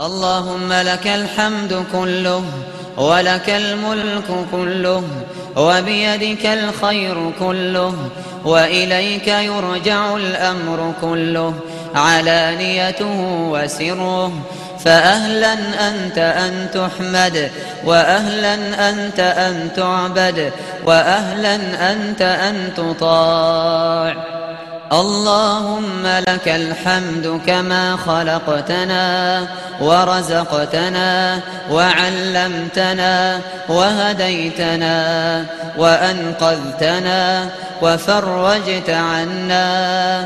اللهم لك الحمد كله ولك الملك كله وبيدك الخير كله وإليك يرجع الأمر كله علانيته وسره فأهلا أنت أن تحمد وأهلا أنت أن تعبد وأهلا أنت أن تطاع اللهم لك الحمد كما خلقتنا ورزقتنا وعلمتنا وهديتنا وأنقذتنا وفرجت عنا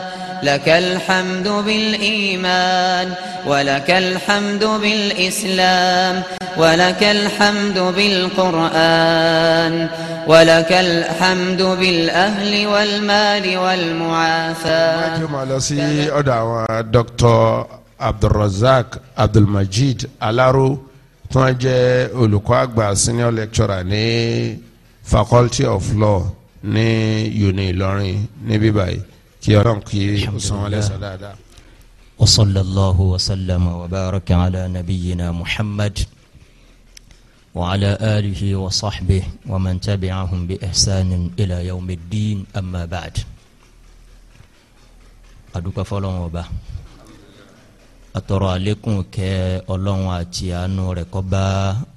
لك الحمد بالإيمان ولك الحمد بالإسلام ولك الحمد بالقرآن ولك الحمد بالأهل والمال والمعافاة على سي أدعوى دكتور عبد الرزاق عبد المجيد ألارو tí wọ́n jẹ́ olùkọ́ àgbà senior lecturer ní faculty of law ní uni Ìlọrin níbí báyìí kí Ọlọ́run kí ó san wọ́n وصلى الله وسلم وبارك على نبينا محمد وعلى آله وصحبه ومن تبعهم بإحسان إلى يوم الدين أما بعد أدوك فلون وبا أترى عليكم كأولون واتيان ورقبا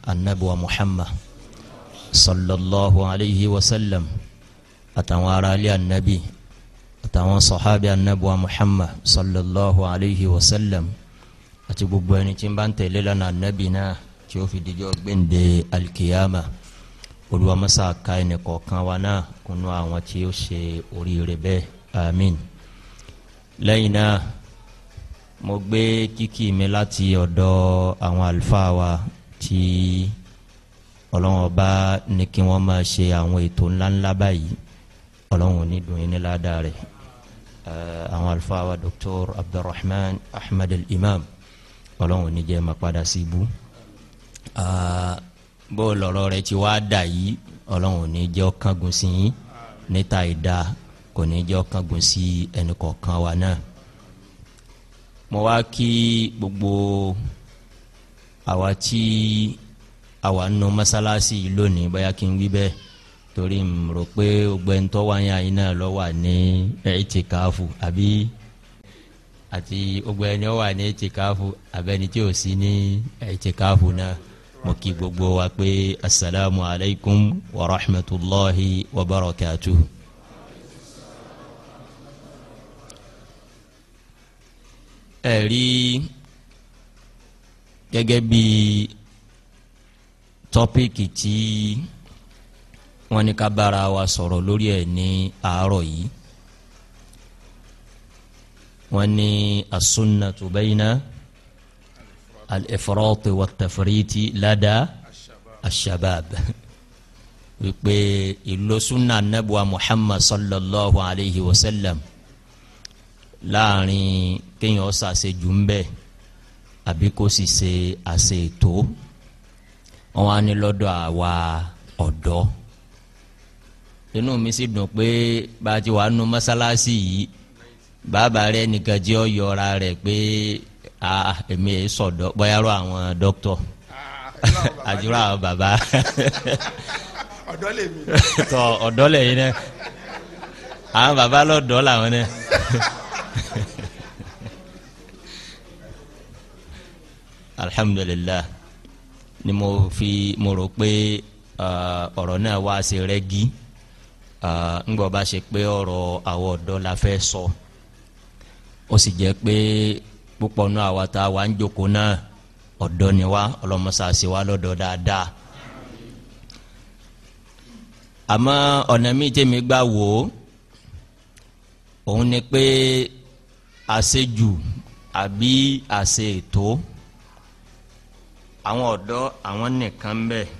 النبوة محمد صلى الله عليه وسلم أتوارى لي النبي أتوارى صحابي النبوة محمد صلى الله عليه وسلم أتبقى بني تنبان تليلنا النبي ناه tí ó fi dijọ́ gbẹ̀ǹde alikiyama olùwàmásá ka ẹnì kọ̀ọ̀kan wa náà kunu àwọn tí ó ṣe oríire bẹ́ẹ̀ àmín lẹ́yìn náà mo gbé kíkì mi láti ọ̀dọ̀ àwọn àlùfáà wa tí ọlọ́run ọba ní kí wọ́n máa ṣe àwọn ètò ńláńlá báyìí ọlọ́run ní dùn yín ládàá rẹ̀ àwọn àlùfáà wa Dr. Abdulrahman Ahmed al-Imam ọlọ́run ò ní jẹ́ máa padà sí ibú. Si bó lọ̀rọ̀ rẹ ti wá da yìí ọlọ́run ò ní jẹ́ ọ̀kangun sí yín níta ìdá kò ní jẹ́ sí ẹnì kọ̀ọ̀kan náà. mo wá kí gbogbo àwa tí àwa nù mọ́sálásí yìí lónìí bóyá kí n wí bẹ́ẹ̀ torí n rò pé ọgbẹ́ntọ́ náà wà ní ẹ̀ẹ́tìkáfù àbí àti ní àbẹ́ni tí ò ní náà. mo kí gbogbo wa pé asalaamu alaykum wa rahmatulahi wa barakatuh. ẹ̀rí gẹ́gẹ́ bí tọ́píkì tí wọ́n ní ká bára wa sọ̀rọ̀ lórí ẹ̀ ní àárọ̀ yìí wọ́n ní as-sunnatu bayna al-ifrat wa tafriti lada ashabab wípé ìlò sunna anabuwa muhammad sallallahu alayhi wa sallam láàrin kéèyàn ṣàṣejù ń bẹ àbí kó sì ṣe àṣe ètò wọn wá ní lọ́dọ̀ àwa ọ̀dọ́ inú mi sì dùn pé bá a ti wà nù mọ́sálásí yìí bàbá rẹ nìkan jẹ́ ọ̀yọ́ra rẹ̀ pé. Ah, èmi yẹn sọ̀dọ̀ bọ́yáró àwọn dókítọ̀ ah, àdúrà àwọn bàbá ọ̀dọ́ lè mi tọ ọ̀dọ́ lè yín dẹ àwọn bàbá lọ́dọ̀ làwọn dẹ. alhamdulilah ni mo fi mo rò pé ah, ọ̀rọ̀ náà wá sí rẹ́gí ńgbọ́ bá ṣe pé ọ̀rọ̀ àwọn ọ̀dọ́ la fẹ́ sọ ó sì jẹ́ pé púpọ̀ náà àwa tá a wà ń jókòó náà ọ̀dọ́ ni wá ọlọ́mọsàsì wá lọ́dọ̀ dáadáa. àmọ́ ọ̀nà mi tèmi gbà wò ó òun ni pé àṣejù àbí àṣe ètò àwọn ọ̀dọ́ àwọn nìkan bẹ́ẹ̀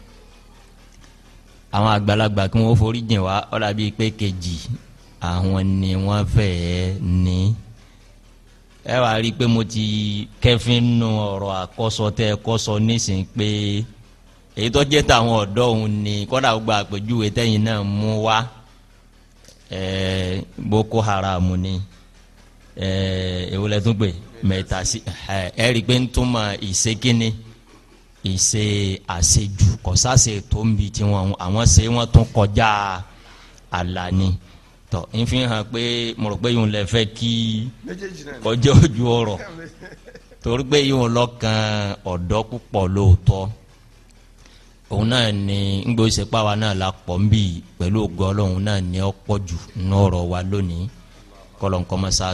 àwọn àgbàlagbà kí wọ́n forí jìn wá ó dà bíi pé kejì àwọn ni wọ́n fẹ́ẹ́ ní ẹ wàá rí i pé mo ti kẹfín nu ọ̀rọ̀ àkọ́sọ tẹ kọ́sọ nísìnyí pé èyí tó jẹ́ tàwọn ọ̀dọ́ òun ni kọ́dà gba àpèjúwe tẹ́yìn náà mú wá Boko Haram ni èwo lẹ tún sí ẹ rí i pé ń túmọ̀ ìsekínni ìse àṣejù kọ́sáṣe tó ń bi tiwọn àwọn ṣe wọ́n tún kọjá àlàní. tọ n fi hàn pé mọ̀rọ̀ pé yóò lẹ fẹ́ kí kọjá ojú ọ̀rọ̀ torí pé yóò lọ́kàn ọ̀dọ́ púpọ̀ lóòótọ́ òun náà ni ngbó sepa wa náà la pọ̀ nbí pẹ̀lú náà wa lónìí kọlọ́nkọ́ ma sá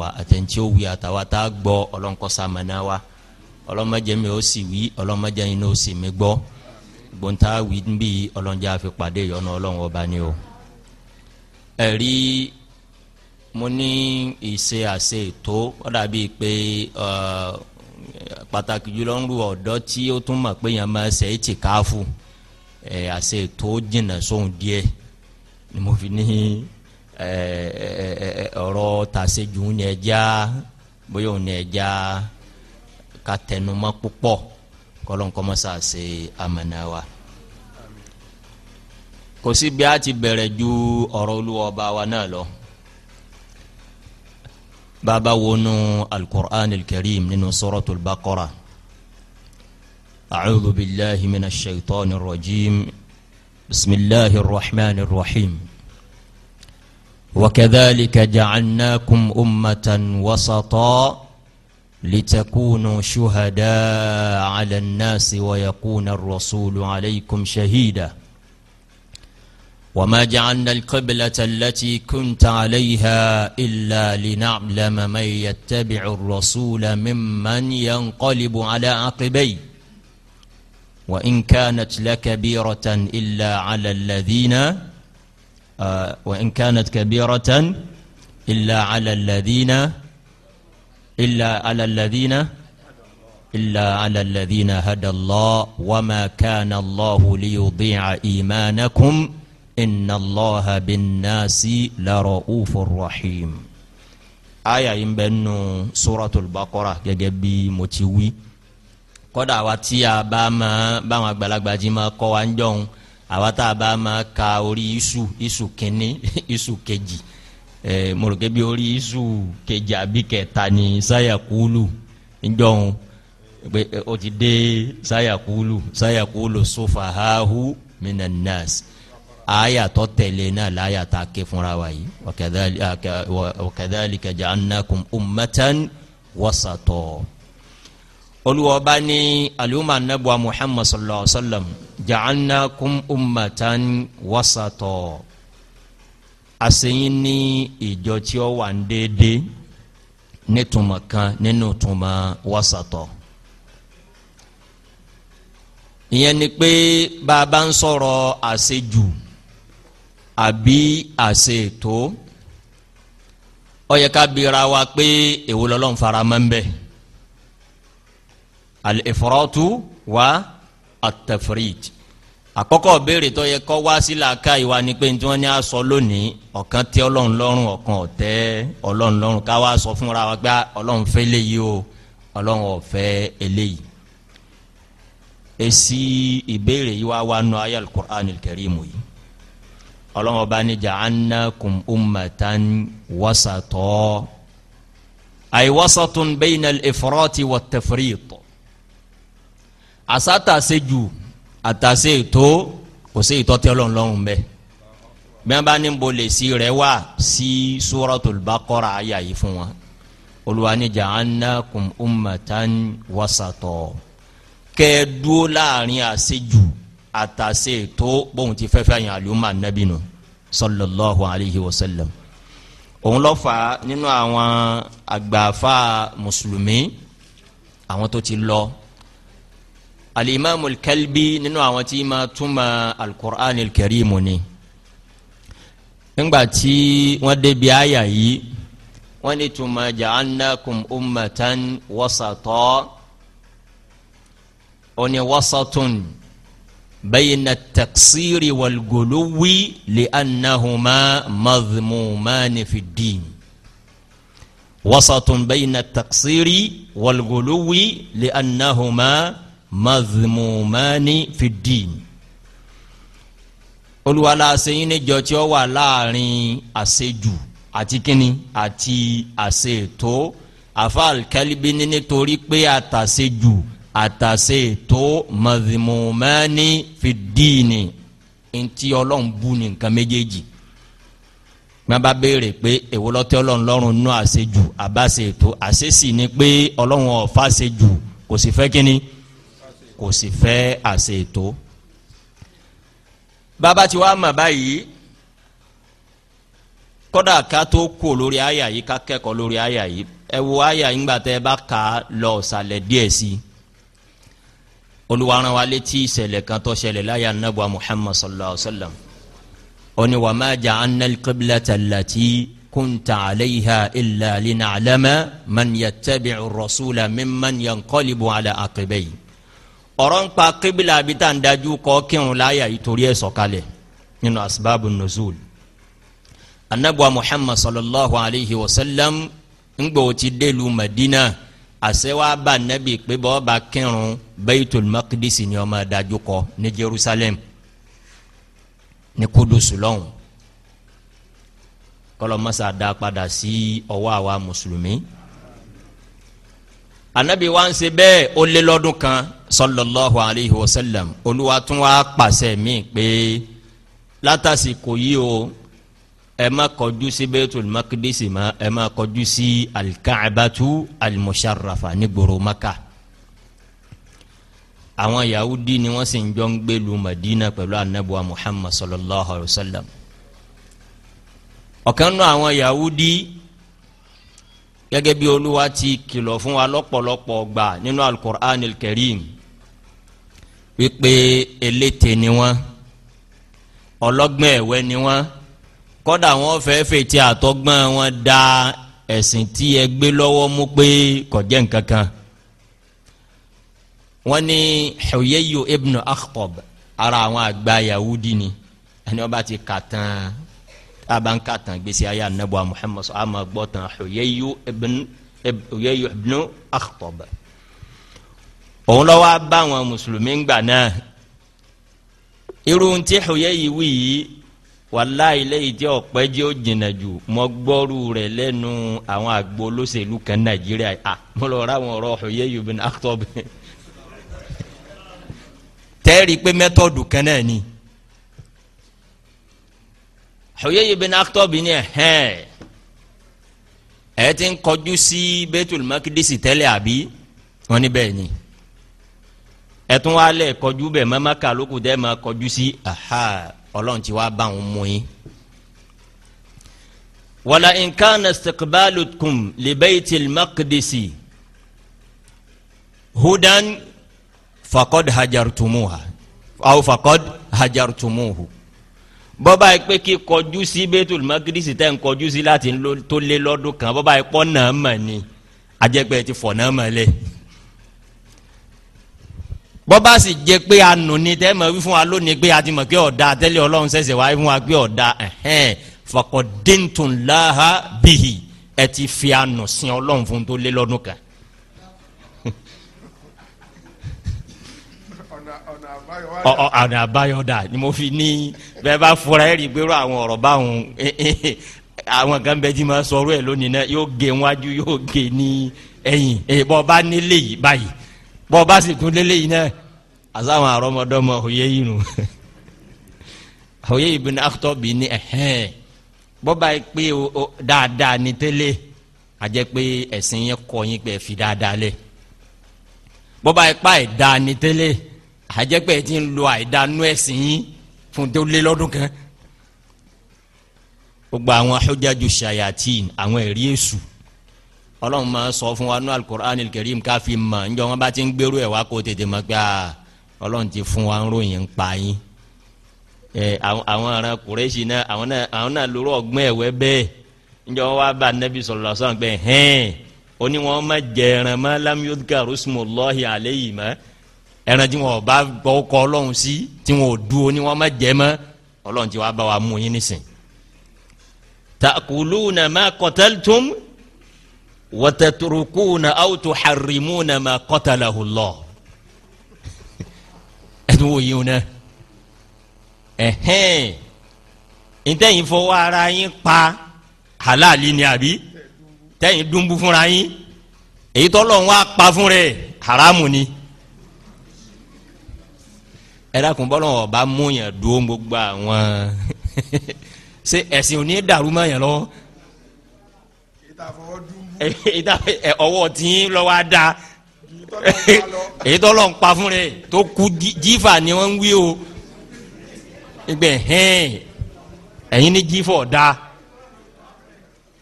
wa àtẹ̀ntì ó wí gbọ tá wa mi sì wí yìí sì wí nbí pàdé ẹ̀rí mo ní ìṣe àṣe ètò ó dàbí pé pàtàkì jùlọ ń ru ọ̀dọ́ tí ó tún mọ̀ pé yẹn máa ṣe é tì káfù ẹ̀ àṣe ètò jìnnà sóhun díẹ̀ ni mo fi ní ọ̀rọ̀ tàṣejù ní ẹja bóyá òun ní ẹja ká tẹnumọ́ púpọ̀ kọ́lọ́nkọ́mọ́sà ṣe amànà wa. kò sí bí a ti bẹ̀rẹ̀ ju ọ̀rọ̀ olu ọba wa náà lọ bàbá wọnú alukur'an alkarim nínú suratul baqara a'udhu billahi minash shaitani rajim bisimilahi rahman rahim وكذلك جعلناكم أمة وسطا لتكونوا شهداء على الناس ويكون الرسول عليكم شهيداً وما جعلنا القبلة التي كنت عليها إلا لنعلم من يتبع الرسول ممن ينقلب على عقبيه وإن كانت لكبيرة إلا على الذين آه، وإن كانت كبيرة إلا على الذين إلا على الذين إلا على الذين هدى الله وما كان الله ليضيع إيمانكم inna allaha bin nasi la ra'ufur rahim aya yìí ń bẹ nù suratul baqara gẹ́gẹ́ bí mo ti wí kódà àwa tí a bá ma báwọn àgbàlagbà jí ma kọ́ wa ń jọ̀hún àwa tá a bá ma ka orí isu isu kínní isu kejì ẹ mọ̀rọ̀kẹ́ bí orí isu kejì àbí kẹta ni sayakulu ń jọ̀hún o ti dé sayakulu sayakulu sofahahu minan nas aya tó tẹ̀lé náà láyà tá a ké fúnra wa yìí wa kadhalika ja'annakum ummatan wasatọ olùwọ́ba ní aliuma anabuwa muhammad sallallahu alaihi wa sallam ja'annakum ummatan wasatọ aseyin ní ìjọ tí ó wà ń déédéé tuma kan nínú tuma wasatọ ìyẹn ni pé bàbá ń sọ̀rọ̀ àṣejù àbí àṣe ètò ó yẹ ká bira wa pé èwo lọ́lọ́run fara mọ́ ń bẹ̀ al wa at-tafrit àkọ́kọ́ béèrè tó yẹ kó wá sí làákà ìwà ni pé tí wọ́n ní aṣọ lónìí ọ̀kan tẹ́ ọlọ́run lọ́rùn ọ̀kan ọ̀tẹ́ ọlọ́run lọ́rùn ká wá sọ fúnra wa gbá ah, ọlọ́run fẹ́ léyìí o ọlọ́run ò fẹ́ eléyìí èsì ìbéèrè yìí wá wá nu ayé al-Qur'an al-Karim yìí ọlọ́wọ́n bá ní ja'annakum ummatan wasatọ ay wasatun bayna al-ifrati wat-tafrit àṣà tàṣe jù àtàṣe ètò kò sí ìtọ́tẹ́ ọlọ́run bẹ́ẹ̀ bí wọ́n bá ní bo lè si rẹ̀ wá sí suratul baqara àyà yìí fún wa Olúwa ní ja'annakum ummatan wasatọ kẹ́ẹ̀ dúró láàrin àṣejù àtàsé tó bóun ti fẹ́fẹ́ yàn àlùmọ́ ànábì nù sallallahu alayhi wa sallam òun lọ fà nínú àwọn àgbààfà mùsùlùmí àwọn tó ti lọ alimami kalbi nínú àwọn tí ma túmọ̀ alukur'an karimu ni nígbàtí wọ́n débi àyà yìí wọ́n ní tuma ja'annakum ummatan wasatọ́ oni wasatun bayna taksiri walgolowi li annahuma madhmumani fi din wasatun bayna taksiri walgolowi li annahuma madhmumani fi din olùwàlà àṣeyín níjọ tí ó wà láàrin àṣejù àti kínní àti àṣetò àfa alikalibi ní nítorí pé àtàṣejù àtàsé tó madhmumani fi dini ntí ọlọ́run bu ní nǹkan méjèèjì má bá béèrè pé èwo lọ́tẹ́ ọlọ́run lọ́rùn nú àṣejù àbáṣe ètò àṣesì ni pé ọlọ́run ọ̀fà àṣejù kò sì fẹ́ kínní kò sì fẹ́ àṣe ètò. bàbá tí wàá mọ̀ báyìí kọ́dà ká tó kú lórí àyà yìí ká kẹ́kọ̀ọ́ lórí àyà yìí ẹ wo àyà yìí ńgbà tẹ́ ẹ bá kà á lọ ọ̀sàlẹ̀ díẹ̀ sí i olùwàrán wa létí ìṣẹ̀lẹ̀ kan tó ṣẹlẹ̀ láyà nàbọ̀ muhammad sallallahu alayhi wa sallam oni wa ma ja'anna al-qiblata allati kunta alayha illa lina'lama man yattabi'u ar-rasula mimman yanqalibu ala aqibayhi ọ̀rọ̀ ń pa qibla bí tá à ń dájú kọ́ kírun láyà ìtòrí ẹ̀ sọ̀kalẹ̀ nínú nuzul anabuwa muhammad sallallahu alayhi wa sallam ń ti délu madina àṣewá bá nẹ́bí pé bọ́ bá kírun Baitul Maqdis ni ọmọ adájú kọ ní Jerusalem ní Kudusu lọ́hùn kọlọmọsá dá padà sí ọwọ́ àwa mùsùlùmí anabi wa ń ṣe bẹ́ẹ̀ ó lé lọ́dún kan sallallahu alayhi wa sallam olúwa tún wá pàṣẹ mí pé látàsí kò yí o ẹ má kọjú sí Baitul Maqdisi ma ẹ má kọjú sí alikaabatu alimusharrafa ní gbòòrò maka àwọn yahudi ni wọ́n sì ń jọ ń gbèlú madina pẹ̀lú anabuwa muhammad sallallahu alayhi wa sallam ọ̀kan náà àwọn yahudi gẹ́gẹ́ bí olúwa ti kìlọ̀ fún wa lọ́pọ̀lọpọ̀ gbà nínú alukur'an karim wípé eléte ni wọ́n ọlọ́gbọ́n ẹ̀wẹ́ ni wọ́n kọ́dà wọn fẹ́ fètí àtọ́gbọ́n wọn da ẹ̀sìn tí ẹ gbé lọ́wọ́ mú pé kò jẹ́ nǹkan kan wọ́n ní Huyayyu ibn Akhtab ara àwọn àgbà Yahudi ni ẹni wọ́n bá ti kà tán abanka tán gbèsè ayé anabu Muhammad sọ àmà gbọ́ tán Huyayyu ibn Huyayyu ibn Akhtab òun lọ́wọ́ bá àwọn mùsùlùmí gbà náà irun tí Huyayyu wí yìí wàláhí lẹ́yìn tí ọ̀pẹ́ jẹ́ ó jìnnà jù mọ́ gbọ́rú rẹ̀ lẹ́nu àwọn àgbo olóṣèlú kan nàìjíríà à mo lọ ra àwọn ọ̀rọ̀ Huyayy bin Akhtab tẹ́ẹ̀rí pé mẹ́tọ́ọ̀dù kan náà ni Huyayy bin Akhtab ni ẹ̀hẹ́n ẹ̀ ti ń kọjú sí Baitul Maqdis tẹ́lẹ̀ àbí wọ́n ní bẹ́ẹ̀ ni ẹ̀tún wa lẹ̀ kọjú bẹ̀ mọ́ ọlọ́run ti wá bá òun mú yín. wala in kana istiqbalukum li baytil maqdisi hudan faqad hajartumuha aw faqad hajartumuhu bọ́bá yìí pé kí kọjú sí Baitul Maqdis tẹ́ ń kọjú sí láti tó lé lọ́dún kan bọ́bá yìí pọ́ náà mọ̀ ni ajẹ́pẹ́ ti fọ̀ náà mọ̀ lẹ́yìn bọ́ bá sì jẹ́ pé a nù ní tẹ́ mọ̀ wí fún wa lónìí pé a ti mọ̀ pé ọ̀dà tẹ́lẹ̀ ọlọ́run ṣẹ̀ṣẹ̀ wáyé fún wa pé ọ̀dà ẹ̀hẹ́n fọkọ̀déntùnláha bìhì ẹ ti fi ànù sin ọlọ́run fún tó lé lọ́dún kan. ọ̀nà àbáyọ̀dà ni mo fi ní bẹ́ẹ̀ bá fura ẹ̀rí gbérò àwọn ọ̀rọ̀ báwọn àwọn kan bẹ́ẹ̀ tí ma sọ̀rọ̀ ẹ̀ lónìí náà yóò gé wájú yóò gé ní ẹ̀yìn bọ́ bá nílé yìí báyìí bọ́ bá sì tún lélẹ́yìn náà àsáwọn àrọmọdọ́mọ òye yìí nù òye yìí bin Akhtab ní ẹ̀hẹ́n bọ́ba yìí pé dáadáa ní tẹ́lẹ̀ àjẹ́ pé ẹ̀sìn yẹn kọ́ yín pé fi dáadáa lẹ̀ bọ́ba yìí pa ẹ̀dá ní tẹ́lẹ̀ àjẹ́ pé ẹ̀ ti ń lo àìdánú ẹ̀sìn yín fún tó lé lọ́dún kan gbogbo àwọn ahujaju shayatin àwọn ẹ̀rí èṣù ọlọ́run máa sọ fún wa nú al-Qur'anil Karim káfí mọ̀ níjọ́ wọn bá ti ń gbèrú ẹ̀ wá kó tètè mọ̀ pé ọlọ́run ti fún wa ń ròyìn ń pa yín àwọn ará kùrẹ́sì náà àwọn náà àwọn náà lóró ọgbọ́n ẹ̀wẹ́ bẹ́ẹ̀ njẹ́ wọ́n wá bá nẹ́bí sọ̀rọ̀ lọ́sàn pé hẹ́n ó ní wọ́n má jẹ ẹran mọ́ lámúyọ́dúkà rúṣmọ̀lọ́hì àléyìí mọ́ ẹran tí wọn ò bá gbọ́ kọ́ ọlọ́run sí tí wọn ò dúró ní wọ́n má jẹ mọ́ ọlọ́run ti wá bá wa mú yín nísìn. takuluna ma qataltum watatrukuna aw tuharrimuna ma qatalahu Allah tún wò yín o náà ẹ̀hẹ́n ìtẹ̀yìn fọwọ́ ara yín pa halali ni àbí tẹ̀yìn dúnbú fúnra yín èyí tọ́lọ̀ wọn pa fún rẹ̀ haramu ni ẹ̀dàkùn bọ́lọ̀ ọba múyàn dúró gbogbo àwọn ṣe ẹ̀sìn ò ní dàrú mọ́yàn lọ. ìtàfọwọ́ dúnbú. ọwọ́ tí ń lọ́wọ́ á dáa. èyí tó lọ ń pa fún rẹ tó ku jífà ni wọ́n ń wí o ìgbẹ́ hẹ́n ẹ̀yin ní jífọ̀ da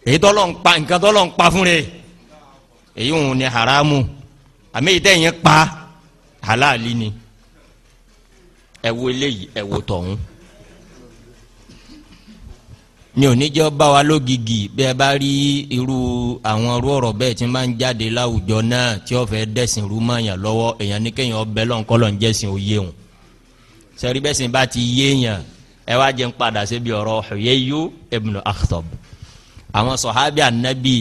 èyí tó lọ ń pa nǹkan tó lọ ń pa fún rẹ èyí òun ni haramu àmì ìtẹ̀yìn pa halali ni ẹ wo eléyìí ẹ wo tọ̀hún mi ò ní jẹ́ bá wa lógìgì bí ẹ bá rí irú àwọn ọrú ọ̀rọ̀ bẹ́ẹ̀ tí máa ń jáde láwùjọ náà tí ó fẹ́ dẹ̀sìn rú mọ̀ọ́yàn lọ́wọ́ èèyàn ní kéèyàn ọbẹ̀ lọ́nkọ́lọ́ ń jẹ́sìn òye òun sẹ́rí bẹ́sìn bá ti yéèyàn ẹ wá jẹ́ padà síbi ọ̀rọ̀ Huyayyu ibn Akhtab àwọn sọ̀hábì ànábì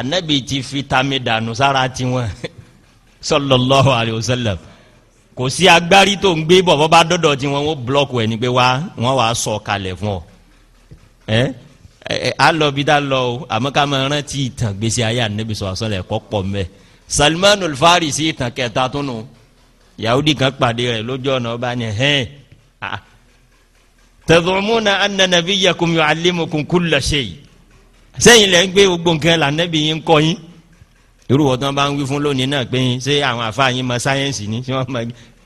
ànábì ti fi tami dànù sára tiwọn sallallahu alayhi sallam kò sí agbárí tó ń gbé bọ̀ bọ́ bá dọ́dọ̀ tiwọn wọ́n ẹ alọbidá lọ o àmọ́ ká máa rántí ìtàn gbèsè ayé ànábì sọ àṣọ lẹkọ pọ mẹ Salman al-Farisi ìtàn kẹta tó nù yahudi kan pàdé rẹ̀ lójú ọ̀nà ọba ni hẹ́n tadhumuna anna nabiyyakum yu'allimukum kulla shay sẹ́yìn lẹ́ ń gbé gbogbo nǹkan là nẹ́bí yín ń kọ́ yín irú wọ́n tán bá ń wí fún lónìí náà pé ṣé àwọn àfáà yín mọ sáyẹ́ǹsì ni ṣé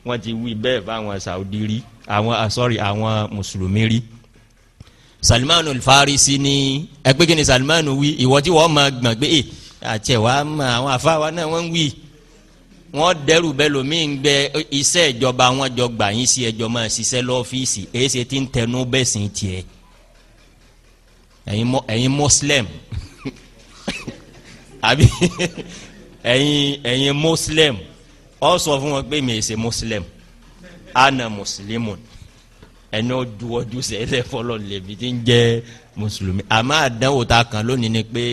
wọ́n ti wí bẹ́ẹ̀ fáwọn Saudi rí àwọn sorry àwọn mùsùlùmí rí Salmanu al-Farisi ni ẹgbẹ́ kí ni Salmanu wí ìwọ tí wọ́n máa gbọ̀n pé àtẹ̀wá máa àwọn afáwa náà wọ́n ń wí wọ́n dẹ́rù bẹ́ẹ̀ lómiì ń gbẹ iṣẹ́ ìjọba wọn jọ gbà yín sí ẹjọ́ máa ṣiṣẹ́ lọ́fíìsì èyí ṣe ti ń tẹnu bẹ́ẹ̀ sìn tiẹ̀ ẹ̀yin ẹ̀yin muslim àbí ẹ̀yin ẹ̀yin muslim ọ sọ fún wọn pé mi ì ṣe muslim ana muslimun ẹni ó duwọ́jú sẹ́lẹ̀ fọlọ́ lèmi ti ń jẹ́ mùsùlùmí àmọ́ àdánwò ta kàn lónìí ni pé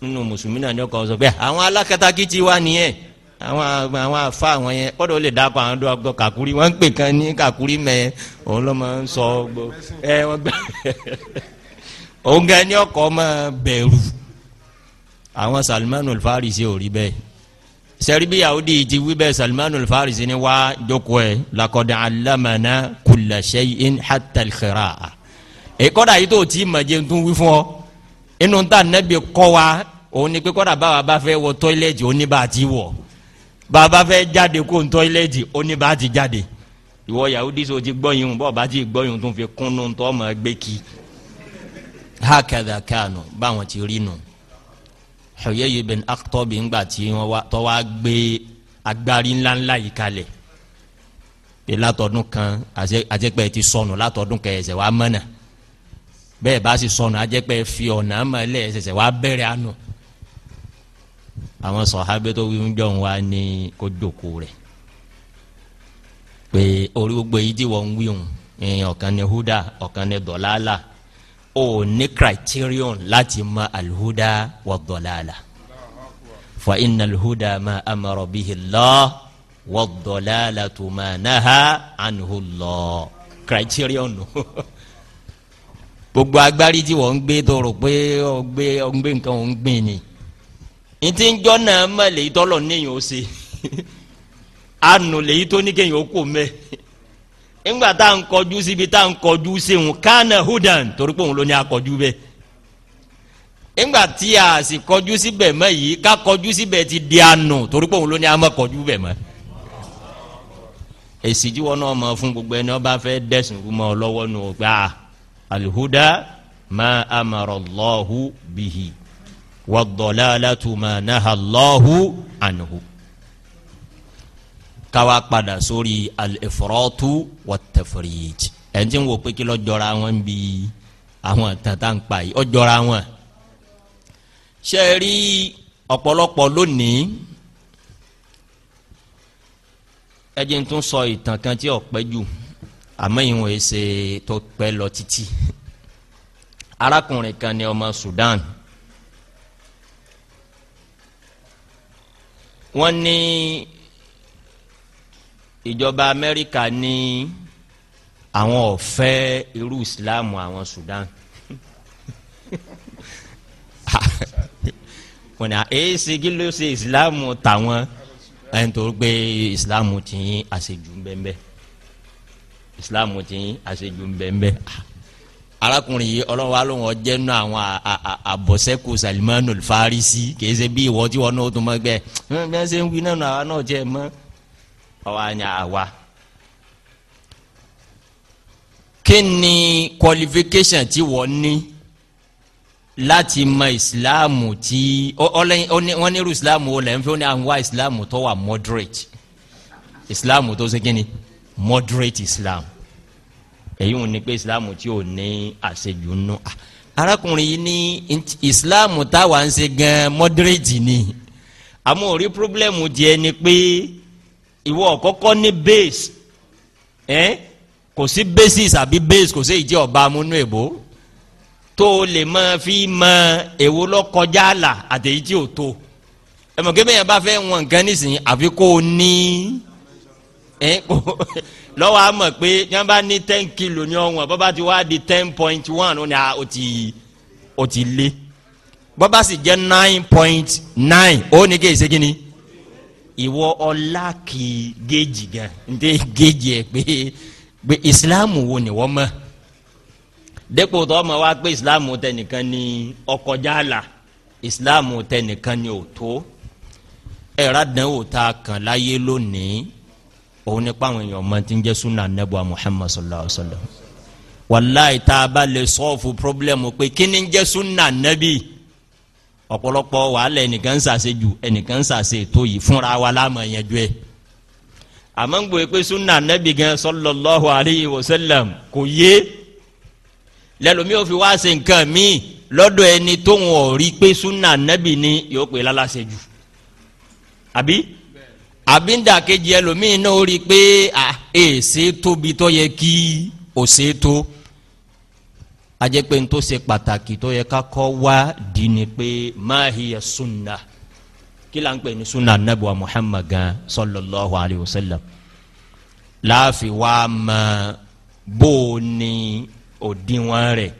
nínú mùsùlùmí náà ni ọkọ̀ sọ pé àwọn alákatakí ti wá nìyẹn àwọn àwọn afa àwọn yẹn kọ́dọ̀ lè dákọ̀ àwọn dọ́ kàkúrí wọ́n ń pè kan ní kàkúrí mẹ́ òun ló máa ń sọ gbó ẹ wọ́n gbà òun gan ni ọkọ̀ máa bẹ̀rù àwọn Salman al-Farisi ò rí bẹ́ẹ̀ sẹ́ríbí yahudi ti wí bẹ́ẹ̀ salmanul farisi ni wá jókòó ẹ̀ lakọ̀dà alamana kulla shay'in hatta al-khira'a. èyí kọ́dà yìí tó ti mọ̀ jẹun tún wí fún ọ inú ta nẹ́bi kọ́ wa òun ni pé kọ́dà báwa bá fẹ́ wọ tọ́ílẹ̀tì ó ní bá a ti wọ̀ bàbá fẹ́ jáde kó n tọ́ílẹ̀tì ó bá ti jáde. ìwọ yahudi so ti gbọ́ yìí bọ́ọ̀ bá ti gbọ́ yìí tún fi kún un tọ́ ọmọ ẹgbẹ́ kí. hakadha kanu báwọn ti rí nù. No Huyay bin Akhtab ńgbà tí wọ́n tọ́ wá gbé agbárí ńláńlá yìí kalẹ̀ pé látọdún kan àjẹpẹ́ ti sọnù látọdún kẹsẹ̀ wá mọ́nà bẹ́ẹ̀ bá sì sọnù àjẹpẹ́ fi ọ̀nà mọ́lẹ̀ ẹsẹ̀ wá bẹ̀rẹ̀ àánú àwọn sọ̀hábẹ́ tó wí ń jọ̀ wá kó jòkó rẹ̀ pé orí gbogbo yìí tí wọ́n ń wí òun ọ̀kan ní húdà ọ̀kan ní dọ̀làlà ò ní criterion láti mọ alhuda wà dọ̀làlà fa inna alhuda ma amara bihi Allah wà dọ̀làlà tó ma naha anhu Allah criterion nù. gbogbo agbárí tí wọ́n ń gbé tó rò pé ó gbé gbé nǹkan ó ń gbìn ni ntí ń jọ́ náà mọ̀ lèyí tọ́lọ̀ níyìn ó ṣe ànú lèyí tó ní kéyìn ó kò mẹ́ẹ̀ ńgbà tá à ń kọjú síbi tá à ń kọjú sehun kánà hudan torí pé òun ló ní akọjú bẹ́ẹ̀ ńgbà tí a sì kọjú síbẹ̀ mọ́ yìí ká kọjú síbẹ̀ ti di àánú torí pé òun ló ní amọ̀ kọjú bẹ́ẹ̀ mọ́ náà mọ fún gbogbo ẹni ọba fẹ́ dẹsùn fún mọ lọ́wọ́ nù gbà alihuda ma amarallahu bihi wàdọ̀lá alátùmá nahallahu anhu káwa padà sórí al-ifratu wat-tafrit ẹ̀ ń tí ń wò pé kí lọ́ọ́ jọra wọn bí àwọn tata ń pa yìí ọ́ jọra wọn. ṣe é rí ọ̀pọ̀lọpọ̀ lónìí ẹ jẹ́ n sọ ìtàn kan tí ó jù àmọ́ ìwọ̀n èsè tó pẹ́ lọ títí arákùnrin kan ní ọmọ Sudan wọ́n ní ìjọba amẹ́ríkà ní àwọn ò fẹ́ irú ìsìláàmù àwọn Sudan wọn à ẹ ṣe kí ló ṣe ìsìláàmù tàwọn ẹni tó gbé ìsìláàmù tí yín àṣejù bẹ́ẹ̀ ìsìláàmù tí yín àṣejù bẹ́ẹ̀ arákùnrin yìí ọlọ́run wa lóun ọjẹ́ nù àwọn àbọ̀sẹ́kù Salmanul Farisi kì í ṣe bí ìwọ tí wọn náà tó mọ gbẹ bí wọn ṣe ń wí náà àwọn náà jẹ mọ́ ọwọ́ ànyà àwa. kí qualification tí wọ́n ní láti mọ ìsìláàmù tí wọ́n ní irú ìsìláàmù wo lẹ́yìn fún ní àwọn wá ìsìláàmù tó wà moderate ìsìláàmù tó ṣe kí moderate islam èyí wọn ni pé islam tí ò ní àṣejù nù ah, arákùnrin yìí ní islam táwa ń ṣe gan moderate ni àmọ́ orí pírọ́blẹ́mù díẹ̀ ni pé ìwọ ọ̀kọ́kọ́ ní base ẹ́n kò sí basis àbí base kò sí ìjẹ́ ọba amúnú èbó tó o lè máa fi mọ èwo lọ́kọjá àlà àtẹ̀yí tí o tó ẹ mọ̀ kébìyàn bá fẹ́ wọn nǹkan nísìnyí àfi kó o ní ẹ́n kò lọ́wọ́ a pé yẹn bá ní ten kilo ní ọ̀wọ́n bọ́bá ti wá di ten point one ó ní a ó ti ó ti lé bọ́bá sì jẹ́ nine point nine ó ní kí èsì ìwọ ọlá kì í géèjì gan ǹdẹ géèjì ẹ pé pé ìsìláàmù wo ni wọ́n mọ̀ dépò tó ọmọ wa pé ìsìláàmù tẹnìkan ni ọkọjá àlà ìsìláàmù tẹnìkan ni ò tó ẹ̀rọ àdánwò tá a kàn láyé lónìí òun ni pàwọn èèyàn ọmọ tí ń jẹ́ sunna anabuwa muhammad sallallahu alaihi wa sallam wàláì tá a bá lè sọ́ọ̀fù pírọ́blẹ́mù pé kí ni ń jẹ́ sunna anabi ọ̀pọ̀lọpọ̀ wàhálà ẹnìkan ń sàṣejù ẹnìkan ń sàṣe tó yìí fúnra wa láàmú ẹ̀yẹ́jú ẹ̀ àmọ́ ń gbọ́ pé sunna anabi gan sallallahu alayhi wa sallam kò yé lẹ́lòmí ò fi wá ṣe nǹkan míì lọ́dọ̀ ẹni tóun ò rí pé sunna anabi ni yóò pè lálàṣejù àbí àbí ń dàkejì ẹlòmíì náà ó rí pé èsè tóbi tó yẹ kí òsè tó ajẹ́ pé n tó ṣe pàtàkì tó yẹ ká kọ́ wá di ni pé mahiya sunna kí la ń pè ní sunna anabi wa muhammad gan sallallahu alayhi wa sallam láàfin wa mọ bó o ní òdiwọ̀n rẹ̀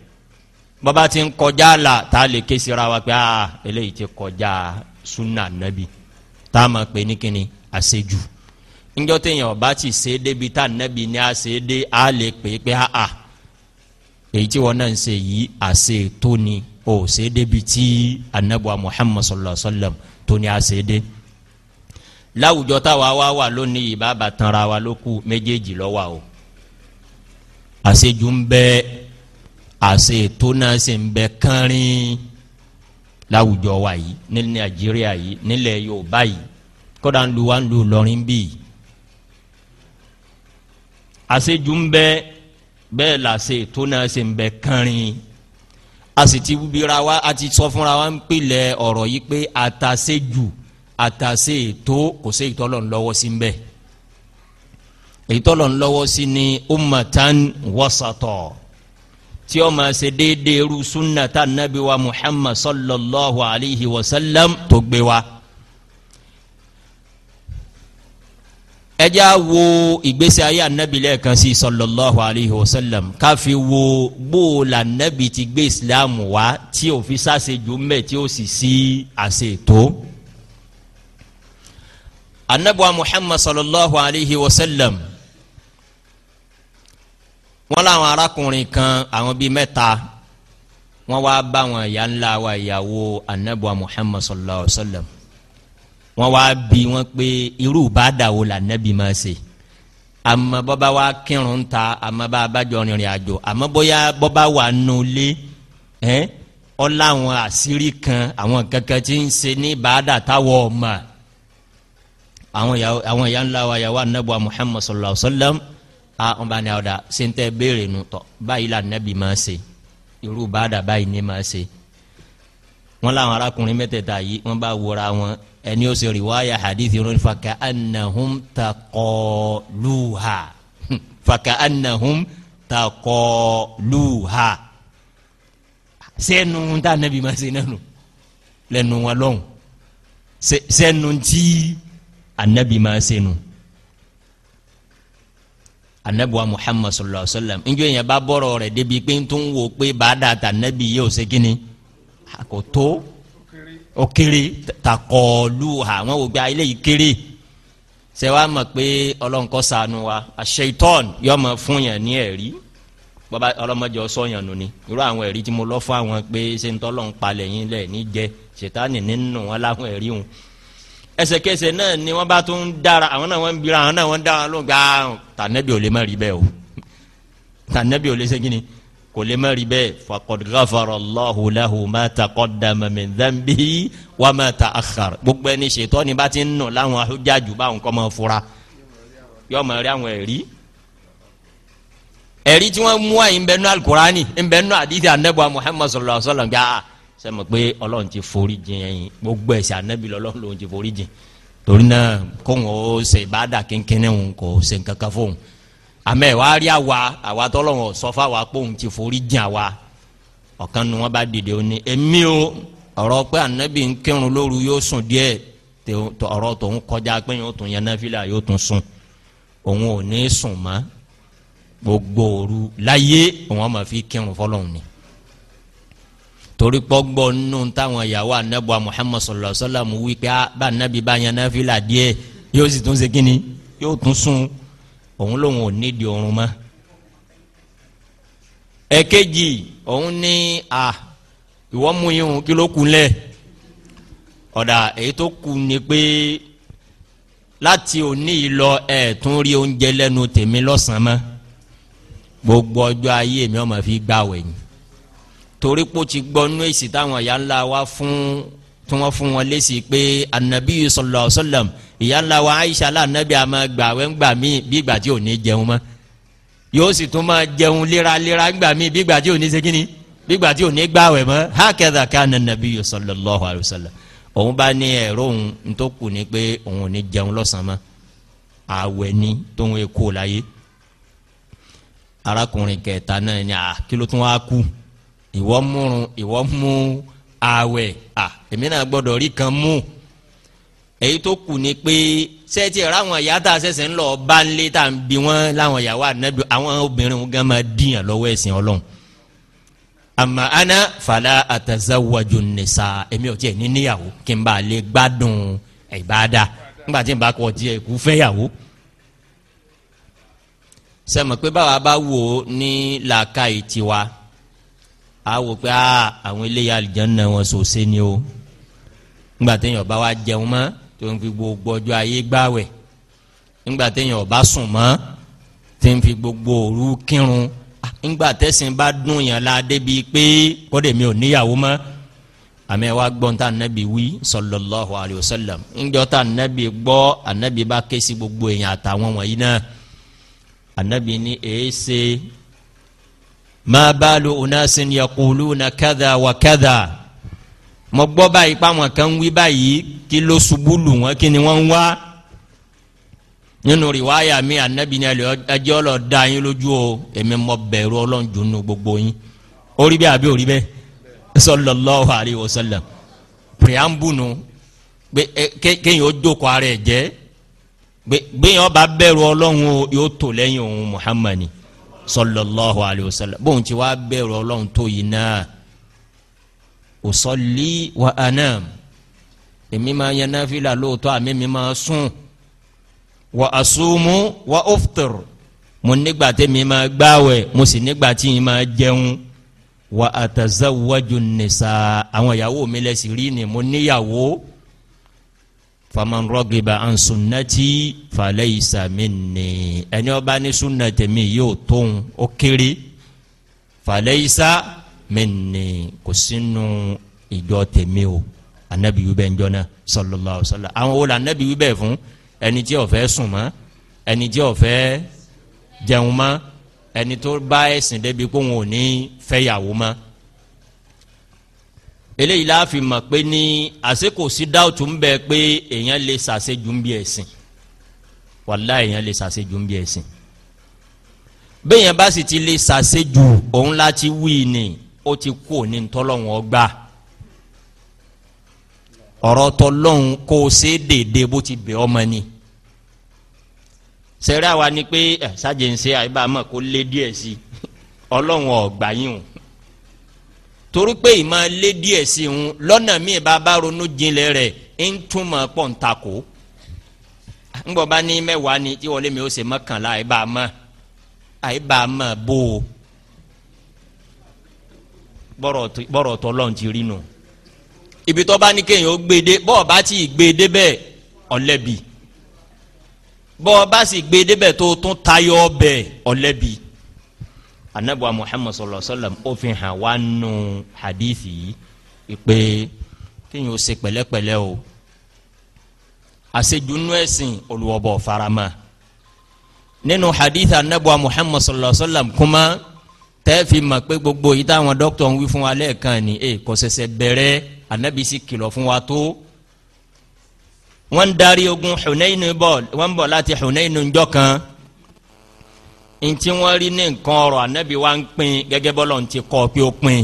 bàbá ti ń kọjá la tá a lè ké sira wa pé aa ah, eléyìí ti kọjá sunna anabi tá a máa pè ní kíni àṣejù ńjọ́ téèyàn ọba ti ṣe é débi tá anabi ní a é dé a lè pè é pé aa. Ah, ah, èyí tí wọn náà ń ṣe yìí àṣe tó ni ṣe é débi tí anabuwa muhammad sallallahu alaihi wa sallam tó ni àṣe é dé láwùjọ táwa wá wà lónìí ìbába tanra wa ló kù méjèèjì lọ́wọ́ o àṣejù ń bẹ àṣe tó náà ṣe ń bẹ kánrin láwùjọ wa yìí ní nàìjíríà yìí nílẹ̀ yorùbá yìí kódà ń lu wa ń lu lọrin bíi àṣejù ń bẹ bẹ́ẹ̀ làṣẹ ètò náà ṣe ń bẹ kánrin a sì ti bira wa a ti sọ fúnra wa ń pilẹ̀ ọ̀rọ̀ yìí pé àtàṣe jù àtàṣe ètò kò sí ìtọ́lọ̀ ńlọ́wọ́ sí ń ìtọ́lọ̀ ńlọ́wọ́ sí ni ummatan wasatọ̀ tí ó máa ṣe déédéé irú sunnata nabi wa muhammad sallallahu alayhi wa sallam tó gbé wa. ẹjẹ́ á wo ìgbésí ayé anabi lẹ́ẹ̀kan sí sallallahu alayhi wa sallam ká fi wo bóòlà anabi ti gbé islam wá tí ò fi sáṣejù mẹ́ tí ó sì sí àṣetò. anabiwa muhammad sallallahu alayhi wa sallam wọ́n láwọn arákùnrin kan àwọn bíi mẹ́ta wọ́n wá bá wọn ìyá ńlá wa ìyàwó anabiwa muhammad sallallahu alayhi wa sallam wọ́n wá bí wọ́n pé irú ìbádàwò là nẹ́bí máa ṣe àmọ́ bọ́bá wa kírun ta àmọ́ bá a bá jọ rìnrìn àjò àmọ́ bóyá bọ́bá wà nulẹ̀ ẹ́ ọlá àwọn àṣírí kan àwọn kankan tí ń ṣe ní ìbádà táwọ̀ ọ̀mà àwọn ìyá ńlá wa yà wà nẹ́bù wa Muhammad sallallahu alayhi wa sallam a wọn bá ní àwọn dà ṣe ń tẹ́ béèrè nù tọ́ báyìí là nẹ́bí máa ṣe irú ìbádà báyìí ní máa ṣe wọn làwọn arákùnrin mẹ́tẹ̀ẹ̀ta yìí wọn bá wọra wọn ẹni ó ṣe riwaya hadithi wọn faka anahum takọluha hmm. faka anahum takọluha sẹ́nu tá anabi ma ṣe nánu lẹ́nu wọn lọ́hùn sẹ́nu tí anabi ma ṣe nu anabiwa muhammadu sallallahu alaihi wa sallam njẹ́ yẹn bá bọ̀rọ̀ rẹ̀ débi pé n tó pé bàdà tà anabi yóò ṣe kínni kò okiri, ó kéré takọ̀ọ̀lù àwọn ògbà eléyìí kéré ṣe wá mọ̀ pé ọlọ́nkọ́ sànù wa àṣetọ́n yọ mọ̀ fún yẹn ní ẹ̀rí bọ́bá ọlọ́mọdé ọsọ yàn nù ni irú àwọn ẹ̀rí tí mo lọ fún àwọn pé ṣé ń tọ́lọ̀ ń palẹ̀ yín lẹ̀ ní jẹ ṣètánì nínú wọn láwọn ẹ̀rí wọn. ẹsẹ̀kẹsẹ̀ náà ni wọ́n bá tún dára àwọn náà wọ́n ń bira àwọn náà wọ́n dára ló gbà tànẹ́bí ò lè má rí bẹ́ẹ̀ o tànẹ́bí ò lè ṣe kí ni kò lè má rí bẹ́ẹ̀ faqad ghafara Allahu lahu ma taqaddama min dhanbihi wa ma ta'akhkhar gbogbo ẹni ṣètọ́ ni bá ti ń nù láwọn ahójájú báwọn kọ́ máa fura yọ máa rí àwọn ẹ̀rí ẹ̀rí tí wọ́n mú àyìn bẹ́ẹ̀ nù alukurani bẹ́ẹ̀ nù àdìsí anabu Muhammad sallallahu alaihi wa sallam gbà sẹ́mi ah, pé ọlọ́run ti forí jìn gbogbo ẹ̀ṣẹ̀ anabi lọ́lọ́run lòun ti forí jìn torí náà kóhùn ó ṣe ìbáàdà kínkínní òun kò ṣe àmọ́ ẹ̀ wá rí àwa àwa tọ́lọ́wọ̀n sọ fáwa pé òun ti forí jìn àwa ọ̀kan nu wọn bá dìde ó ní èmi o ọ̀rọ̀ pé ànábì ń kírun lóru yóò sùn díẹ̀ ọ̀rọ̀ tòun kọjá pé yóò tún yẹn náfìlà yóò tún sùn òun ò ní sùn mọ́ gbogbo òru láyé òun ọmọ fi kírun fọlọ́hún ni torí pọ́gbọ́ nínú táwọn ìyàwó anábọ̀ Muhammad sallallahu alaihi wasallam wí ah, bá anábì bá yẹn náfìlà díẹ̀ yóò sì tún ṣe kíni yóò tún sùn òun lòun ò nídìí oorun mọ́ ẹ̀kejì òun ní a ìwọ́n mú yín òun kí ló kù lẹ̀ ọ̀dà èyí tó kù ni pé láti òní yìí lọ ẹ̀ tún rí oúnjẹ lẹ́nu tèmi lọ́sàn-án gbogbo ọjọ́ ayé mi ọmọ fi gbà wẹ̀yìn torí pé ti gbọ́ nú èsì táwọn ìyá ńlá wa fún tí wọ́n fún wọn lé sí pé anabi sọlọ sọlọm ìyá ńlá wa aisha la anabi àmọ́ gbàwẹ̀ ńgbà mí bí ìgbà tí ò ní jẹun mọ́ yóò sì tún máa jẹun léraléra ńgbà mí bí ìgbà tí ò ní ṣe kíni bí ìgbà tí ò ní gbàwẹ̀ mọ́ hakadha kana anabi sọlọ lọ́hùn àlùsọlọ òun bá ní ẹ̀rọ òun tó kù ni pé òun ò ní jẹun lọ́sàn-án mọ́ àwẹ̀ ni tóun kó láyé arákùnrin kẹta náà ni à kí ló tún wá kú ìwọ múrun ìwọ mú. Mu àwẹ̀ à èmi náà gbọ́dọ̀ rí kan mú èyí tó kù ni pé sẹ́ẹ̀tì ẹ̀rọ àwọn ìyá tá a ṣẹ̀ṣẹ̀ ń lọ bá ń lé tá à ń bi wọ́n láwọn ìyàwó ànábi àwọn obìnrin gan máa dìyàn lọ́wọ́ ẹ̀sìn ọlọ́run àmọ́ ana fàlà àtàzáwájú nìsa èmi ò tiẹ̀ ní níyàwó kí n bá lè gbádùn ìbáadà nígbà tí n bá kọ̀ tiẹ̀ kú fẹ́yàwó sẹ́mi pé báwa bá wò ó ní làákàyè tiwa a wò pé ah, àwọn eléyà àlìjáná wọn sòsé ni o ńgbà téèyàn bá wa jẹun mọ́ tó ń fi gbogbo ọjọ́ ayé gbàwẹ̀ ńgbà téèyàn bá sùn mọ́ tó ń fi gbogbo òru kírun ńgbà ah, tẹ̀sìn bá dùn yàn la débi pé kọ́dẹ̀ mi ò níyàwó mọ́ àmì ẹ wá gbọ́n tá anabi wí sallallahu alayhi wa sallam ńjọ́ tá anabi gbọ́ anabi bá ké sí gbogbo èèyàn àtàwọn wọ̀nyí náà anabi ní èé ṣe ma baalu unasin yaquluna kadha wa kadha mo gbọ́ báyìí pa àwọn kan wí báyìí kí ló ṣubú lù wọ́n kí ni wọ́n wá nínú riwaaya mi anabi ni ẹjẹ́ ọlọ́ da yín lójú o èmi mo bẹ̀rù ọlọ́njú nu gbogbo yín orí bẹ́ẹ̀ àbí orí bẹ́ẹ̀ sallallahu alayhi wa sallam pìrìàmbùnù kéèyàn ó jókòó ara ẹ̀ jẹ́ gbẹ̀yìn ọba bẹ̀rù ọlọ́run o yóò tò lẹ́yìn òun muhammadu sallallahu alayhi wa sallam bóun ti wá bẹ̀rù ọlọ́run tó yìí náà usalli wa anam èmi máa yan náfìlà lóòótọ́ àmì mi máa sùn wa asumu wa uftir mo nígbà tí mi máa gbáwẹ̀ mo sì nígbà tí mi máa jẹun wa atazawwaju àwọn ìyàwó mi lẹ́sìn rí ni mo níyàwó faman rọgiba an sunnati falaysa minni ẹni ó bá ní sunnati mi yóò tóun ó kéré falaysa minni kò sínú ìjọ tèmi o anabi wí bẹ́ẹ̀ ń jọ́nà sallallahu sallam àwọn wo la anabi wí bẹ́ẹ̀ fún ẹni tí ó fẹ́ sùn mọ́ tí ó fẹ́ jẹun mọ́ tó bá ẹ̀sìn débi kó wọn ò ní fẹ́yàwó mọ́ eléyìí la fi mọ̀ pé ní àsìkò sí dáùtù ń bẹ pé èèyàn lè ṣàṣejù ń bí ẹ̀sìn wàlá èèyàn lè ṣàṣejù ń bí ẹ̀sìn béèyàn bá sì ti lè ṣàṣejù òun láti wí ni ó ti kú òní ntọ́lọ́hún ọgbà ọ̀rọ̀ tọ́lọ́hún kó o ṣe é bó ti bẹ̀ ọmọ ni sẹ́rẹ́ àwa ni pé ẹ̀ ṣáàjẹ̀ ń ṣe àyíbá mọ̀ kó lé díẹ̀ sí ọlọ́hún ọgbà yìí o torí pé ìmọ̀ lé díẹ̀ sí i hun lọ́nà míì bá bá ronú jinlẹ̀ rẹ̀ ń túmọ̀ pọ̀ ń ta kó ńgbọ̀ bá ní mẹ́wàá ni tí wọlé mi ó ṣe mọ́kànlá àyè bá a mọ̀ àyè bá a mọ̀ bó o bọ́rọ̀ tọ́ lọ́n ti rí nù ibi tó bá ní kéèyàn ó gbéde bọ́ọ̀ bá ti gbéde bẹ́ẹ̀ ọ̀lẹ́bi bọ́ọ̀ bá sì gbéde bẹ́ẹ̀ tó tún tayọ bẹ́ẹ̀ ọ̀lẹ́bi anabuwa muhammad sallallahu alaihi wa sallam ó fi hàn wá nù hadithi yìí pé kéèyàn ó ṣe pẹ̀lẹ́pẹ̀lẹ́ o àṣejùnú ẹ̀sìn olùwọ̀bọ̀ farama nínú hadith anabuwa muhammad sallallahu alaihi wa sallam kuma tẹ́ẹ̀fì mọ̀ pé gbogbo yìí táwọn dókítà ń wí fún wa lẹ́ẹ̀kan ni ẹ eh, kò ṣẹ̀ṣẹ̀ bẹ̀rẹ̀ anabi sì kìlọ̀ fún wa tó wọ́n ń darí ogun Hunayn bọ̀ wọ́n ń láti Hunayn njọ́ kan ntí wọ́n rí ní nǹkan ọ̀rọ̀ anabi wa ń pín gẹ́gẹ́ bọlọ ń ti kọ pé ó pín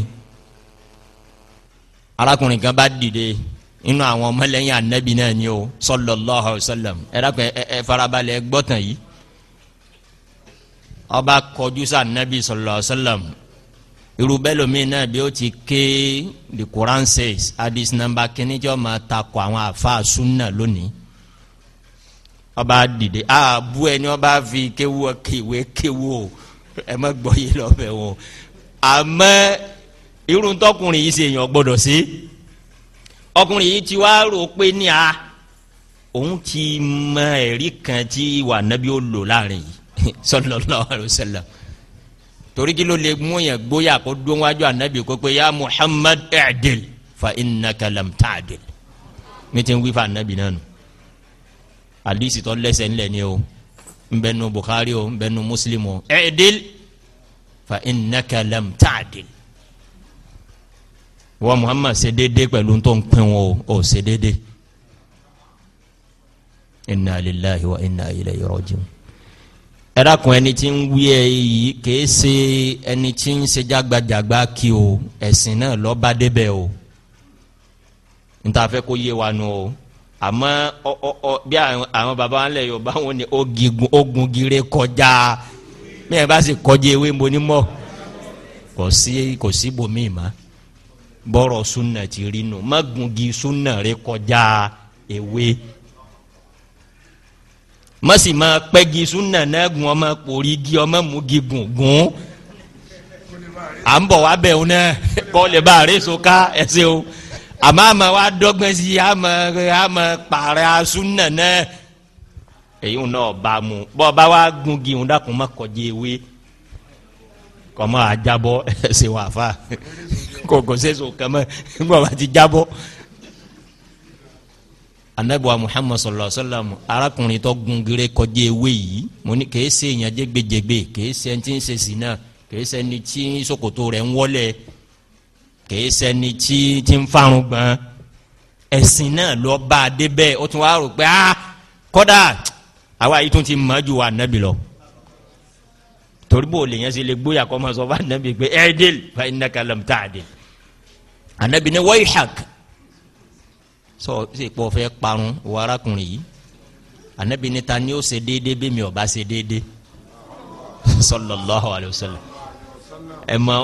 arákùnrin kan bá dìde inú àwọn ọmọlẹ́yìn anabi náà ni o sallallahu alaihi wasallam ẹ dákun ẹ farabalẹ̀ gbọ́tàn yìí ọba kọjú sí anabi sallallahu alaihi wasallam irú bẹ́ẹ̀ lómi náà bí ó ti ké the Quran says hadith number kìíní jọ́ máa takò àwọn àfa sunna lónìí ọba dìde àbú ẹni ọba fi kéwu kéwé kéwu o ẹ má gbọ́ yìí lọ́bẹ̀ o àmọ́ irun tọkùnrin yìí ṣe èèyàn gbọ́dọ̀ sí ọkùnrin yìí ti wá rò pé ní a òun ti mọ ẹ̀rí kan tí wà nábì ó lò láàrin yìí sallallahu alaihi torí kí ló lè mú yẹn gbóyà kó dún wájú ànábì kó pé ya Muhammad i'dil fa innaka lam ta'dil mi ti ń wí fún ànábì náà nù àdìsí tó lẹ́sẹ̀ ńlẹ̀ ni o nbẹnu Bukhari o nbẹnu Muslim o ẹ̀ẹ́dẹ́l fa innaka lam ta'dil wa Muhammad ṣe déédéé pẹ̀lú tó ń pin o ò ṣe déédéé inna lillahi wa inna ilayhi rajiun ẹ̀dàkùn ẹni tí ń wí ẹ yìí kìí ṣe ẹni tí ń ṣe jágbajàgba kí o ẹ̀sìn náà lọ́ba débẹ̀ o n ta fẹ́ kó yé wa nu o. No àmọ́ bí àwọn baba wọn lẹ yorùbá wọn ni ogun gire kọjá mẹ́rin bá sì kọjá ewé mo ní mọ́ kò sí kò sí bomi ma bọ́rọ̀ súnà ti rí nu má gungi súnà rẹ kọjá ewé má sì máa pẹ́gi súnà náà gun ọmọ kórí gi ọmọ mú gi gùn gùn à ń bọ̀ wá bẹ̀ wọn náà kọ́ lè bá a rí so ká ẹ ṣeun. àmọ́ àmọ́ wa dọ́gbọ́n sí i àmọ́ àmọ́ pààrọ̀ asúnà náà èyí ń náà bá a mú bọ́ ọba wa gun gihun dákun má kọjá ewé kọ́ àjábọ́ ẹsẹ̀ wà fà kò kò sẹ́sọ̀ kàn bọ́ ọba ti jábọ́. anabiwa muhammad sallallahu alaihi wa sallam arákùnrin tó gun gire kọjá ewé yìí mo ní kèé se ìyànjẹ gbèjègbè kèé se ẹni tí ń ṣe sí náà kìí ṣẹni tí tí ń farun gbọn ẹ̀sìn náà lọ bá a dé bẹ́ẹ̀ ó tún wá rò pé ah kọ́dà àwa yìí tún ti mọ̀ ju wa nẹ́bi lọ torí bò lè yẹn ṣe lè gbóyà kọ́ ma sọ fún anabi pé ẹ dé fa iná kalam tá a dé anabi ní wọ́n ìhàk sọ ṣe pọ̀ fẹ́ parun wọ arákùnrin yìí anabi ní ta ni ó ṣe déédéé bí mi ò bá ṣe déédéé sallallahu alaihi wasallam ẹ̀mọ́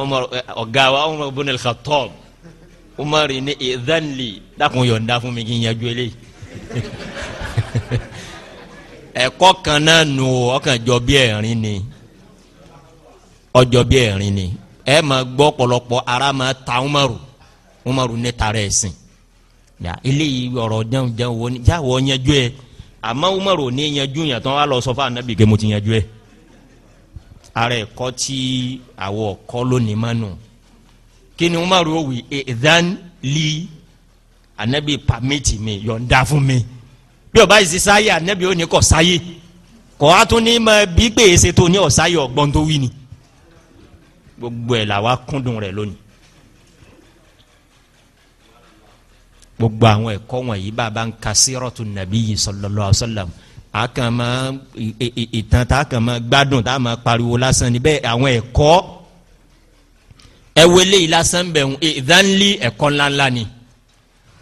ọ̀gá wa Umar ibn al-Khattab Umar ní ìdánlì dákun yọ̀ǹda fún mi kí n yanjú eléyìí ẹ̀kọ́ kan náà nù ọkàn jọ bí ẹ̀rín ni ọjọ́ bí ẹ̀rín ni ẹ máa gbọ́ ọ̀pọ̀lọpọ̀ ara máa ta Umaru Umaru ní tara ẹ̀sìn ya eléyìí ọ̀rọ̀ jẹun jẹun wo ni jáwọ́ yanjú ẹ àmọ́ Umaru ní yanjú yàtọ̀ wà lọ sọ fún anabi pé mo ti yanjú ara ẹ̀kọ́ tí àwọn ọ̀kọ́ lónìí mánu kí ni umaru ó wí ẹ̀dán lí anabi pàmìtì mi yọ̀ǹda fún mi bí ọba yìí ti sáyé anabi ó ní kọ̀ sáyé kọ́ a tún ní ma bí pé èsè tó ní ọ̀sáyé ọ̀gbọ́n tó wí ni gbogbo ẹ̀ làwa kúndùn rẹ̀ lónìí gbogbo àwọn ẹ̀kọ́ wọ̀nyí bàbá ń ka sírọ̀tù nàbí yìí sallallahu alaihi wasallam àkànmọ́ ìtàn tá àkànmọ́ gbádùn tá a máa pariwo lásán níbẹ̀ àwọn ẹ̀kọ́ ẹ wele yìí lásán bẹ̀ ń ìdánilé ẹ̀kọ́ ńláńlá ni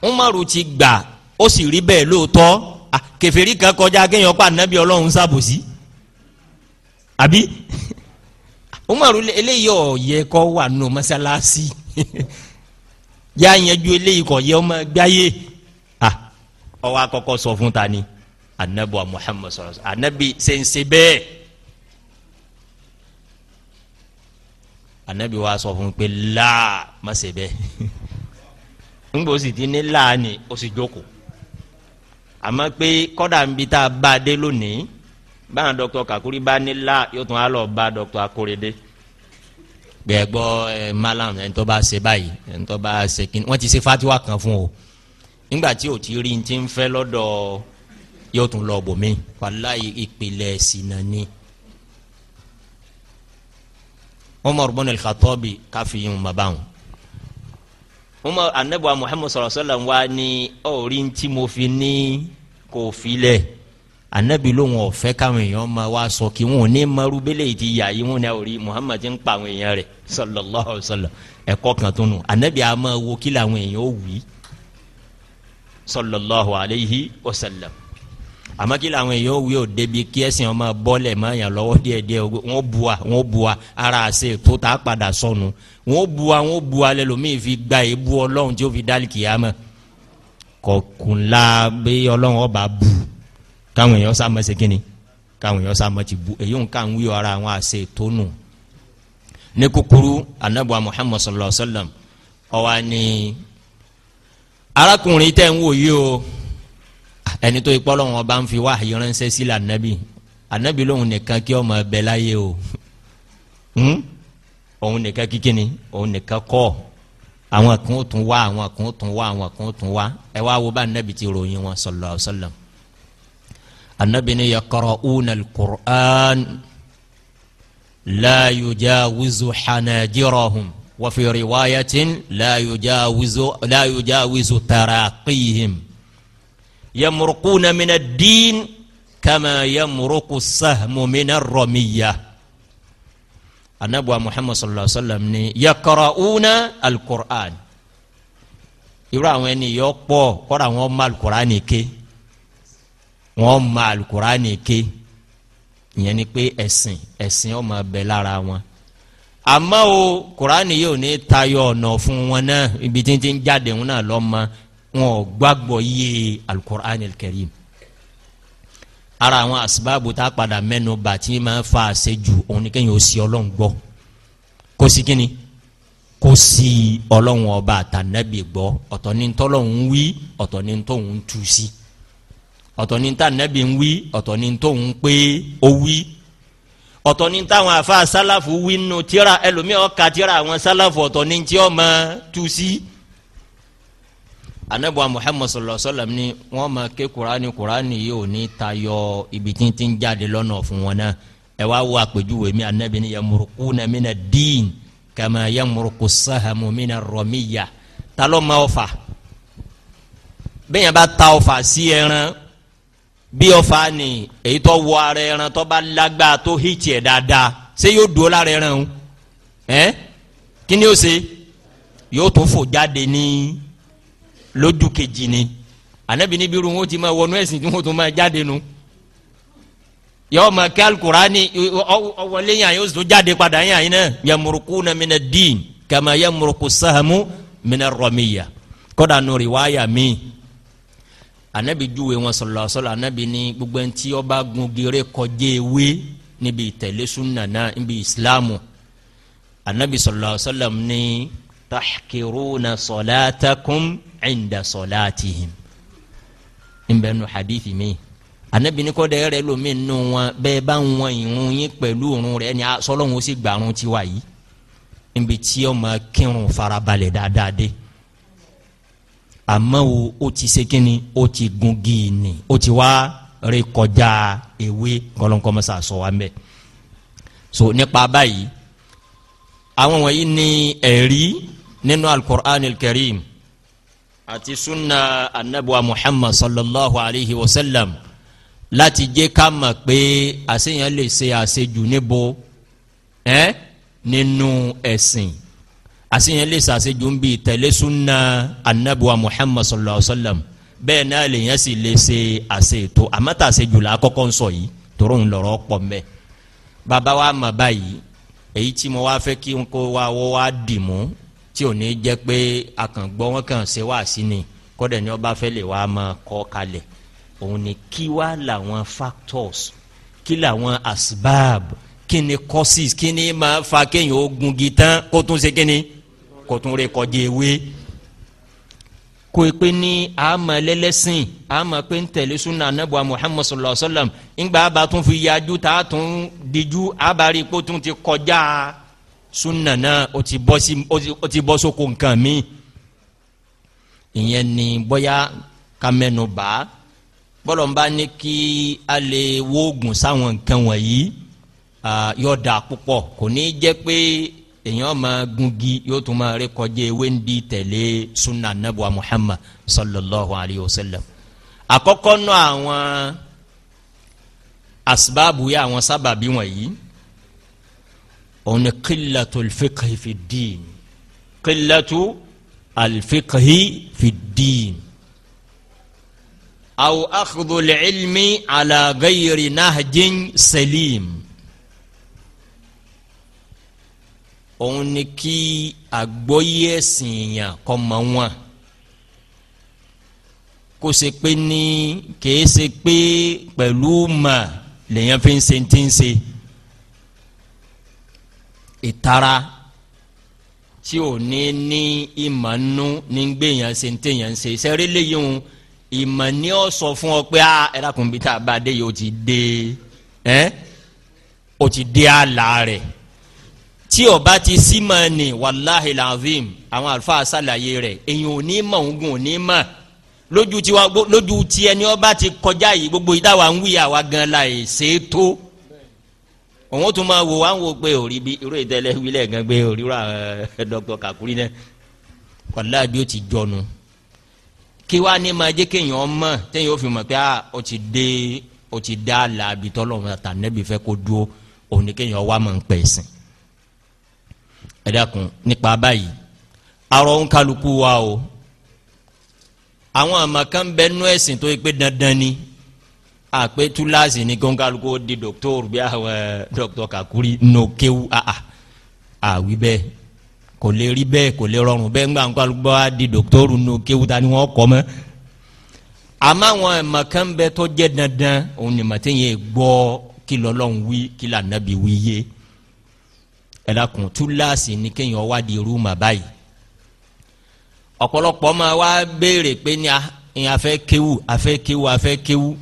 umaru ti gbà ó sì rí bẹ́ẹ̀ lóòótọ́ kèfèrí kan kọjá kéèyàn pa ànábì ọlọ́run sábòsí àbí umaru eléyìí ọ̀ yẹ kọ́ wà nù mọ́sálásí yá yẹn ju eléyìí kọ̀ yẹ ọmọ gbáyé ọwọ́ akọ́kọ́ sọ ta ni anabuwa muhammad sọ̀rọ̀ sọ̀rọ̀ anabi sèse bẹ́ẹ̀ anabi wa sọ fún pé laa má ṣe bẹ́ẹ̀ ńgbò sì ti ní laa ni ó sì jókòó àmọ́ pé kódà ń bi tá a bá a dé lónìí báwọn dọ́kítọ̀ kakuri bá ní laa yóò tún á lọ bá dọ́kítọ̀ akóredé gbẹgbọ ẹ malam ẹ ń tó bá ṣe báyìí ẹ ń tó bá ṣe kíni wọ́n ti ṣe fatiwa kan fún o nígbà tí o ti rí ti ń fẹ́ lọ́dọ̀ ọ yóò tún lọ bòmí wàláyé ìpìlẹ̀ sínà ni. Umar bin al-Khattabi káfíyìn bàbá wọn. Umar anabuwa Muhammad sallallahu alaihi wa sallam wa ni ọ̀rí tí mo fi ní kò filẹ̀ anabi ló wọn ọ̀fẹ́ káwọn èèyàn ma wá sọ kí wọn ò ní marubélé ti yà yí wọn náà rí Muhammad ń pa àwọn èèyàn rẹ̀ sallallahu alaihi wa sallam ẹ̀kọ́ kan tó nù anabi a máa wo kí làwọn èèyàn ó wí sallallahu alaihi wa sallam àmọ́ kí làwọn èèyàn wí ò débi kí ẹ̀sìn ọmọ bọ́lẹ̀ mọ́ èèyàn lọ́wọ́ díẹ̀díẹ̀ wọ́n bua wọ́n bua ara àṣẹ tó ta padà sọnù wọ́n bua wọ́n bua lẹ́lòmíì fi gba èébú ọlọ́run tí ó fi dálì kìyàmọ́ kọ̀kùnlá bí ọlọ́run ọba bu káwọn èèyàn sá mọ́ ṣe kínni káwọn èèyàn sá ti bu èyí nǹkan wí ara àwọn àṣẹ tó nù. ní kúkúrú anábọ̀ Muhammad sallallahu alayhi wa sallam ó wá ní arákùnrin tẹ́ ń wò yìí o ẹni tó ikpọ́ lọ́wọ́ bá ń fi wá ìránṣẹ́ sí la nàbì ànàbì lóhùn nìkan kí ọmọ ẹbẹ láyé o hmm? òun nìkan kíkíni òun nìkan kọ́ àwọn kan ó tún wá àwọn kan ó tún wá àwọn kan ó tún wá ẹ wá wo bá ànàbì ti ròyìn wọn sallallahu alaihi wasallam ni yaqra'una al-Qur'an la yujawizu hanajirahum wa fi riwayatin la yujawizu la yujawizu yamurukuna mina diin kama yamuruku sahmu mina romiya anabuwa muhammad sallallahu alaihi wa sallam ni yakarauna alukur'an irú àwọn ẹni yọ pọ̀ kọ́ra wọn ma alukur'an ké wọn ma alukur'an ké ìyẹn ni pé ẹ̀sìn ẹ̀sìn ó máa bẹ lára wọn àmọ́ o kur'an yìí ò ní tayọ ọ̀nà fún wọn ibi tí ń jáde wọn náà lọ́ọ́ ma wọn ò gbàgbọ́ yé alukur'an karim ara àwọn asibabu tá a padà mẹ́nu bà tí máa fa àṣejù òun ni kéèyàn ó sì ọlọ́run gbọ́ kó sì kíni kó sì ọlọ́run ọba àtànẹ́bì gbọ́ ọ̀tọ̀ ní tọ́lọ́run ń wí ọ̀tọ̀ ní tóun ń tu sí ọ̀tọ̀ ní tànẹ́bì ń wí ọ̀tọ̀ ní tóun pé ó wí ọ̀tọ̀ ní táwọn afa sálàfù wí nù tíra ẹlòmíràn ọ̀ka tíra àwọn sálàfù ọ̀tọ̀ ní tí ọmọ tu sí. Si anabuwa muhammad sallallahu alaihi wa sallam ni wọn ma ké kurani kurani yìí ò ní tayọ ibi títí ń jáde fún wọn náà ẹ wá wo àpèjúwe mi anabi ni yamuruku na mina diin kama yamuruku sahamu mina rọmiya talọ ma ọfà bẹ́ẹ̀ bá ta ọfà sí ẹran bí ọfà ni èyí tó wọ ara ẹran tó bá lágbá tó hí tiẹ̀ dáadáa ṣé yóò dúró lára ẹran o ẹ kí ni ó ṣe yóò tó fò jáde ní lójú kejì ni anabi ni biiru wọn ti ma wọnú ẹsìn tí wọn tún ma jáde nu yọọ ma kí alukurani ọwọlé yàn yóò tún jáde padà yàn yín náà yamuruku na mina diin kama yamuruku sahamu mina rọmiya kódà nùrí wáyà mi anabi juwe wọn sọlọ sọlọ anabi ni gbogbo ntí ọba gun gèrè kọjá ewé níbi ìtẹ̀lé sunna náà níbi ìsìlámù anabi sọlọ ní tahkiruna salatakum inda salatihim nbẹ nu hadithi mi anabi ni kọdẹ yẹrẹ lomi nu wọn bẹ́ẹ̀ bá wọn ìrun yín pẹ̀lú ìrun rẹ̀ ni sọlọn ó sì gbàrún tiwa yìí nbi tí ó máa kírun farabalẹ̀ dáadáa dé àmọ́ wo ó ti ṣe kíni ti gun gíìnì ó ti wá rékọjá ewé kọlọ́nkọ́mọ́sá sọ wa mbẹ́ so nípa báyìí àwọn wọ̀nyí ni ẹ̀rí nínú alukur'an karim àti sunna anabuwa muhammad sallallahu alayhi wa sallam láti jẹ́ ká mọ̀ pé àṣeyàn lè ṣe àṣejù níbo ẹ́ nínú ẹ̀sìn àṣeyàn lè ṣe àṣejù ń bi tẹ̀lé sunna anabuwa muhammad sallallahu alayhi wa sallam bẹ́ẹ̀ náà lèyàn sì lè ṣe àṣetò àmọ́ tà àṣejù là á kọ́kọ́ ń sọ yìí tòrò ń lọ́rọ́ pọ̀ mẹ́ bàbá wa báyìí èyí tí mo wá fẹ́ kí n kó wa wọ́ wa dì mú tí ò ní jẹ́ pé akàngbọ́ wọn kàn ṣe wá sí ni kọ́dẹ̀ ni ọba fẹ́ lè wá máa kọ́ kalẹ̀ òun ni kí wá làwọn factors kí làwọn asbab kí ni causes kí ni máa fa kéèyàn ó gungi tán kó tún ṣe kí ni kó tún ré kọjá ewé kó pé ní àmọ́ lẹ́lẹ́sìn àmọ́ pé ń muhammad sallallahu alayhi wa sallam ńgbà bá tún fi yájú tá a tún díjú àbárí kó tún ti kọjá sunna náà ó ti bọ́ sí ó ti bọ́ sóko nǹkan mi ìyẹn ni bóyá ká mẹ́nu bá bọ́lọ̀ ń bá ní kí a lè wóògùn sáwọn nǹkan wọ̀nyí yóò dà púpọ̀ kò ní jẹ́ pé èèyàn máa gungi yóò tún máa rékọjá ewé ń di tẹ̀lé sunna nabuwa muhammad sallallahu alayhi wa sallam àkọ́kọ́ náà àwọn asibabu yẹ àwọn sábàbí wọ̀nyí òun ni qillatu alfiqhi fi diin qillatu alfiqhi fi diin aw akhdhu alilmi ala ghayri nahjin salim òun ni kí àgbọ́yé ẹ̀sìn èèyàn kọ́ mọ wọn kó ṣe pé ní kèé ṣe pé pẹ̀lú mà lèèyàn fi ń ṣe ti ń ṣe ìtara tí ò ní ní ìmọ̀ nú ní gbẹ̀yàn ṣe ń tẹ̀yàn ṣe sẹ́rí léyìn o ìmọ̀ ní ọ sọ fún ọ pé ah, ẹ dákun bí tá a bá dé yìí o ti dé ẹ o ti dé àlà rẹ̀ tí ó bá ti sí mọ́ ni wàláhi lazim àwọn àlùfáà ṣàlàyé rẹ̀ èyàn ò ní mọ̀ ògùn ò ní mọ̀ lójú tiwa lójú tiẹ̀ ti kọjá yìí gbogbo ìdáwà ń wí àwa gan la ẹ̀ ṣe é tó òun tún máa wò wá ń wò pé òrí bí irú ìtẹ́lẹ̀ wílẹ̀ gan gbé òrí rà dr kakuri náà wàlá bí ó ti jọnu kí wàá ní máa jẹ́ kéèyàn mọ̀ téèyàn ó fi mọ̀ pé a ah, ó ti dé ó ti dá àlà tọ́lọ̀ tà nẹ́bí fẹ́ kó dúró òun ni kéèyàn wá mọ̀ ń pẹ̀ sìn ẹ dákun nípa báyìí arọ ń kálukú wa o àwọn àmàkà ń bẹ nú ẹ̀sìn tó yẹ pé dandan ni àpé túláàsì ní kónkálukó di doctor bí àwọn eh, doctor kakuri nò kéwu àà ah, àwí ah. bẹ́ẹ̀ kò lè rí bẹ́ẹ̀ kò lè rọrùn bẹ́ẹ̀ ńgbà kónkálukó bá di dọ́kítọ́rù nò kéwu ta ni wọ́n kọ́ mọ́ àmọ́ àwọn ẹ̀mọ̀kan bẹ tó dandan òun ni màtí yẹn gbọ́ kí lọ́lọ́run wí kí lànàbí wí yé ẹ dákun túláàsì ní di irú màbá yìí ọ̀pọ̀lọpọ̀ máa wá béèrè pé ní ah, a fẹ́ kéwu a fẹ́ kéwu a fẹ́ kéwu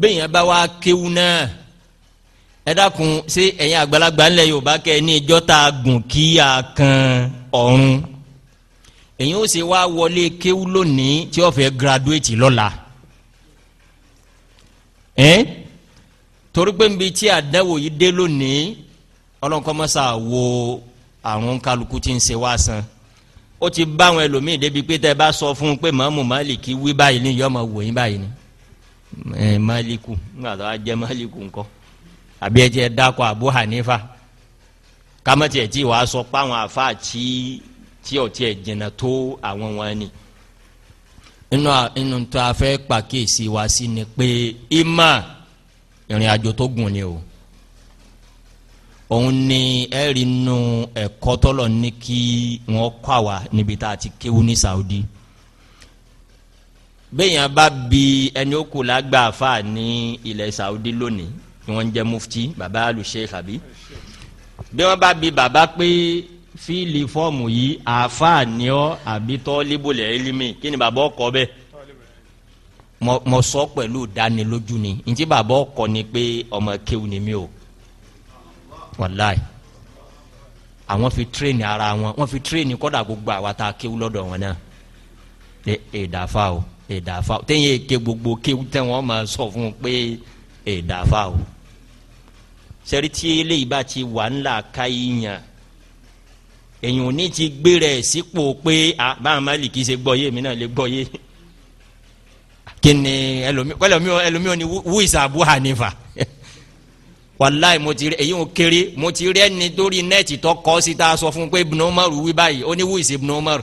bẹ́ẹ̀ yẹn bá wá kéwú náà ẹ dákun ṣé ẹ̀yin àgbàlagbà ńlẹ̀ yorùbá kẹ́ ẹ ní ìjọ́ tá gùn kí a kan ọ̀run ẹ̀yin ó ṣe wá wọlé kéwú lónìí tí ó fẹ́ graduate lọ́la ẹ̀ torí pé nbí tí àdánwò yìí dé lónìí ọlọ́nkọ́mọ́sá wo àrùn kálukú tí ń ṣe wá san ó ti bá àwọn ẹlòmíì débi pé tẹ́ ẹ bá sọ fún un pé màmú málìkì wí báyìí ni yọmọ wòyìn báyìí ni. ẹ eh, Málíkù nígbà tó a jẹ Málíkù ńkọ́ àbí ẹ tiẹ̀ dákọ Abu Hanifa kámẹ́tì ẹ̀ tí wàá sọ pé àwọn afa tí tí ọ̀ tiẹ̀ jìnnà tó àwọn wọn ni inú inú tó a fẹ́ pàkíyèsí wa sí ni pé ima ìrìn àjò tó gùn ni o òun ni ẹ̀rí nu ẹ̀kọ́ tọ́lọ̀ ní kí wọ́n kọ́ àwa níbi tá a ti kéwú ní Saudi. bẹ́ẹ̀yàn bá bi ẹni ó kù lágbà àfa ní ilẹ̀ Saudi lónìí tí wọ́n jẹ́ mufti baba alusheikh àbí bí wọ́n bá bi baba pé fíìlì fọ́ọ̀mù yìí àfa ni ọ́ àbí tọ́lébùlẹ̀ ẹlímì kí ni baba ọkọ bẹ́ẹ̀ mo sọ pẹ̀lú ìdánilójú ni ntí baba ọkọ ni pé ọmọ kéwù ni mí o wàláì àwọn fi tírèèni ara wọn wọn fi tírèèni kọ́dà gbogbo àwa tá kéwù lọ́dọ̀ wọn náà ẹ̀ ẹ̀ dàáfà o èdàfà o téyìn èké gbogbo kéwù tẹ wọn máa sọ fún un pé èdàfà o sẹ́rí tí eléyìí bá ti wà ńlá ká yíyan èyàn ní ti gbé rẹ̀ sípò pé a báwọn máàlì kì í ṣe gbọ́ yé mi náà lè gbọ́ yé kí ni ẹlòmíì ni wú ìsàbù hànífà wàláì mo ti rí èyí ń kéré mo ti rí ẹni torí nẹ́ẹ̀tì tó kọ́ síta sọ fún pé Ibn Umar wí báyìí ó ní wú ìsè Ibn Umar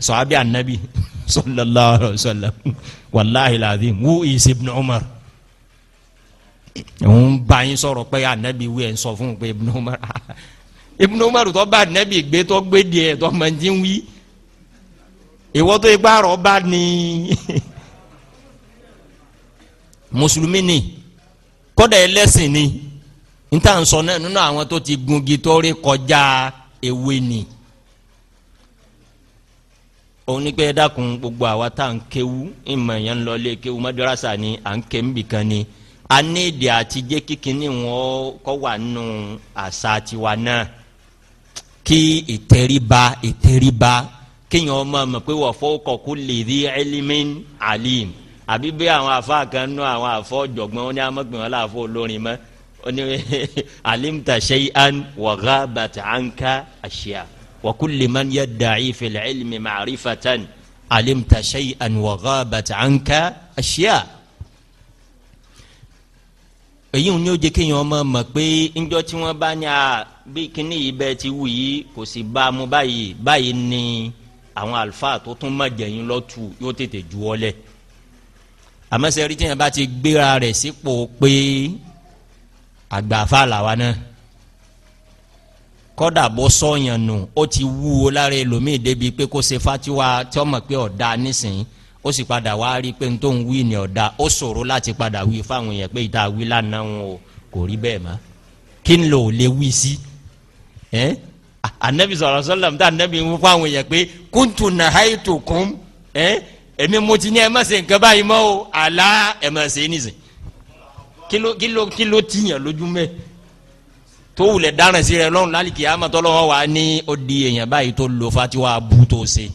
sọ abẹ́ ànábì. So, sallallahu alayhi wa sallam wàláhi làdí wú ìsì ibn umar òun bá yín sọ̀rọ̀ pé anabi wí ẹ̀ ń sọ fún un pé ibn umar ibn umar tó bá anabi gbé tó gbé díẹ̀ tó máa ti ń wí ìwọ́ tó ipá rọ̀ bá ni kọ́dà ẹlẹ́sìn ni níta ń sọ náà nínú àwọn tó ti gungi rí kọjá ewé ni òun ní pé ẹ dákun gbogbo àwa tá à ń kéwu ìmọ̀ yẹn ń lọ lé kéwu mọ́dúrásà ni à ń ké níbì kan ni a ní èdè àti jẹ́ kíkiní wọn kọ́ wà nù àṣà tiwa náà kí ìtẹríba ìtẹríba kéèyàn ọmọ mọ̀ pé wọ́n fọ́ kọ̀kú lè rí ẹlímẹ́n àlìm àbí bí àwọn afa kan nú àwọn afọ jọ̀gbọ́n ó ní amọ̀gbìn wọn láàfọ olórin mọ́ ó ní alim ta ṣe an wọ̀gá bàtà ànká àṣìá وكل من يدعي في العلم معرفة علمت شيئا وغابت عنك أشياء èyí ni ó jẹ́ kéèyàn ọmọ mọ̀ pé ńjọ́ tí wọ́n bá ní a bí kinní yìí bẹ́ẹ̀ ti wù yìí kò sì bá a mú báyìí báyìí ni àwọn àlùfáà tó tún mọ̀ jẹ̀yìn lọ́tù yóò tètè ju ọ lẹ̀ àmọ́ bá ti gbéra rẹ̀ sípò pé àgbàfà làwa náà kọ́dà bọ́ sọ́ọ̀yàn nù ó ti wúwo lára ẹlòmíì débi pé kó ṣe fatiwa tí wọ́n mọ̀ pé ọ̀dà nísìnyí ó sì padà wá rí i pé n tó ń wí ni ọ̀dà ó ṣòro láti padà wí fáwọn èèyàn pé ìta wí lánàá wọn o kò rí bẹ́ẹ̀ mọ́ kí n lò lè wí sí ẹ́ anabi sọ̀rọ̀ sọ́lá mi tá anabi ń fáwọn èèyàn pé kúntù nàháìtò kún ẹ́ èmi mo ti ní ẹ má ṣe nǹkan báyìí mọ́ o àlá ẹ má ṣe é nìsín kí ló kí ló kí ló tiyàn lójú mẹ́ẹ̀ tó wulẹ̀ dáná sí rẹ lọ́run lálìkì àmọ́tọ́ lọ́wọ́ wa ní ó di èèyàn báyìí tó lo fatiwa bú tó ṣe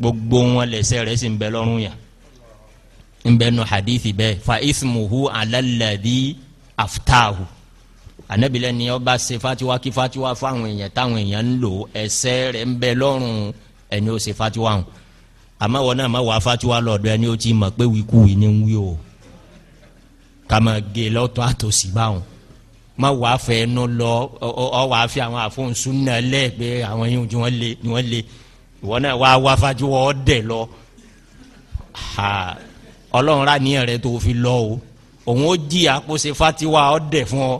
gbogbo wọn lẹ́sẹ̀ rẹ̀ sì ń bẹ lọ́rùn yàn ń bẹ nu hadithi bẹ́ẹ̀ fa ismuhu alaladi aftahu anabila ni ọba ṣe fatiwa kí fatiwa fáwọn èèyàn táwọn èèyàn ń lò ẹ̀ṣẹ̀ rẹ̀ ń bẹ lọ́rùn ẹni ó ṣe fatiwa hàn àmọ́ wọn náà má wàá fatiwa lọ́dọ̀ ẹni ó ti mọ̀ pé wíkú yìí ni ń wí o kàmá gé lọ́tọ̀ àtòsí báwọn ma wàá fẹ́ ẹnu lọ ọ wàá fi àwọn àfọ̀nsún náà lẹ̀ pé àwọn yìí ni wọ́n le ni wọ́n le ìwọ náà wàá wá fájú wọ́n dẹ̀ lọ ọlọ́run rà níyàn rẹ tó fi lọ o òun ó jìyà kó ṣe fatiwa ọ dẹ̀ fún ọ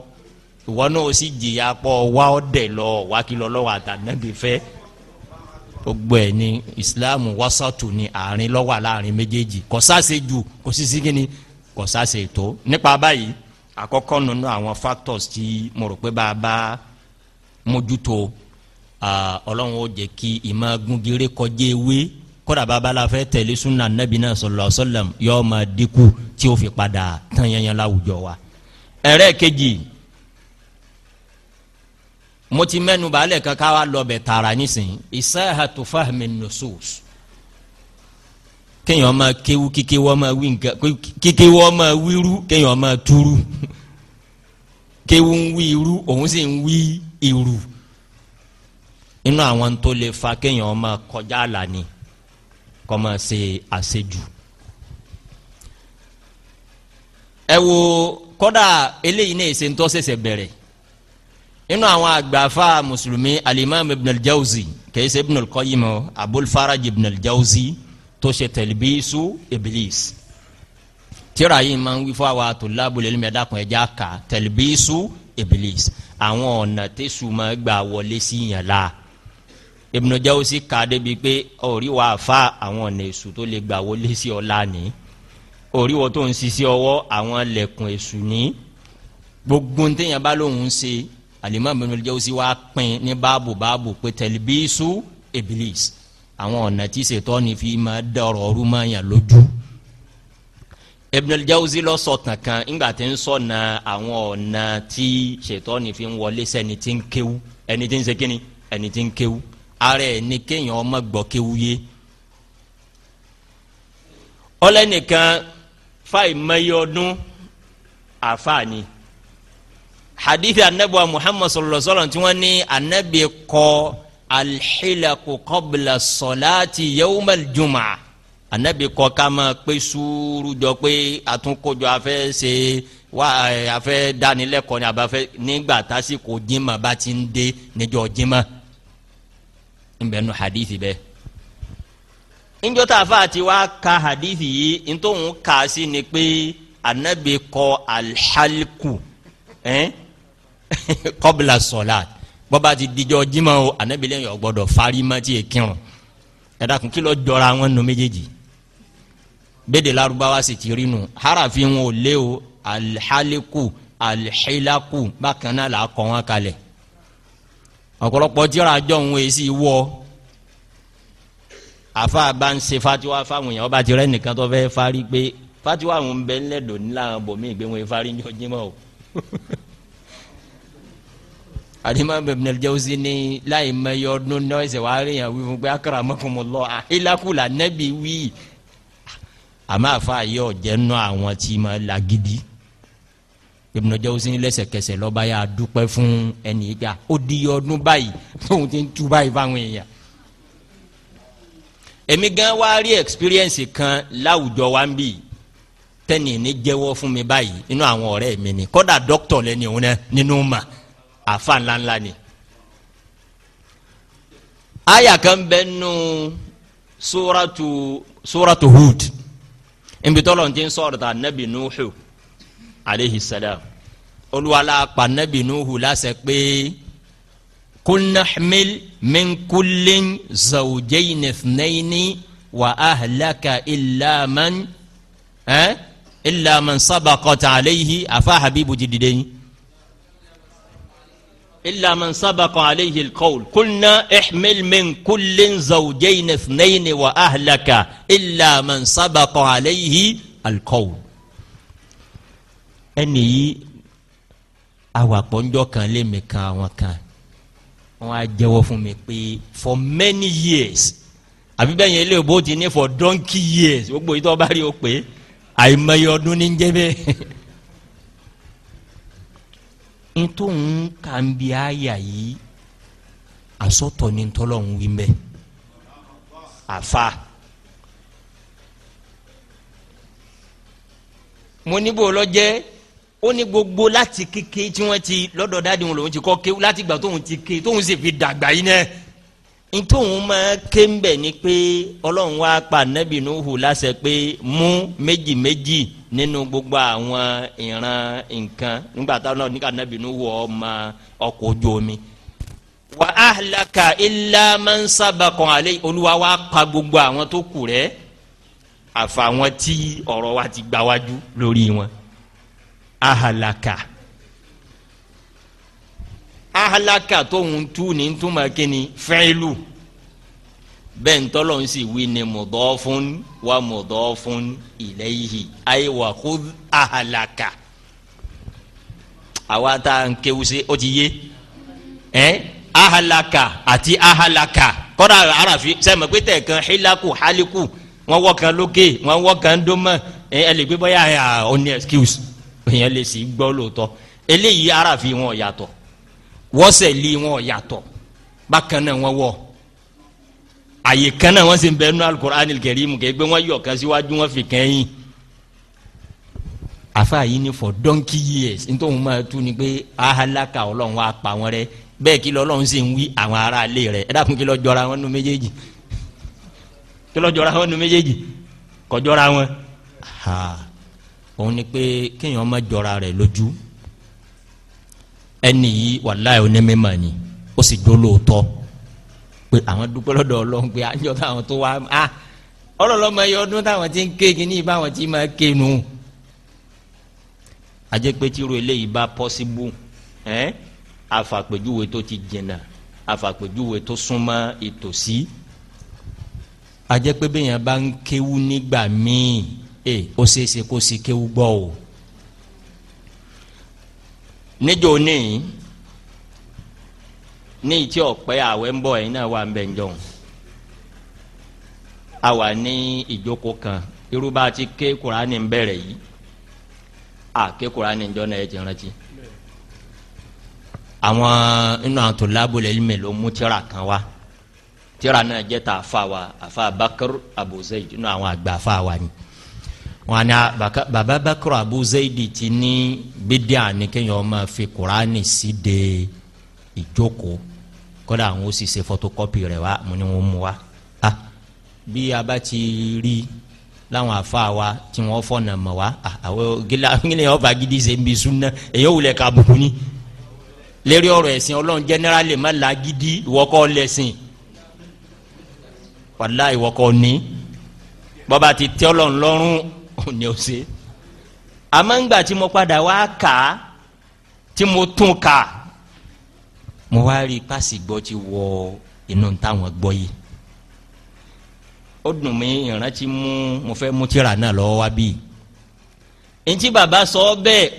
ìwọ náà ó sì jìyà pọ̀ wá ọ dẹ̀ lọ wákìlọ́ lọ́wọ́ àtànàbí fẹ́ gbogbo ẹ ní islam wasatu ní àárín lọ́wọ́ láàrin méjèèjì kò sáṣe kò sí sí kínní kò sáṣe tó nípa báyìí àkọ́kọ́ nínú àwọn factors tí mo rò pé bàbá mójútó ọlọ́run ó jẹ́ kí ìmọ̀ gúngéré kọjá ewé kódà bàbá la fẹ́ tẹ̀lé sunna nabi náà sallallahu alaihi wasallam yóò máa dínkù tí ó fi padà tán yanyan láwùjọ wa. ẹ̀rẹ́ kejì mo ti mẹ́nu bàálẹ̀ kankan wa lọ bẹ̀ tààrà nísìnyí isahatu fahmi nusus kéèyàn máa kéwú kíkéwọ́ máa wí nǹkan kíkéwọ́ máa wíru kéèyàn máa túrú kéwú ń wí irú òun sì ń wí irú inú àwọn tó lè fa kéèyàn máa kọjá àlà ni kó máa ṣe àṣejù. ẹ wo kọ́dà eléyìí náà ṣe ń tọ́ bẹ̀rẹ̀ inú àwọn àgbàfà mùsùlùmí alimami ibn al-Jawzi kèé ibn al-Qayyim abul faraj ibn al-Jawzi. al jawzi tó ṣe tẹ̀lébíṣu iblis tíra yìí máa ń wí fún àwa tó lábúlé ní mẹ́dàkùn ẹja kà tẹ̀lébíṣu iblis àwọn ọ̀nà tẹ̀sù máa gbà wọlé sí yàn la Ibn Jawzi ká débi pé orí wa fa àwọn ọ̀nà èṣù tó lè gbà wọlé sí ọ̀la ni orí wo tó ń ṣiṣẹ́ ọwọ́ àwọn ẹlẹ́kùn èṣù ni gbogbo ntẹ̀yìn bá lóun ṣe Al-Imam Ibn Jawzi wa pín ní báàbù báàbù pé tẹ̀lébíṣu iblis àwọn ọ̀nà tí ṣètọ́ ni fi máa dọ̀rọ̀ ọ̀rú máa yàn lójú. Ibn al-Jawzi lọ sọ̀tàn kan ńgbà tí ń sọ̀nà àwọn ọ̀nà tí ṣètọ́ ni fi ń wọlé sẹ́ni tí ń kéwú ẹni tí ń ṣe kíni ẹni tí ń kéwú ara ẹ̀ ní kéèyàn ọmọ gbọ́ kéwú yé. ọlẹ́nìkan fáì mẹ́yẹ ọdún àfáà hadithi anabi wa Muhammad sallallahu alaihi wa sallam tí wọ́n anabi kọ́ alḥilaku qabla sọlaati yawmal juma anabi kọ́ ká máa pé suuru jọ pé àtúnkójọ afẹ́ ṣe wa afẹ́ dánilẹ́kọ̀ọ́ ni abafẹ́ nígbà tásìkò jimá bá ti ń dé níjọ́ jimá nbẹ nu hadithi bẹ njọta afa ti ka hadithi yi ntọhun kaasi ni pé anabi kọ́ alihaliku ẹn kọbila sọlaat bọ́ba ti dijọ́ jimá o anabilẹ̀ yọ gbọ́dọ̀ fari ma ti yẹ kírun ẹ̀dàkùn kí ló jọra wọn nu méjèèjì bẹ́ẹ̀dẹ̀ larubawa sì ti rinu harafi wọn ò lé o alihaliku alihilaku bákan náà là á kọ́ wọn kalẹ̀ ọ̀pọ̀lọpọ̀ tíra jọ̀ ń wẹ̀ sí wọ́ afa bá ń ṣe fatiwa fáwọn èèyàn ọba ti rẹ nìkan tó fẹ́ fari pé fatiwa ń bẹ ńlẹ̀ dòní làwọn bòmí ìgbéwọ̀n ìfarijọ́ jimá o. alimami ibn al-Jawzi ní láì mẹyọ ọdún náà ẹsẹ wàá rí yàn wí fún pé akramakumullah àhílákùlà nẹbi wí àmọ́ àfa yọ jẹnu àwọn tí ma la gidi al-Jawzi ní lẹ́sẹ̀kẹsẹ̀ lọba yà dúpẹ́ fún ẹnì ìjà ó di ọdún báyìí tóun ti ń tú báyìí fáwọn èèyàn èmi gan wá rí experience kan láwùjọ wa ń bì tẹ́nì ní jẹ́wọ́ fún mi báyìí inú àwọn ọ̀rẹ́ mi ni kódà dókítà lẹ́ni òun náà nínú mà àfa ńláńlá ni aya kan bẹ nù suratu suratu hud nbitọlọ ti sọ̀rọ̀ ta nabi nuhu aleyhi salam olùwàlà pa nabi nuhu láṣẹ pé kulnahmil min kullin zawjayn ithnayni wa ahlaka illa man ẹ eh, illa man sabaqat aleyhi afa habibu jidideni illa man sabaqa alayhi alqawl kulna ihmil min kullin zawjayn ithnayn wa ahlaka illa man sabaqa alayhi alqawl. ẹni yìí awàpọ̀ ńjọ́ kan lé mi kan àwọn kan wọ́n á jẹ́wọ́ fún mi pé for many years àbí bẹ́ẹ̀ yẹn ilé ìbò ti ní for donkey years gbogbo ìtọ́ bá rí o pé àìmọye ọdún ní ń jẹ́ bẹ́ẹ̀ ntòun kà ń bi àyà yìí asọ́tọ̀ ni ntọ́lọ́hún wí mbẹ́ àfa. mo níbo lọ́jẹ́ ó ní gbogbo láti kéke tí wọ́n ti lọ́dọ̀ dáadé wọn lòun ti kọ́ kéwú láti gbà tóun ti ké tóun sì fi dàgbà yín náà ntòun máa ké ń bẹ̀ ni pé ọlọ́run wá pa nẹ́bìnú hù láṣẹ pé mú méjì. méjì nínú gbogbo àwọn ìran nǹkan nígbà táwọn náà nígbà nàbì ní wọ ọmọ ọkọ̀ ojú omi. wa ahlaka illa man sabaqa alayhi olúwa wa pa gbogbo àwọn tó kù rẹ́ àfàwọn tí ọ̀rọ̀ wa ti gbáwájú lórí wọn ahalaka ahalaka tóun tú ní túmọ̀ kínní fẹ́ẹ́lù bẹ́ẹ̀ ntọ́lọ̀ ń sì wí ni mudọ́fún wa mudọ́fún ilayhi ayé wa khudh ahlaka àwa tá à ń kéwu sí ó ti yé ẹ ahlaka àti ahlaka kọ́dà arafi sẹ́mi pé tẹ̀ kan hilaku haliku wọ́n wọ́ kan lókè wọ́n wọ́ kan dómọ̀ ẹ ẹ lè gbé bọ́yà ẹ ọ excuse èèyàn lè sì gbọ́ lóòótọ́ eléyìí arafi wọn ò yàtọ̀ wọ́sẹ̀ lé wọn ò yàtọ̀ bákan náà wọ́n wọ́ ọ àyè kan náà wọ́n sì ń bẹ nínú alukur'an kẹrìmù kẹ́ gbé wọ́n yọ̀ kan síwájú wọ́n fi kẹ́yìn afa yìí ni for donkey years nítorí máa tún ni pé ahalaka ọlọ́run wa pa wọn rẹ bẹ́ẹ̀ kí lọ́lọ́run sì ń wí àwọn ará ilé rẹ̀ ẹ dákun kí lọ́ jọra wọn nu méjèèjì kí lọ́ jọra wọn nu méjèèjì kò jọra wọn ha òun ni pé kéèyàn má jọra rẹ̀ lójú ẹni yìí wàláyé onímọ̀ ni ó sì dó lóòótọ́ pé àwọn dúpẹ́ lọ́dọ̀ ọlọ́run pé àjọ táwọn tó wá a ọlọ́lọ́mọ ẹyọ ọdún táwọn ti ń ké kínní ìbáwọn ti máa ké nu. ajẹ́ pé tíru eléyìí bá pọ́síbù ẹ́ àfàpèjúwe tó ti jìnnà àfàpèjúwe tó súnmọ́ ìtòsí. ajẹ́ pé bẹ́ẹ̀ yẹn bá ń kéwú nígbà míì ẹ ó ṣeé kó sì kéwú gbọ́ o. níjọ́ oníyìn. ní ìtí ọ̀pẹ àwẹ̀ ń bọ̀ ẹ̀yin náà wà ń bẹ̀ ń jọun a wà ní ìjókòó kan irúbá ti ké kuraani ń bẹ̀rẹ̀ yìí a ké kuraani ń jọ náà ẹ ti rántí àwọn inú àwọn tó lábòlẹ̀ ẹ̀mí ló mú tíra kan wá tíra náà jẹ́ ta àfa wa àfa bakar abu zayd inú àwọn àgbà àfa wa ni wọn ni ah, baba bakar abu ti ní bídíà ni kéèyàn máa fi kuraani sí de. Si ìjókòó kódà àwọn ó sì ṣe photocopy rẹ̀ wá mo ní wọn mú wa a ah, bí a bá ti rí láwọn afa wa tí wọn fọnà mọ wa ah, àwọn gíga gíga yẹn ọba gidi ṣe ń bi sunna èyí ò wulẹ̀ ká bùkún ni lérí ọ̀rọ̀ ẹ̀sìn Ọlọ́run jẹnẹrali má la gidi ìwọkọ lẹsìn wàlá ìwọkọ ní bọba ti tẹ Ọlọ́run lọ́rùn òní ò ṣe àmọ́ ńgbà tí mo padà wá kà á tí mo tún kà á mo wá rí pàṣẹ gbọ́ ti wọ inú táwọn gbọ́ yìí ó dùn mí ìrántí mú mo fẹ́ mú tíra náà lọ́wọ́ wá bíi ntí baba sọ bẹ́ẹ̀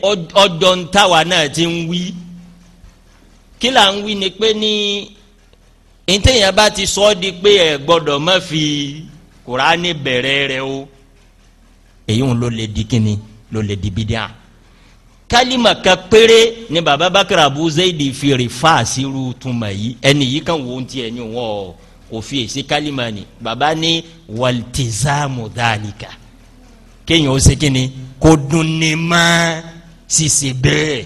ọjọ́ ntáwa náà ti ń wí kí là ń wí ni pé ní ntẹ̀yìn bá ti sọ ọ́ di pé ẹ gbọ́dọ̀ má fi kuraani bẹ̀rẹ̀ rẹ o èyí ń lò lè di kíni lò lè di bídíà kálímà kan péré ni baba bakar abu zaidi fèrè fáàsì ru tuma yìí ẹni yìí kan wo tiẹ̀ ni wọ́n kò fi èsì kálímà ni baba ni walitizamu dhalika kéèyàn ó ṣe kíni kó dun ni má ṣiṣẹ́ bẹ́ẹ̀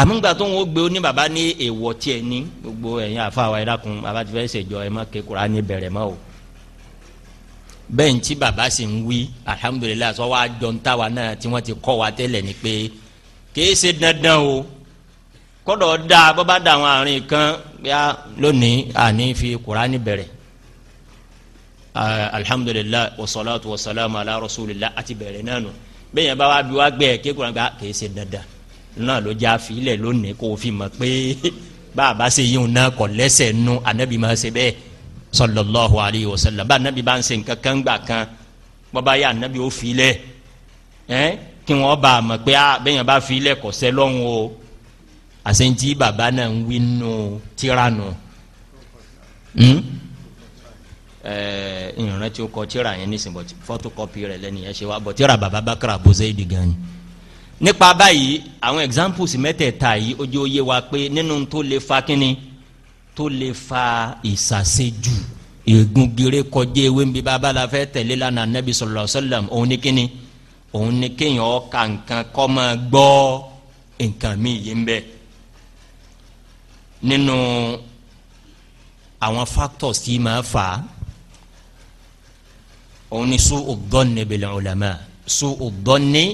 àmúgbà wo gbé ó baba ni èèwọ̀ tiẹ̀ ní gbogbo ẹ̀yin àfa wa ẹ̀dá kun baba ti fẹ́ ṣèjọ ẹ̀ má kékeré ní bẹ̀rẹ̀ mọ́ o bẹ́ẹ̀ tí baba sì ń wí alihamudulilayi sọ wá jọ ń ta wa náà tí wọ́n ti kọ́ wa tẹ́lẹ̀ ni pé kìí ṣe dandan o kọ́dọ̀ da bọ́bá da àwọn àárín kan bíá lónìí àní fi kurani bẹ̀rẹ̀ alhamdulilayi wasalaatu wasalaamu ala rasulillah àti bẹ̀rẹ̀ náà nù bẹ́ẹ̀ yẹn bá wa bí wa gbẹ̀ kí kuran gba kìí ṣe dandan náà ló já filẹ̀ lónìí kó o fi mọ̀ pé bàbá ṣe yíwọn náà kọ̀ lẹ́sẹ̀ nù anabi máa ṣe bẹ́ẹ̀ sallallahu alayhi wa sallam bá anabi bá ń ṣe nǹkan kan gbà kan bọ́bá yà anabi ó filẹ̀ ẹ́. Eh? kí wọ́n bá a mọ̀ pé a ah, bẹ́yàn bá fi ilẹ̀ kọ̀sẹ́ lọ́hùn o àṣẹ̀ǹtì bàbá náà ń wí nù tíránù hmm? eh, ìrántí o kọ tíra yẹn nísìnyí bọ̀ photocopy rẹ̀ lẹ́nu ṣe wá bọ̀ tíra bàbá bákàrà bóṣe é gan ni. nípa báyìí àwọn examples mẹ́tẹ̀ẹ̀ta yìí ó jẹ́ ó yé wa pé nínú tó lè fa kínni tó lè fa ìsàsejù ègún gèrè kọjá ewé ń bí bàbá la fẹ́ tẹ̀lé lánàá nẹ́bí sallallahu alaihi wasallam òun ní kínni òun ni kéèyàn ka nǹkan kọ́ máa gbọ́ nǹkan mi yìí ń bẹ nínú àwọn factors tí máa fà á òun ni su'u dhanni bil ulama su'u dhanni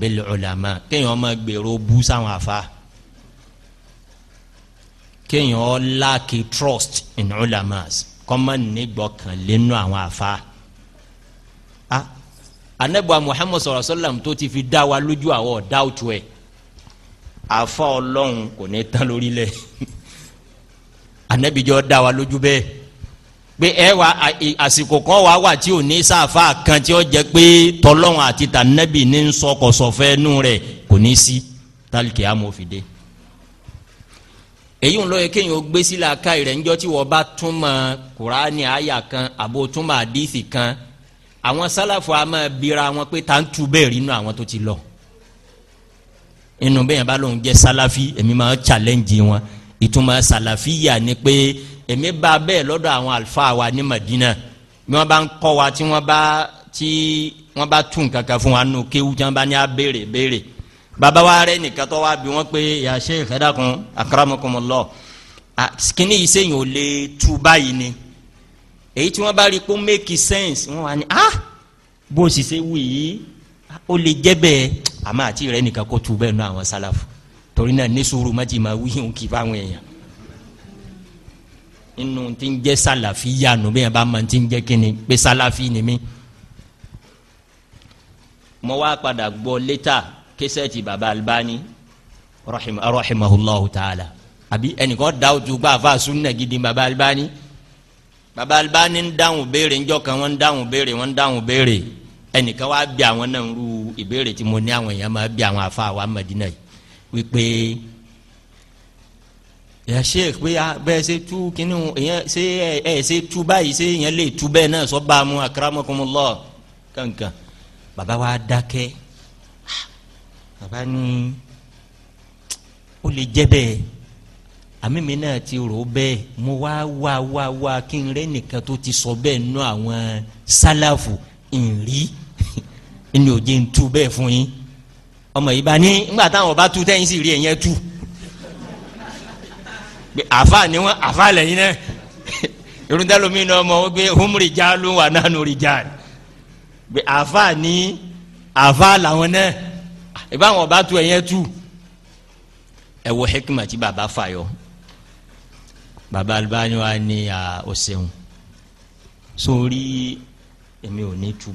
bil ulama kéèyàn máa gbèrò bú sáwọn àfa kéèyàn láàkì trust in ulamas kọ́mọ̀ nígbọ̀kànlé nínú àwọn àfa anabuwa muhammad sallallahu alaihi sallam tó ti fi dá wa lójú àwọ̀ dáwùtú ẹ̀ àfa ọlọ́run kò ní tán lórí lẹ̀ anabijọ́ dá wa lójú bẹ́ẹ̀ pé ẹ wa àsìkò kan wà wà tí ò ní sáfà kan tí ó jẹ pé tọlọ́run àti tànẹ́bì ní sọkọ̀sọ̀fẹ́ nù rẹ̀ kò ní sí tálíkì amòfìdé èyí ń lọ yẹ kéèyàn ó gbé sílẹ̀ aka rẹ̀ ńjọ́ tí wọ́n bá túmọ̀ kùránì àyà kan àbò túmọ̀ àdìsí kan àwọn sálàfù a máa bira wọn pé tá n tu bẹ́ẹ̀ rí inú àwọn tó ti lọ inú bẹ́ẹ̀ bá lóun jẹ́ sálàfì èmi máa challenge wọn ìtumọ̀ sálàfì yà ni pé èmi bá bẹ́ẹ̀ lọ́dọ̀ àwọn àlùfáà wa ní Madina bí wọ́n bá ń kọ́ wa tí wọ́n bá tí wọ́n bá tún kankan fún wa nù kéwù tí wọ́n bá ní a béèrè béèrè bàbá wa rẹ nìkan tó wa bí wọ́n pé yà Sheikh ẹ̀dá kan akramakumullah kíní ò lè tu báyìí ni èyí tí wọ́n bá rí i pé make sense wọ́n wà ní ah bó o sì ṣe wù yìí ó lè jẹ́ bẹ́ẹ̀ àmọ́ àti rẹ̀ nìkan kó tu bẹ́ẹ̀ nù àwọn sálàfù torí náà ní sùúrù má ti máa wí òun kì í fáwọn èèyàn inú ti ń jẹ́ sálàfì yanu bí yẹn bá máa ti ń jẹ́ kíni pé sálàfì ni mí mo wá padà gbọ́ létà késẹ́ẹ̀tì baba Albani rahimahullahu ta'ala àbí ẹnìkan dáwọ́ ju gbà fà sunna gidi baba Albani baba Albani ń dáhùn béèrè ńjọ kan wọ́n ń dáhùn béèrè wọ́n ń dáhùn béèrè ẹnìkan wá bí àwọn náà ń ru ìbéèrè tí mo ní àwọn èèyàn máa bí àwọn afa wa Madina yìí wípé ya sheikh pé bẹ́ẹ̀ ṣe tú kínní èèyàn ṣe ẹ ṣe tú báyìí ṣe èèyàn lè tú bẹ́ẹ̀ náà sọ́ba mu akramakumullah kankan baba wa dákẹ́ ah, baba ni ó lè jẹ́ bẹ́ẹ̀ àmìmí náà ti rò bẹ́ẹ̀ mo wá wá wá wá kí n rẹ́ nìkan tó ti sọ bẹ́ẹ̀ nú àwọn sálàfù ìrì ni òjì ń tu bẹ́ẹ̀ fún yín ọmọ yìí bá ní nígbà táwọn bá tu tẹ́yìn sì rí ẹ̀yẹn tu àfa ni wọn àfa lẹ́yìn náà irundalomi náà mọ̀ wọ́n gbé humri jaalu wà nánu ri jaal àfa ni àfa làwọn náà ìbáwọn bá tu ẹ̀yẹn tu ẹ wo hekima tí baba fa yọ baba Albani wa ni a o ṣeun sórí èmi ò ní tu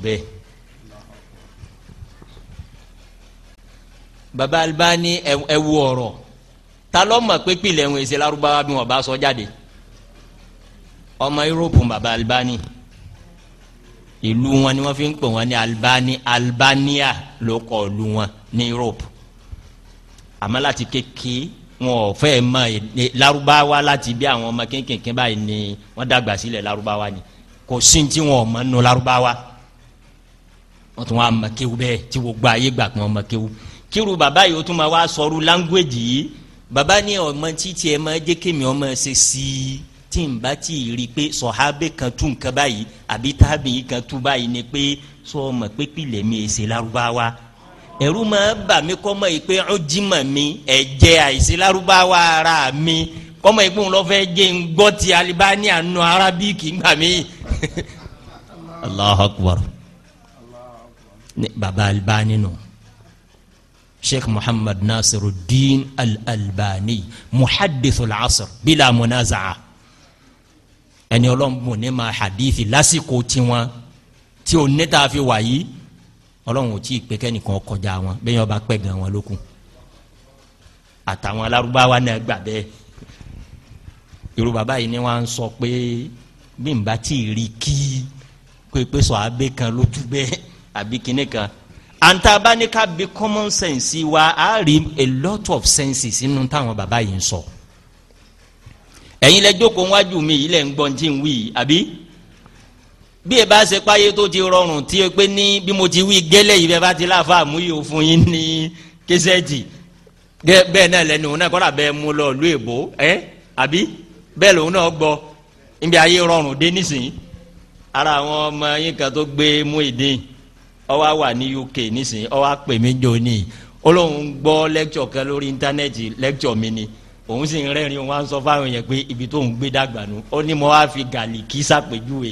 baba Albani ẹ wo ọ̀rọ̀ ta ló mọ̀ pé pilẹ̀ ń ṣe Lárúbáwá bí wọ́n bá sọ jáde ọmọ Yúróòpù baba Albani ìlú wọn ni wọ́n fi ń pè wọ́n ní Albani Albania ló kọ ìlú wọn ní Yúróòpù àmọ́ láti kékeré wọn ò fẹ́ mọ Lárúbáwá láti bí àwọn ọmọ kéékèèké báyìí ni wọ́n dàgbà sílẹ̀ Lárúbáwá ni kò sí tí wọn ò mọ nù Lárúbáwá wọ́n tún wá mọ kéwú bẹ́ẹ̀ tí wọ́n gba ayé gbà pé wọ́n mọ kéwú kíru bàbá yìí ó tún máa wá sọrú láńgbèjì yìí bàbá ní ọmọ títí ẹ máa jẹ́ kémi ọmọ ṣe sí i tí n bá ti rí i pé sọ̀hábẹ́ kan tún nǹkan báyìí àbí tábìlì kan tún báyìí ni pé sọ ọmọ pé pilẹ̀ mi èsè Lárúbáwá ẹ̀rù máa bà mí kọ́mọ yìí pé ó jí mọ̀ mi ẹ̀jẹ̀ àìsí lárúbáwá ara mi kọ́mọ yìí pé òun lọ́fẹ́ jẹ́ ń gbọ́ ti Albani àánú arábíkì gbà mí. Allahu Akbar baba Albani nù. No. شيخ محمد ناصر الدين الألباني محدث العصر بلا منازعة ẹni ọlọ́run bùn ní ma hadithi lásìkò tiwọn tí ò ní tààfin wáyé ọlọ́run ò tí ì pé kẹ́nìkan kọjá wọn bẹ́ẹ̀ yọba pẹ́ gan wọn lókun àtàwọn alárúbáwá náà gbà bẹ́ẹ̀ irú bàbá yìí ni wọ́n á sọ pé bí n bá tí ì rí kí pépé sọ abẹ́ kan lójú bẹ́ẹ̀ àbí kinní kan àǹtàbáníkà bí common sense wa á rí a lot of sense sínú táwọn bàbá yìí ń sọ ẹ̀yin lẹ́jọ́ kó wájú mi yìí lẹ́ ń gbọ́n tí ń wí àbí bí ẹ bá ṣe páyé tó ti rọrùn tí ẹ pé ní bí mo ti wí gẹ́lẹ́ yìí bẹ́ẹ̀ bá ti láfa àmúyò fún yín ní kẹsẹ́ẹ̀tì bẹ́ẹ̀ náà lẹ́nu òun náà kọ́ra bẹ́ẹ̀ mú lọ ìlú èbó ẹ àbí bẹ́ẹ̀ lòun náà gbọ́ níbi ayé rọrùn dé nísìnyí ara àwọn ọmọ yín kan tó gbé mú ìdí ó wá wà ní UK nísìnyí ó wá pè mí jọ ní olóhùn gbọ́ lẹ́kítọ̀ kan lórí íńtánẹ́ẹ̀tì lẹ́kítọ̀ mi ni. òun sì ń rẹ́rìn òun wá ń sọ fáwọn yẹn pé ibi tó ń gbé dàgbà nù ó ní mo wá fi gàlíkì sàpèjúwe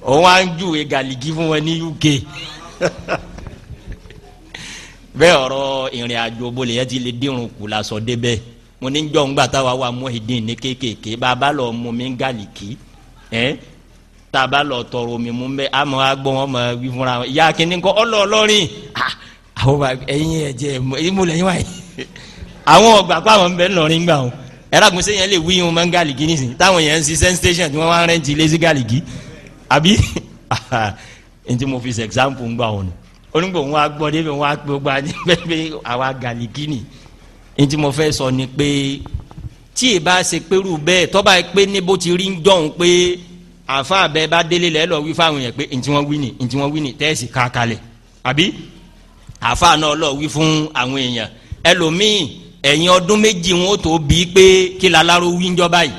òun wá ń júwe gàlíkì fún wọn ní UK bẹ́ẹ̀ ọ̀rọ̀ ìrìn àjò bolè yẹn ti lè dírun kù lásọ débẹ̀ mo ní jọ̀ ń gbà táwa wà mú ìdín ní kéékèèké bá a bá lọ mú mi ń ẹ́ tá a bá lọ tọrọ fúnra kọ́ ọlọ́ọ̀lọ́rin àwọn ẹ̀yin àwọn ọgbà pa àwọn bẹ́ẹ̀ lọ́rin gbà wọn ẹ̀rágun sẹ́yìn lè wí wọn máa ń gàlìkì nísìnyí táwọn yẹn ń ṣiṣẹ́ station tí wọ́n wá rẹ́ǹtì ilé gàlìkì àbí ntí mo fi ṣe example ń gbà wọn nù onígbò wọn á gbọ́ débi wọn á pé gba bẹ́ẹ̀ pé àwa gàlìkì nì ntí mo fẹ́ sọ ni pé tí ì bá ṣe pérú bẹ́ẹ̀ tọ́ba yẹ pé níbo ti rí ń dọ̀hún pé àfa abẹ bá délé lẹ́ lọ wí fáwọn yẹn pé ntí wọ́n wí nì ntí wọ́n wí nì tẹ́ẹ̀sì kákalẹ̀ àbí àfa náà lọ wí fún àwọn èèyàn ẹlòmíì ẹ̀yìn ọdún méjì wọn tó bí pé kí lalaro wí njọba yìí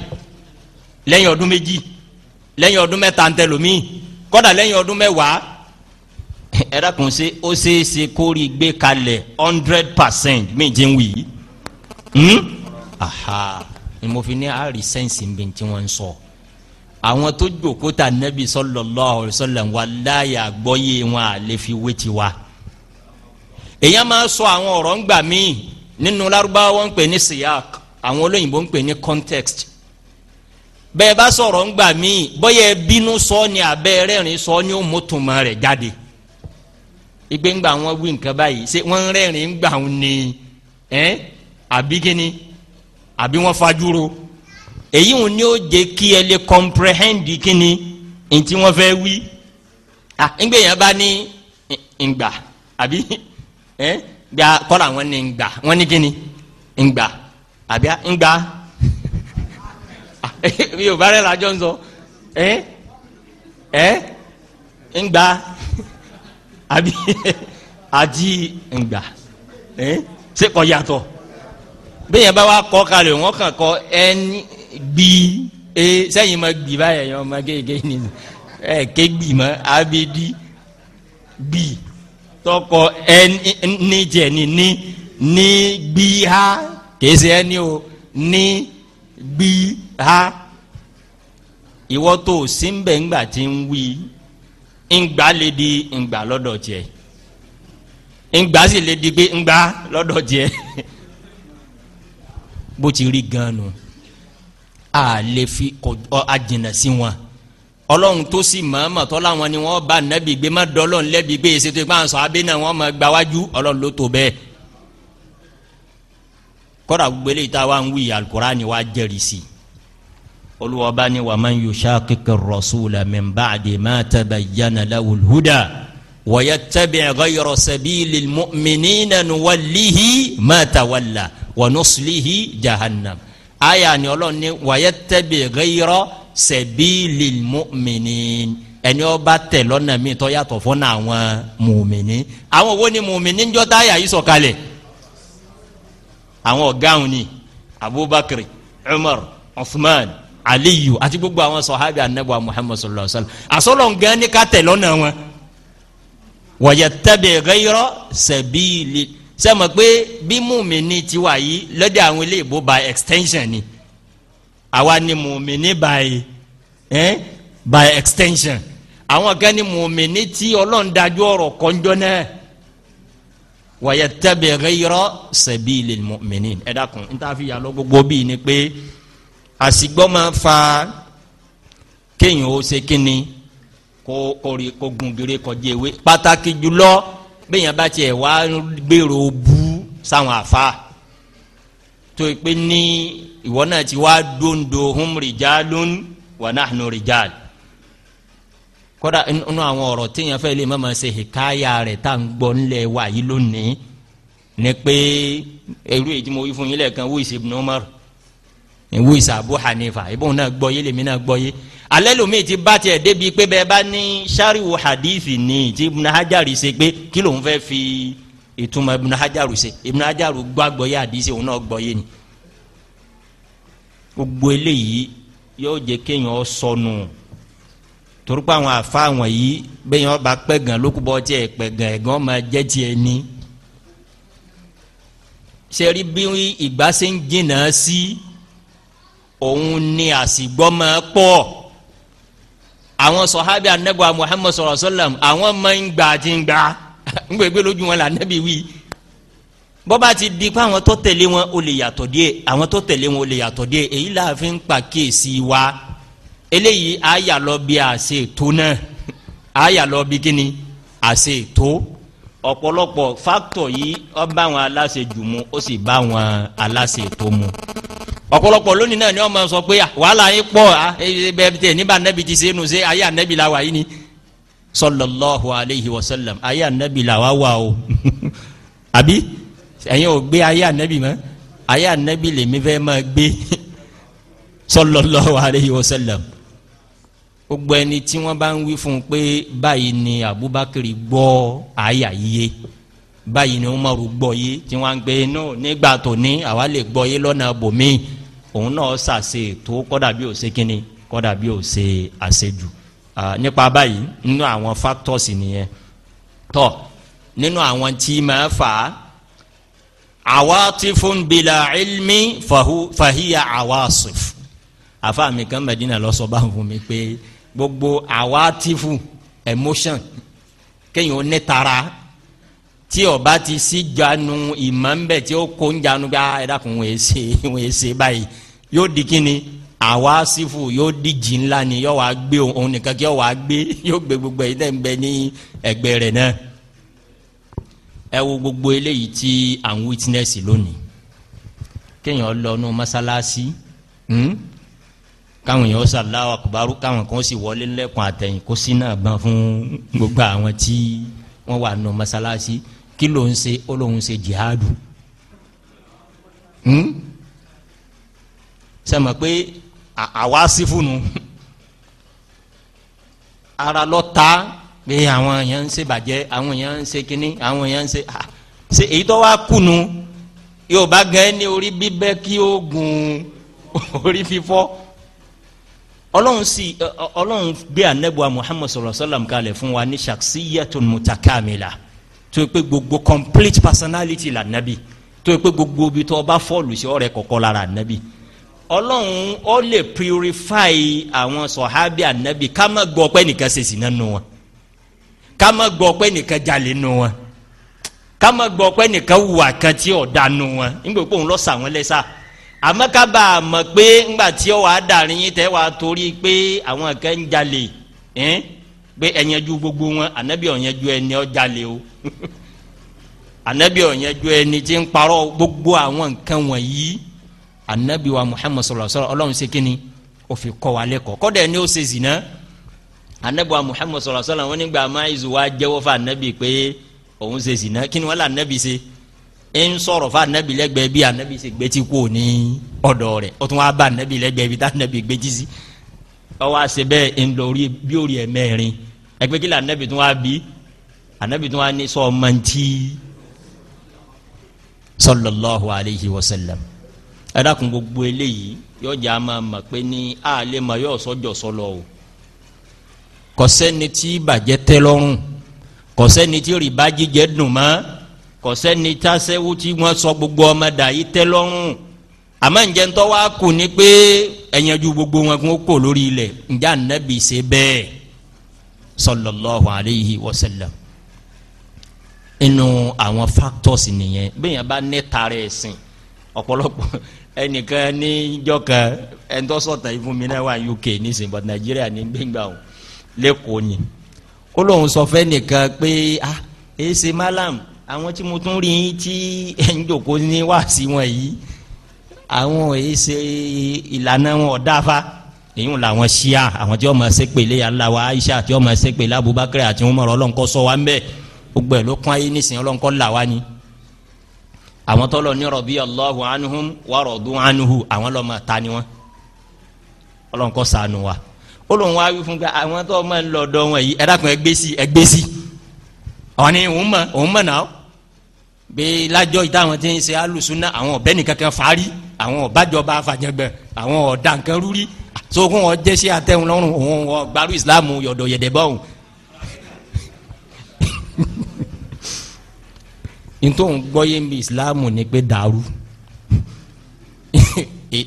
lẹ́yìn ọdún méjì lẹ́yìn ọdún mẹ́ta ń tẹlomi kódà lẹ́yìn ọdún mẹ́wàá ẹ̀rọ kan ṣe ó ṣeé ṣe kó rí gbé kalẹ̀ hundred percent mi jẹ́ ń wì í aha ni mo fi ní àárí sẹ́ǹsì ń bẹ wọ́n ń sọ àwọn tó jókòó ta nẹ́bí sallallahu alaihi wasallam wallahi àgbọ́yé wọn à lè fi wé tiwa èèyàn máa sọ àwọn ọ̀rọ̀ ń gbà míì nínú Lárúbáwá ń pè ní siyak àwọn olóyìnbó ń pè ní context bẹ́ẹ̀ bá sọ̀rọ̀ ńgbà míì bóyá bínú sọ ni abẹ́ rẹ́rìn sọ ni ó mọ̀tòmọ́ rẹ̀ jáde ìgbé ńgbà wọn wí nǹkan báyìí ṣé wọ́n rẹ́rìn ńgbà wọn ni ẹ́n àbí kíni àbí wọ́n fajúro èyí wọn ni ó jẹ́ kí ẹ lè comprehend kíni ntí wọ́n fẹ́ wí ah ńgbẹ̀yìn bá ní ngbà àbí eh? bí a kọ́ra wọn ni ngbà wọn ni gini ngbà àbí a ngbà mi ò bá rẹ̀ lajọ ń sọ ẹ ẹ ngbà àbí àjí ngbà ẹ ṣe kọ yàtọ̀ bẹ́ẹ̀ yẹn bá wa kọ́ kalẹ̀ wọ́n kàn kọ́ ẹni gbi e sẹ́yìn ma gbi báyẹn yẹn ọmọ kéèké ni ẹ ké gbi mọ́ abedi gbi tọkọ ẹni jẹ ni ni ní gbíhá kìí ṣe ẹni o ní gbíhá ìwọ tó o sí ń ń wí ńgbà lè di ńgbà lọ́dọ̀ jẹ ńgbà sì lè di pé ńgbà lọ́dọ̀ jẹ bó ti rí gan nu a lè fi kọ ọ a jìnnà sí wọn ọlọ́run tó sì mọ̀ọ́mọ̀ tọ́ láwọn ni wọ́n bá nẹ́bí gbé má dọ́lọ́ lẹ́bi gbé èsì tó gbáǹsọ abẹ́ náà wọ́n mọ̀ gbáwájú ọlọ́run ló tó bẹ́ẹ̀ kọ́ra gbélé ta wá ń wí alukurani wá jẹ́rìí sí olùwọ́ba ni wa man yushaqiqi rasula min ba'di ma tabayyana lahul huda wa yattabi' ghayra sabilil mu'minina nuwallihi ma tawalla wa nuslihi jahannam aya sabilil mu'minin ẹni ó bá tẹ̀ mi tó yàtọ̀ fọ́nà àwọn mùmìnì àwọn wo ni mùmìnì ń jọ́tà yà yìí sọ̀kalẹ̀ àwọn ọ̀gá òun ni Abubakar Umar Uthman Aliyu àti gbogbo àwọn sọ̀hábì anabu Muhammad sallallahu alaihi wa sallam àsọlọ̀ ngán ni ká tẹ̀ lọ́nà wọn wa yattabi ghayra sabili sẹ́mi pé bí mùmìnì tiwa yìí lọ́dẹ̀ àwọn ilé ìbò by extension ni àwa ni mùmíní by eh, by extension àwọn kan ni mùmíní tí ọlọ́run dájú ọ̀rọ̀ kọ́njọ́ náà wa yattabi ghayra sabilil mu'minin ẹ dákun n ta fi yà lọ gbogbo bíi ni pé àsìgbọ́ máa fa kéèyàn ó ṣe kínni kó kórè kó gungire kọjá ewé pàtàkì jùlọ bẹ́ẹ̀ yẹn bá tiẹ̀ wá gbèrò bú sáwọn àfa tó yẹ pé ní ìwọ náà ti wá dondo hum rijalun wa nahnu rijal kódà inú àwọn ọ̀rọ̀ téèyàn fẹ́ lè má ma ṣe hikaya rẹ̀ tá à ń gbọ́ ńlẹ̀ wà yìí lónìí ni pé irú èyí tí mo wí fún yín lẹ́ẹ̀kan wíìsì ibn Umar wíìsì Abu Hanifa ìbọn náà gbọ́ yé lèmi náà gbọ́ yé alẹ́ lomi ti bá tiẹ̀ débi pé bẹ́ẹ̀ bá ní sáríwò hadithi ni tí Ibn Hajar ṣe pé kí lòun fẹ́ fi ìtumọ̀ Ibn Hajaru ṣe Ibn Hajaru gbàgbọ́ yé àdìsí òun náà gbọ́ yé ni gbogbo eléyìí yóò jẹ́ kéèyàn sọnù torúkọ àwọn àfa àwọn yìí bẹ́ẹ̀ yẹn bá pẹ́ gan lókùbọ́ tiẹ̀ pẹ́ gan ẹ̀gán máa jẹ́ tiẹ̀ ní sẹ́rí bí ìgbà ṣe ń jìnnà sí òun ni àsìgbọ́ máa pọ̀ àwọn sọ̀hábì anagba Muhammad sallallahu alaihi wasallam àwọn máa ń gbà àti ń gbà. n gbẹgbẹ lójú wọn la nẹ́bi wí bọ́ba ti di pé àwọn tó tẹ̀lé wọn ò lè yàtọ̀ díẹ̀ àwọn tó tẹ̀lé wọn ò lè yàtọ̀ díẹ̀ èyí là fi ń pa kéèsì wa eléyìí àyà lọ bí àṣẹ ètò náà àyà lọ bí kíni àṣẹ ètò ọ̀pọ̀lọpọ̀ fáktọ̀ yìí ó bá àwọn aláṣẹ jù mu ó sì bá àwọn aláṣẹ ètò mu ọ̀pọ̀lọpọ̀ lónìí náà ni wọ́n máa sọ pé ah, wàhálà yín pọ̀ ah, ẹ bẹ́ẹ̀ tẹ̀ níbà nẹ́bi ti ṣe é nu ṣe ayé ànẹ́bi la wà yìí ni sallallahu alayhi wa sallam ayé anabi la wa wa o àbí ẹ̀yin ò gbé ayé anabi mọ́ ayé anabi lèmi fẹ́ máa gbé sallallahu alayhi wa sallam gbogbo ẹni tí wọ́n bá ń wí fún un pé báyìí ni Abubakar gbọ́ àyà yíye báyìí ni Umaru gbọ́ yé tí wọ́n á gbé inú nígbà tó ní àwa lè gbọ́ yé lọ́nà bòmíì òun náà ṣàṣe tó kọ́dà bí ó ṣe kínni kọ́dà bí ó ṣe àṣejù nípa báyìí nínú àwọn factors nìyẹn tọ́ nínú àwọn tí máa fà á awatifun bila ilmi fahu fahiya awasif afa mi kan Madina lọ sọ bá fún mi pé gbogbo awatifu emotion kéèyàn ó ní tara tí ó ti sí janu ìmọ̀ ń bẹ̀ tí ó kó ń janu gbá ah, ẹ̀dá kan wọ́n ṣe wọ́n ṣe báyìí yóò di kíni àwa sífù yóò díjì ńlá ni yóò wá gbé òun nìkan kí yóò wá gbé yóò gbé gbogbo yìí tẹ̀ bẹ ní ẹgbẹ́ rẹ̀ náà ẹ wo gbogbo eléyìí tí à ń witness lónìí kéèyàn lọ nú mọ́sálásí hmm? káwọn èèyàn sàláwà kùbárù káwọn kan sì wọlé lẹ́kùn àtẹ̀yìn kó sínú àbọ̀n fún gbogbo àwọn tí wọ́n wà nù mọ́sálásí kí ló ń ṣe ó lóun ṣe jihadu sẹ́mi hmm? pé àwa sí fúnnu ara lọ ta pé àwọn èèyàn ń ṣe bàjẹ́ àwọn èèyàn ń ṣe kínní àwọn èèyàn ń ṣe à ṣe èyí tó wá kùnú yóò bá gẹ́ ní orí bíbẹ́ kí ó gun orí fífọ́ ọlọ́run sì ọlọ́run gbé anabuwa muhammad sallallahu alayhi kalẹ̀ fún wa ní shaksiyatun mutakamila tó pé gbogbo complete personality la nabi tó pé gbogbo bi tó bá fọ́ọ̀lù sí ọ̀rẹ́ kọ̀kọ́ lára nabi. ọlọ́run ó lè purify àwọn sọ̀hábì ànábì ká má gbọ́ pé nìkan ṣèṣì nínú wọn ká má gbọ́ pé nìkan jalè nínú wọn ká má gbọ́ pé nìkan wùwà kan tí ò dánú wọn nígbà pé òun lọ sà lẹ́sà àmọ́ ká bá a mọ̀ pé ńgbà tí ó wàá dàrin yín tẹ́ wàá torí pé àwọn kan ń jalè ẹ́n pé gbogbo wọn ànábì ọ̀yẹ́jú ẹni anabi wa muhammad sallallahu alaihi wa sallam ọlọ́run ṣe kí ni ó fi kọ́ wa lẹ́kọ̀ọ́ kọ́dà ni ó ṣe zina anabi wa muhammad sallallahu alaihi wa sallam wọn nígbà máa izu wa jẹ́wọ́ fún anabi pé òun ṣe zina kí ni wọ́n lé anabi ṣe ń sọ̀rọ̀ fún anabi lẹ́gbẹ̀ẹ́ bí anabi ṣe gbé tí kú ní ọ̀dọ̀ rẹ̀ ó tún wá bá anabi lẹ́gbẹ̀ẹ́ bí tá anabi gbé tí sí ọwọ́ àṣẹ bẹ́ẹ̀ ń lọ orí bí orí ẹ̀ mẹ́rin ẹgbẹ́ kí lè anabi tún wá bí anabi tún wá ní sọ ọmọ ntí sallallahu alaihi wa sallam ẹ dákun gbogbo eléyìí yọjà máa mọ̀ pé ní àlẹ́ mọ̀ yóò sọ́jọ́ sọlọ o kò sẹ́ni tí bàjẹ́ tẹ́ lọ́rùn kò sẹ́ni tí rìbá jíjẹ dùn mọ́ kò sẹ́ni tásẹ́wó tí wọ́n sọ gbogbo ọmọdà yìí tẹ́ lọ́rùn àmọ́ ǹjẹ́ ń tọ́ wá kù ni pé ẹ̀yànjú gbogbo wọn kún kò lórí ilẹ̀ ǹjẹ́ ànábì ṣe bẹ́ẹ̀ sallallahu alayhi wa inú àwọn factors nìyẹn bẹ́ẹ̀ yẹn bá nẹ́ta rẹ̀ sìn ọ̀pọ̀lọpọ̀ ẹnìkan níjọ́ kan ẹ̀ńtọ́ sọ̀tàn yìí fún mi náà wà UK nísìnyí but Nàìjíríà ní gbẹ̀ngbà o lẹ́kọ̀ọ́ ni ó lóun sọ fẹ́ nìkan pé ah èyí ṣe malam àwọn tí mo tún rí yín tí ẹ̀ ń jòkó ní wáàsí wọn yìí àwọn èyí ìlànà wọn ọ̀dáfa èyí ń la àwọn ṣíà àwọn tí wọ́n máa ṣe pèlè aláwa Aisha tí wọ́n máa ṣe pèlè Abubakar àti Umar ọlọ́nkọ́ sọ wa ń bẹ́ẹ̀ gbogbo ẹ̀ ló kún ayé nísìnyí ọlọ́nkọ́ là wa ni àwọn tọ́lọ̀ ní radiyallahu anhum wa radu anhu àwọn lọ́mọ ta ni wọ́n ọlọ́run kọ́ sànù wa ó lóun wá wí fún pé àwọn tó máa ń lọ ọ̀dọ̀ wọn yìí ẹ dákun ẹ gbé sí ẹ gbé sí àwọn ni òun mọ̀ òun mọ̀ náà bí lájọ́ ìta àwọn tí ń ṣe alùsùnà àwọn ọ̀bẹ nìkan kan fárí àwọn ọ̀bájọba afàjẹgbẹ àwọn ọ̀dà nǹkan rúrí sókun ọ̀jẹ̀sí àtẹ̀wọn lọ́rùn òun ọ̀gbárù ìsìlámù yọ̀dọ̀ yẹ̀dẹ̀ bọ́ọ̀hún nítorí òun gbọ́yé ń bi ìsìláàmù ni pé dàrú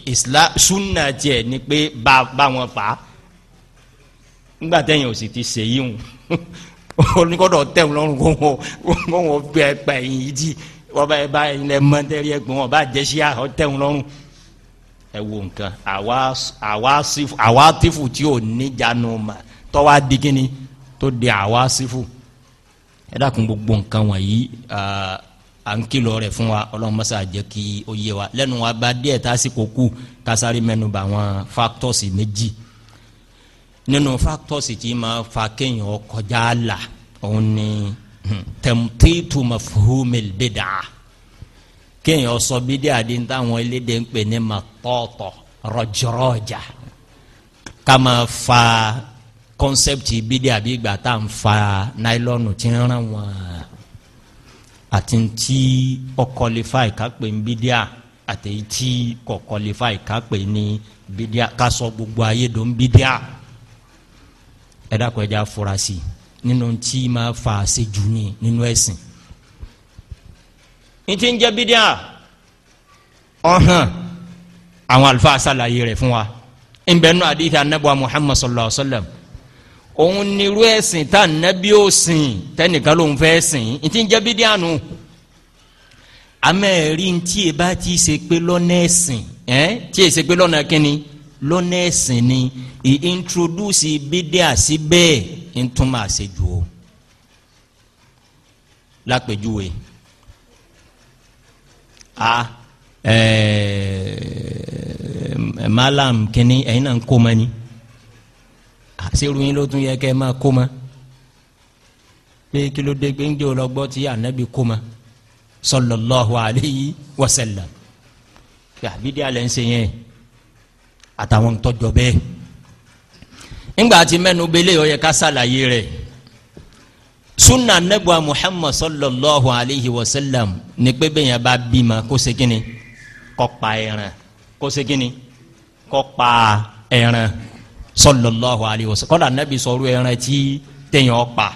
ìsìlá súnà tiẹ̀ ni pé bá wọn fà á nígbà tẹ̀yìn ò sì ti ṣe yíhun oníkọ́dọ̀ tẹ̀wọ̀n lọ́rùn kó wọn kó wọn gbé ẹgbẹ́ yìí jí wọ́n bá bá ilẹ̀ mọ́tẹ́rì ẹgbẹ́ wọn bá jẹ́ sí àwọn tẹ̀wọ̀n lọ́rùn ẹ wo nǹkan àwa sífù tí ò níjànú mà tọ́wá di kíni tó di àwa sífù ẹ dákun gbogbo nǹkan wọ̀nyí à ń kìlọ̀ rẹ̀ fún wa ọlọ́run mọ́sá jẹ́ kí ó yé wa lẹ́nu wa bá díẹ̀ tá a sì kó kú kásáré mẹ́nu bá àwọn fáktọ́sì méjì nínú fáktọ́sì tí ma fa kéèyàn kọjá la òun ni hmm, tẹ̀mùtẹ́tù mafhumil kéèyàn sọ bídí àdé ń táwọn elédè ń pè ní matọ́tọ̀ rọjọrọjà ká máa fa concept bí dé àbí ìgbà tá fa nylon tí ń ràn wọ́n àti tí ó qualify ká pè ní bídíà àti tí kò qualify ká pè ní bídíà ká sọ gbogbo ayé dò ń bídíà ẹ dákun ẹ jẹ́ afurasí fa àṣejù ni nínú ẹ̀sìn ní ti ń jẹ́ bídíà ọ̀hún àwọn àlùfáà ṣàlàyé rẹ̀ fún wa ń bẹ́ẹ̀ nù àdìsí anábọ̀ Muhammad sallallahu alayhi wa sallam òun nírú ẹ̀sìn tá nàbí ó sìn tẹnìkan lòun fẹ́ sìn ní ti ń jẹ́ bídí àánú amẹ́rì ń tí e bá ti ṣe pé lọ́nà ẹ̀sìn ẹ̀ tí e ṣe pé lọ́nà kínní lọ́nà ẹ̀sìn ni e introduce bídí àsí bẹ́ẹ̀ ń tún máa ṣe jù o lápèjúwe a ẹ̀ẹ́ malam kínní ẹ̀yin náà ń kó mọ́ ni. Ah, eh, àṣírù yín ló tún yẹ kẹ́ ma pé kí ló dé pé ń jẹ́ ọlọ́gbọ́ tí ànábì kó ma sallallahu alayhi wa sallam àbídí alẹ́ ń ṣe yẹn àtàwọn tọjọ bẹ́ẹ̀ ńgbà tí mẹ́nu belé ó yẹ sunna nebua muhammad sallallahu alayhi wa sallam ní pé bẹ́ẹ̀ yẹn bá bímọ kó ṣe kínni kó pa ẹran kó ṣe kínni sallallahu alayhi wa sallam kọ́dà nẹ́bi sọ̀rọ̀ ẹran tí téèyàn pa.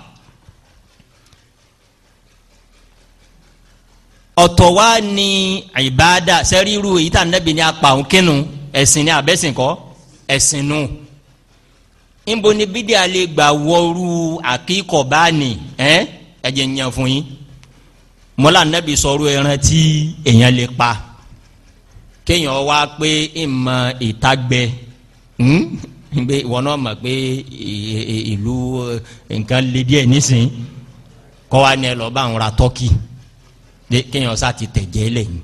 ọ̀tọ̀ wa ni ìbáadà sẹ́ríru èyí tá nẹ́bi ni a pa òun kínu ẹ̀sìn ni àbẹ́sìn kọ́ ẹ̀sìn nù. níbo ni bídíà lè gbà wọrú àkíkọ̀ báàní ẹ̀ ẹ̀jẹ̀ ń yàn fún yín mọ́lá nẹ́bi sọ̀rọ̀ ẹran tí èèyàn lè pa kéèyàn wá pé ìmọ̀ ìtagbẹ́ hmm, gbé ìwọ náà mọ̀ pé ìlú nǹkan le díẹ̀ nísìn kọ́ wa ní ẹ lọ́ọ́ bá ń ra tọ́kì kéèyàn sá ti tẹ̀jẹ́ lẹ́yìn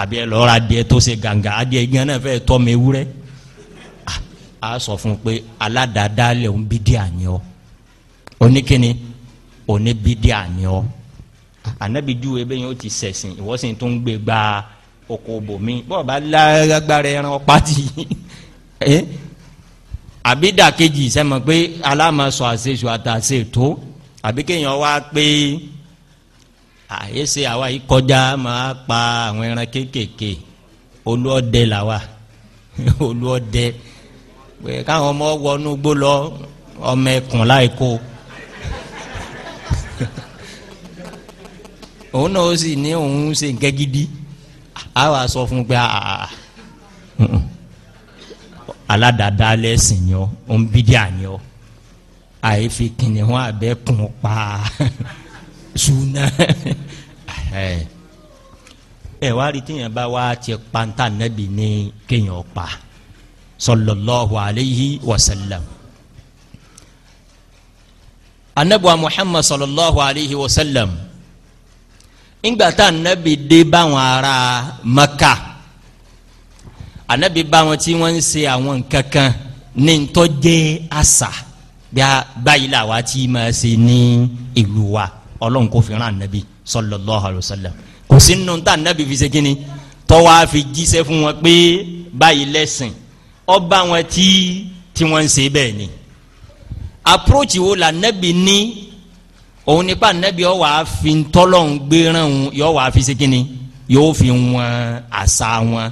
àbí ẹ lọ́ọ́ ra adìẹ tó ṣe gàǹgà adìẹ gan náà fẹ́ tọ́ mi wúrẹ́ a sọ fún un pé aládàádáálẹ̀ ń bí díà ni ọ oníkíni òní bí díà ni ọ anabi juwe bẹ́ẹ̀ yẹn ó ti sẹ̀sìn ìwọ́sìn tó ń gbé gba oko bòmí bọ́ọ̀ bá lágbára ẹran pátì ẹ́ eh? àbídàkejì sẹ́mọ̀ pé alámasọ àṣeṣù àtàṣe tó àbí kéèyàn wá pé àyèsè àwa yìí kọjá máa pa àwọn ẹran kéékèèké olúọdẹ làwa olúọdẹ pé káwọn ọmọ wọnú gbó lọ ọmọ ẹkùn láì kó òun náà ó sì ní òun ṣe nǹkan àwa sọ fún pé àà aládàáda lẹ́sìn yọ òun bídíà ni ọ àyèfi kìnìún àbẹ́kùn pa suna ẹ wá rí tíyẹn bá wá ti panta nẹ́bi ní kéèyàn pa sallallahu alayhi wa sallam anabuwa muhammad sallallahu alayhi wa sallam nabi tá nẹ́bi dé maka anabi bá wọn tí wọn ń ṣe àwọn nǹkan kan ní ntọ́ jẹ́ àṣà bí a báyìí la wa ti máa ní ìlú wa ọlọ́run kò fi ràn anabi sallallahu alaihi wasallam kò sí nínú tá anabi fi ṣe kíni tọ́wọ́ á fi jíṣẹ́ fún wọn pé báyìí lẹ́sìn ọba wọn tí tí wọ́n ń ṣe bẹ́ẹ̀ ni approach wo la anabi ní òun nípa anabi ọ̀ wá fi ntọ́lọ́run gbéràn yọ̀ wá fi ṣe kíni yóò fi wọn àṣà wọn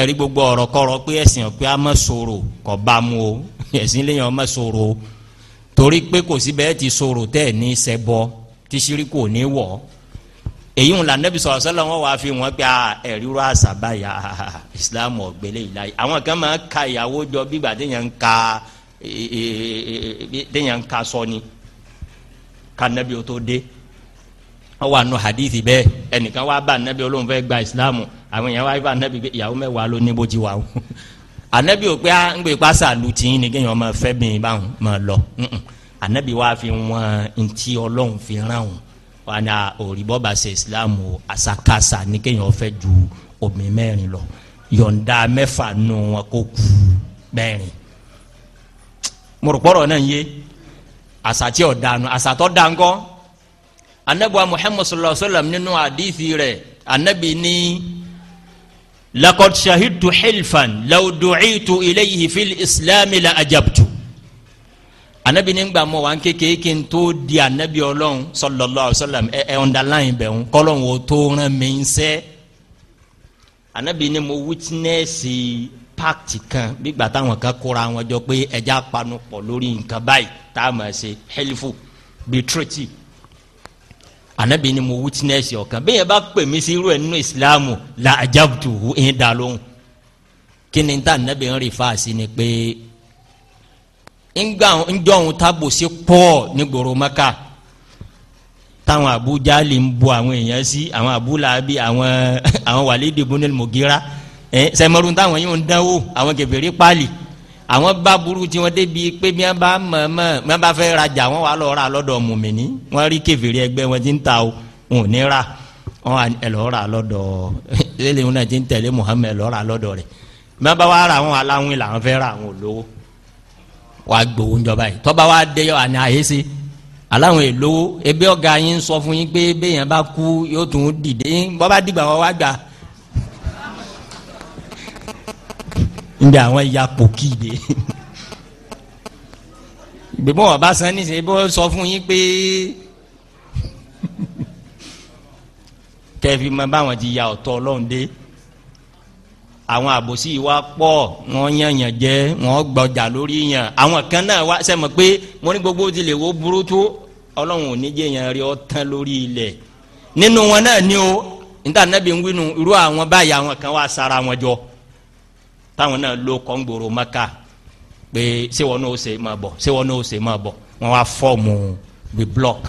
ẹ̀rí gbogbo ọ̀rọ̀ kọ́rọ̀ pé ẹ̀sìn ọ̀pẹ́ a mọ̀ sọ̀rọ̀ kọ́ bá mu o ẹ̀sìn léyìn ọmọ sọ̀rọ̀ o torí pé kò sí bẹ́ẹ̀ ti sọ̀rọ̀ tẹ́ ẹ̀ ní sẹ́bọ tí sírí kò ní wọ̀ èyí ń la nẹ́bí sọ̀rọ̀ sọ́lá wọn wàá fi wọn pé ẹ̀rí rọ àṣà báyà ìsìlámù ọ̀gbẹ́lẹ̀ ìlà yìí àwọn kan máa ń ka ìyàwó jọ bígbà téèyàn ń ka e, e, e, téèyàn ń ka sọ ni ká nẹ́bí o tó dé wọ́n wà nù hadithi bẹ́ẹ̀ ẹnìkan wà bá anabi olóhùn fẹ́ gba ìsìlámù àwọn èèyàn wà bá anabi pé ìyàwó mẹ́wàá ló ní bó ti wà o anabi ò pé à ń gbé pásá lu tìyín ni kéèyàn máa fẹ́ bìn báwọn máa lọ anabi wà fi wọn ntí ọlọ́run fi ràn wọn wà ní òrìbọ́ bá ṣe ìsìlámù àṣàkáṣà ni kéèyàn fẹ́ ju omi mẹ́rin lọ yọ̀ǹda mẹ́fà nù wọn kó kú mẹ́rin mọ̀rọ̀pọ̀rọ̀ náà yé àṣà tí ò dànù àṣà tó dà ńkọ́ anabuwa muhammad sallallahu alaihi wa sallam nínú hadithi rẹ̀ anabi ní lakod shahidu hilfan lawducitu ilayhi fil islami la ajabtu anabi ní gbà mọ wà ń kéke kí n tó di anabi Ọlọ́run sallallahu alaihi wa sallam ẹ ẹ ọ̀ndàláyìn bẹ̀ ń kọ́lọ́n wo tó rán mi ń sẹ́ anabi ní mo witness pact kan gbígbà táwọn kan kóra wọn jọ pé ẹja panu pọ̀ lórí nǹkan báyìí tá a máa bi treaty anabi ni mo witness ọ̀kan bẹ́ẹ̀ bá pè mí sí irú ẹ̀ nínú ìsìláàmù la ajabtuhu ẹ̀ dá lóhùn kí ni ta anabi ń rí fáàsì ni pé ńgbà ńjọ́hun tábò sí pọ̀ ní gbòòrò mẹ́ka táwọn abuja lè ń bo àwọn èèyàn sí àwọn abúlábi àwọn àwọn wàlídìbò nílùmọ̀gíra ẹ̀ sẹ́mọ́rún táwọn yóò ń dánwò àwọn gẹ̀bẹ̀rẹ̀ pálí àwọn bá burú tí wọn débi pé bí wọn bá mọ mọ bí wọn bá fẹ́ rajà wọn wà lọ ra lọ́dọ̀ mùmíní wọn rí kẹfìrí ẹgbẹ́ wọn ti ń ta o wọn ò ní ra wọn lọ ra lọ́dọ̀ ẹlẹ wọn ti ń tẹ̀lé Muhammed lọ ra lọ́dọ̀ rẹ̀ bí wọn bá wà ra wọn aláwìn làwọn fẹ́ ra àwọn olówó wàá gbowó ńjọba yìí tọ́ba wa dé àní àyèsí aláwọn èlówó ebi ọ̀gá yín sọ fún yín pé béèyàn bá kú yóò tún dìde bọ́ bá dìgbà wọn wá gbà níbi àwọn ya pòkì de ìgbìmọ̀ ọba san nísìnyí bó sọ fún yín pé kẹfì ti ya ọ̀tọ̀ ọlọ́run dé àwọn àbòsí wa pọ̀ wọ́n yànyàn jẹ́ wọ́n gbọ́jà lórí yàn kan náà wá sẹ́mi pé mo ní gbogbo ti lè wo burú tó ọlọ́run ò ní jẹ́ yàn rí ọ tán lórí ni o níta nẹ́bí irú àwọn báyìí àwọn kan wa sara wọn jọ. táwọn náà lo kọ́ngboro maka pé ṣé wọn n'o ṣe máa bọ̀ ṣé wọn n'o ṣe máa bọ̀ wọn wá fọ́ọ̀mù bí block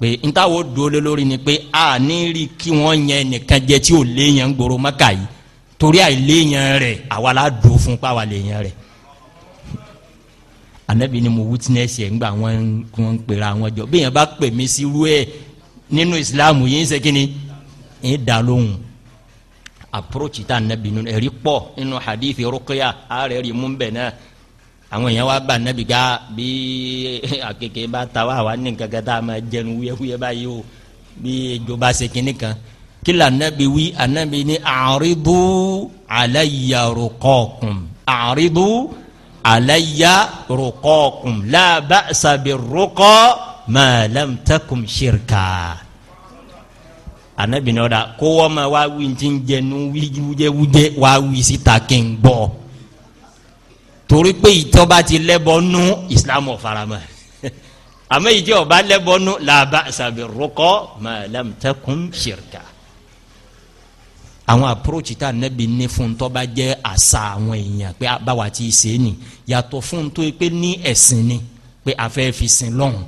pé n táwọn dúró lórí ni pé a ní rí kí wọ́n yẹn nìkan jẹ́ tí ò léèyàn gboro maka yìí torí àìléèyàn rẹ̀ àwa la dùn fún pa àwa léèyàn rẹ̀ anabi ni mo witness yẹ ngba wọn wọn pera wọn jọ bí yẹn bá pè mí sí irú ẹ nínú islam yìí ń ṣe kí ni ń dá lóhùn approach tá anabi nínú ẹ̀rí pọ̀ nínú hadithi rukia ààrẹ rí mú bẹ̀ náà àwọn èèyàn wa bá anabi ká bí àkèké bá ta wá wà ní nǹkan kan tá a máa jẹnu wúyẹwúyẹ báyìí o bí ìjọba ṣe kinní kan kí la anabi anabi ní àrídú alayya ruqakum àrídú alayya ruqakum la ba'sa bir ruqa takum shirka anabi ní ọ̀dà kó wọ́n ma wá wí ti ń jẹnu wíjẹ́wújẹ́ wá wí síta kí n gbọ́ torí pé ìtọ́ba ti lẹ́bọ̀ nú islam ọ̀farama àmọ́ ìdí ọba lẹ́bọ̀ nú làbá sàbí rúkọ́ màlám tẹkùn ṣìrìkà àwọn approach tá anabi ní fún tọ́ba jẹ́ àṣà àwọn èèyàn pé báwa ti ṣe é nì yàtọ̀ fún tó pé ní ẹ̀sìn ni pé a fẹ́ fi sin lọ́hùn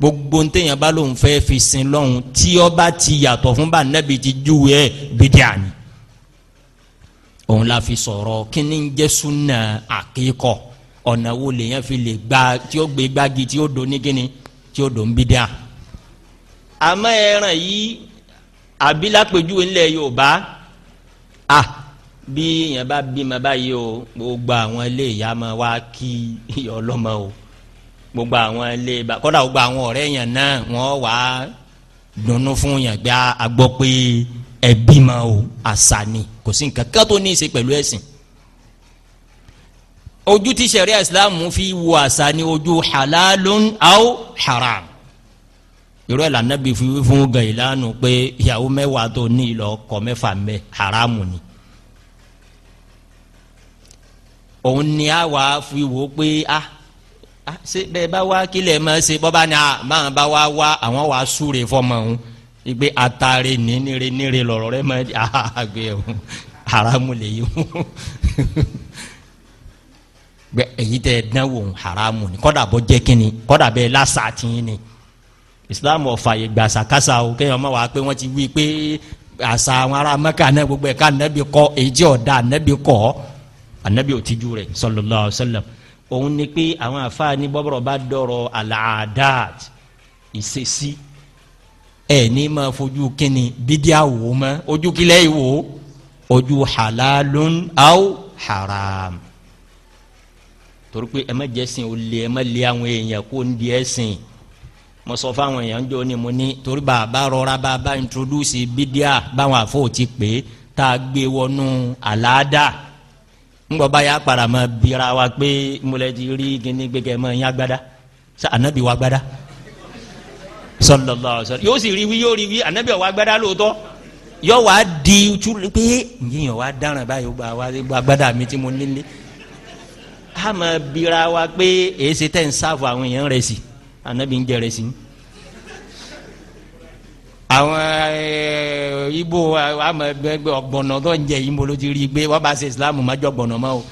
gbogbo ntẹ̀yìn bá lóun fẹ́ fi sin lọ́hùn tí ọba ti yàtọ̀ fún bá nẹ́bi ti júwe ẹ̀ bídíà ni òun la fi sọ̀rọ̀ kíní ń jẹ́ súnà àkíkọ̀ ọ̀nà wo lèyàn fi lè gba tí ó gbé gbági tí ó do ní kíni tí ó do ń bídíà àmọ́ ẹran yìí àbílápẹ̀júwe ńlẹ̀ Yorùbá a bí yẹn bá bímọ báyìí o gbogbo àwọn ilé ìyá máa wá kí ọlọ́mọ o gbogbo àwọn ilé ba kódà gbogbo àwọn ọ̀rẹ́ yẹn náà wọ́n wà á dùnnú fún yẹn gbé a gbọ́ pé ẹbí ma o àṣà ni kò sí nǹkan kan tó ní í ṣe pẹ̀lú ẹ̀sìn ojú tí ṣẹ̀ríà Islam fi wo àṣà ni ojú halalun aw haram irú ẹ̀ lànà bí fi fún gàìlánu pé ìyàwó mẹ́wàá tó ní ìlọ ọkọ mẹ́fà mẹ́ haramu ni òun ni a wà fi wò pé ah Ah, ṣe bẹ́ẹ̀ bá wá kílẹ̀ máa ṣe bọ́ bá ní a ah, máa bá wá wá àwọn wàá súre fọmọ òun ìgbé atare ní níre níre lọ̀rọ̀ rẹ máa di àgbè òun haramu lè yí òun gbẹ èyí tẹ dánwò haramu ni kọ́dà bọ́ jẹ́ kínni kọ́dà bẹ́ẹ̀ lásà tìyín ni islam ọ̀fà ìgbàsà kásà o kéèyàn máa wà pé wọ́n ti wí pé àṣà àwọn ará mẹ́ka náà gbogbo ẹ̀ ká ànábì kọ́ èyí tí ọ̀dà ànábì kọ́ ànábì òtijú rẹ̀ sallallahu alaihi òun ni pé àwọn àfáàní bọ́bọ̀rọ̀ bá dọ̀rọ̀ àlàádáàt ìṣesí ẹ̀ ní máa fojú kínní bídíà wò mọ́ ojú kílẹ̀ ìwò ojú halalun aw haram torí pé ẹ má jẹ́sìn ó lé ẹ má lé àwọn èèyàn kó ń di ẹ̀sìn mo sọ fáwọn èèyàn jọ ni mo ní torí bàbá rọra bàbá introduce bídíà báwọn àfọ̀ ò ti pè é tá a gbé wọnú àlàádáà ńgbọba ya, kpara ma bira wa pé mọlẹti rí kíní gbẹgẹ mọ ẹyìn agbada sa anabi wa agbada sallallahu alaihi wasallam yóò sì rí wí yóò rí wí anabi wa agbada lóòótọ́ yọ wá di tu pé yíyan wa dáràn báyìí gba wa gba agbada mi tí mo nílé a bira wa pé èsì tẹ̀ ń sáfù àwọn èèyàn rẹ̀ sí anabi ń jẹ rẹ̀ sí àwọn ibo eh, àmọ́ ẹgbẹ ọgbọnọ tó ń jẹ yìí mbolo ti rí i gbé wọn bá ṣe islam mọjọ gbọnọ mọ o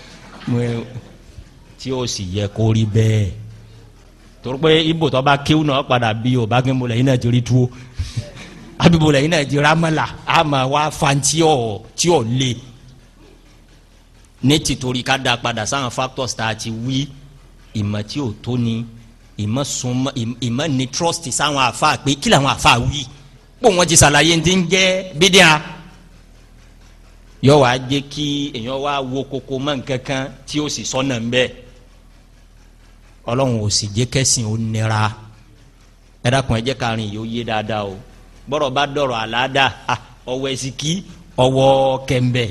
tí o sì yẹ kó rí bẹ́ẹ̀ torí pé ibo tó bá kéwù náà padà bí o bá gé mbolo yìí náà ti rí tuwo abibola yìí náà ti ramala àmọ́ wa fan tí o tí o le ní tìtorí ká da padà sáwọn factors tá a ti wí ìmọ̀ tí o tó ni ìmọ̀ sunmọ̀ ìmọ̀ ní trust sáwọn afa pé kí làwọn afa wí kó wọn ti ṣàlàyé ti ń jẹ́ bídíà yọ wá jẹ́ kí èèyàn wá wo koko mọ́ nǹkan kan tí ó sì sọ́nà ń bẹ́ẹ̀ ọlọ́run ò sì jẹ́ kẹ́sìn ó nira ẹ dákun ẹ jẹ́ kárin yìí ó yé dáadáa o bọ́rọ̀ bá dọ̀rọ̀ àlàáda ọwọ́ ẹ̀sìkì ọwọ́ kẹ̀mbẹ̀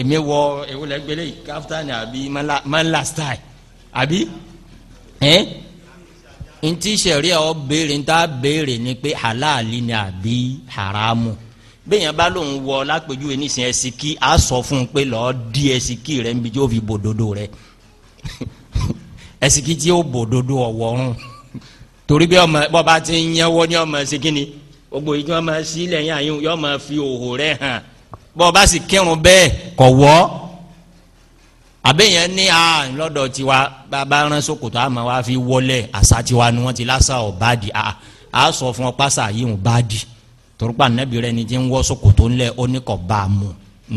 èmi wọ ewúlẹ́gbẹ̀lẹ́ káfíńtà àbí mọ́lá style àbí ẹ́. Eh? ntí sẹ̀ríà ọ béèrè ntá béèrè ni pé halali ni àbí haramu bẹ́ẹ̀yàn bá lòun wọ lápèjúwe nísìnyẹn sikí a sọ fún un pé lọ́ọ́ di ẹsikí rẹ níbi tí ó fi bòdodo rẹ ẹsikí tí ó bòdodo ọ̀wọ́rùn torí bí ọmọ bọba ti ń yẹwọ ní ọmọ sikini gbogbo yìí tí wọn máa sílẹ̀ yín àyín yọ máa fi òhò rẹ hàn bọba sì kírun bẹ́ẹ̀ kọ̀ wọ́ àbẹ̀yẹn ní a lọ́dọ̀ tiwa bàbá rán sokoto àmọ́ wa fi wọlé àṣà tiwa ni wọ́n ti lásà ọ̀ báàdì a a sọ fún ọ pásá yìí ń báàdì torípa nàbì rẹ ni ti ń wọ sokoto ńlẹ̀ oníkọ̀ bá a mú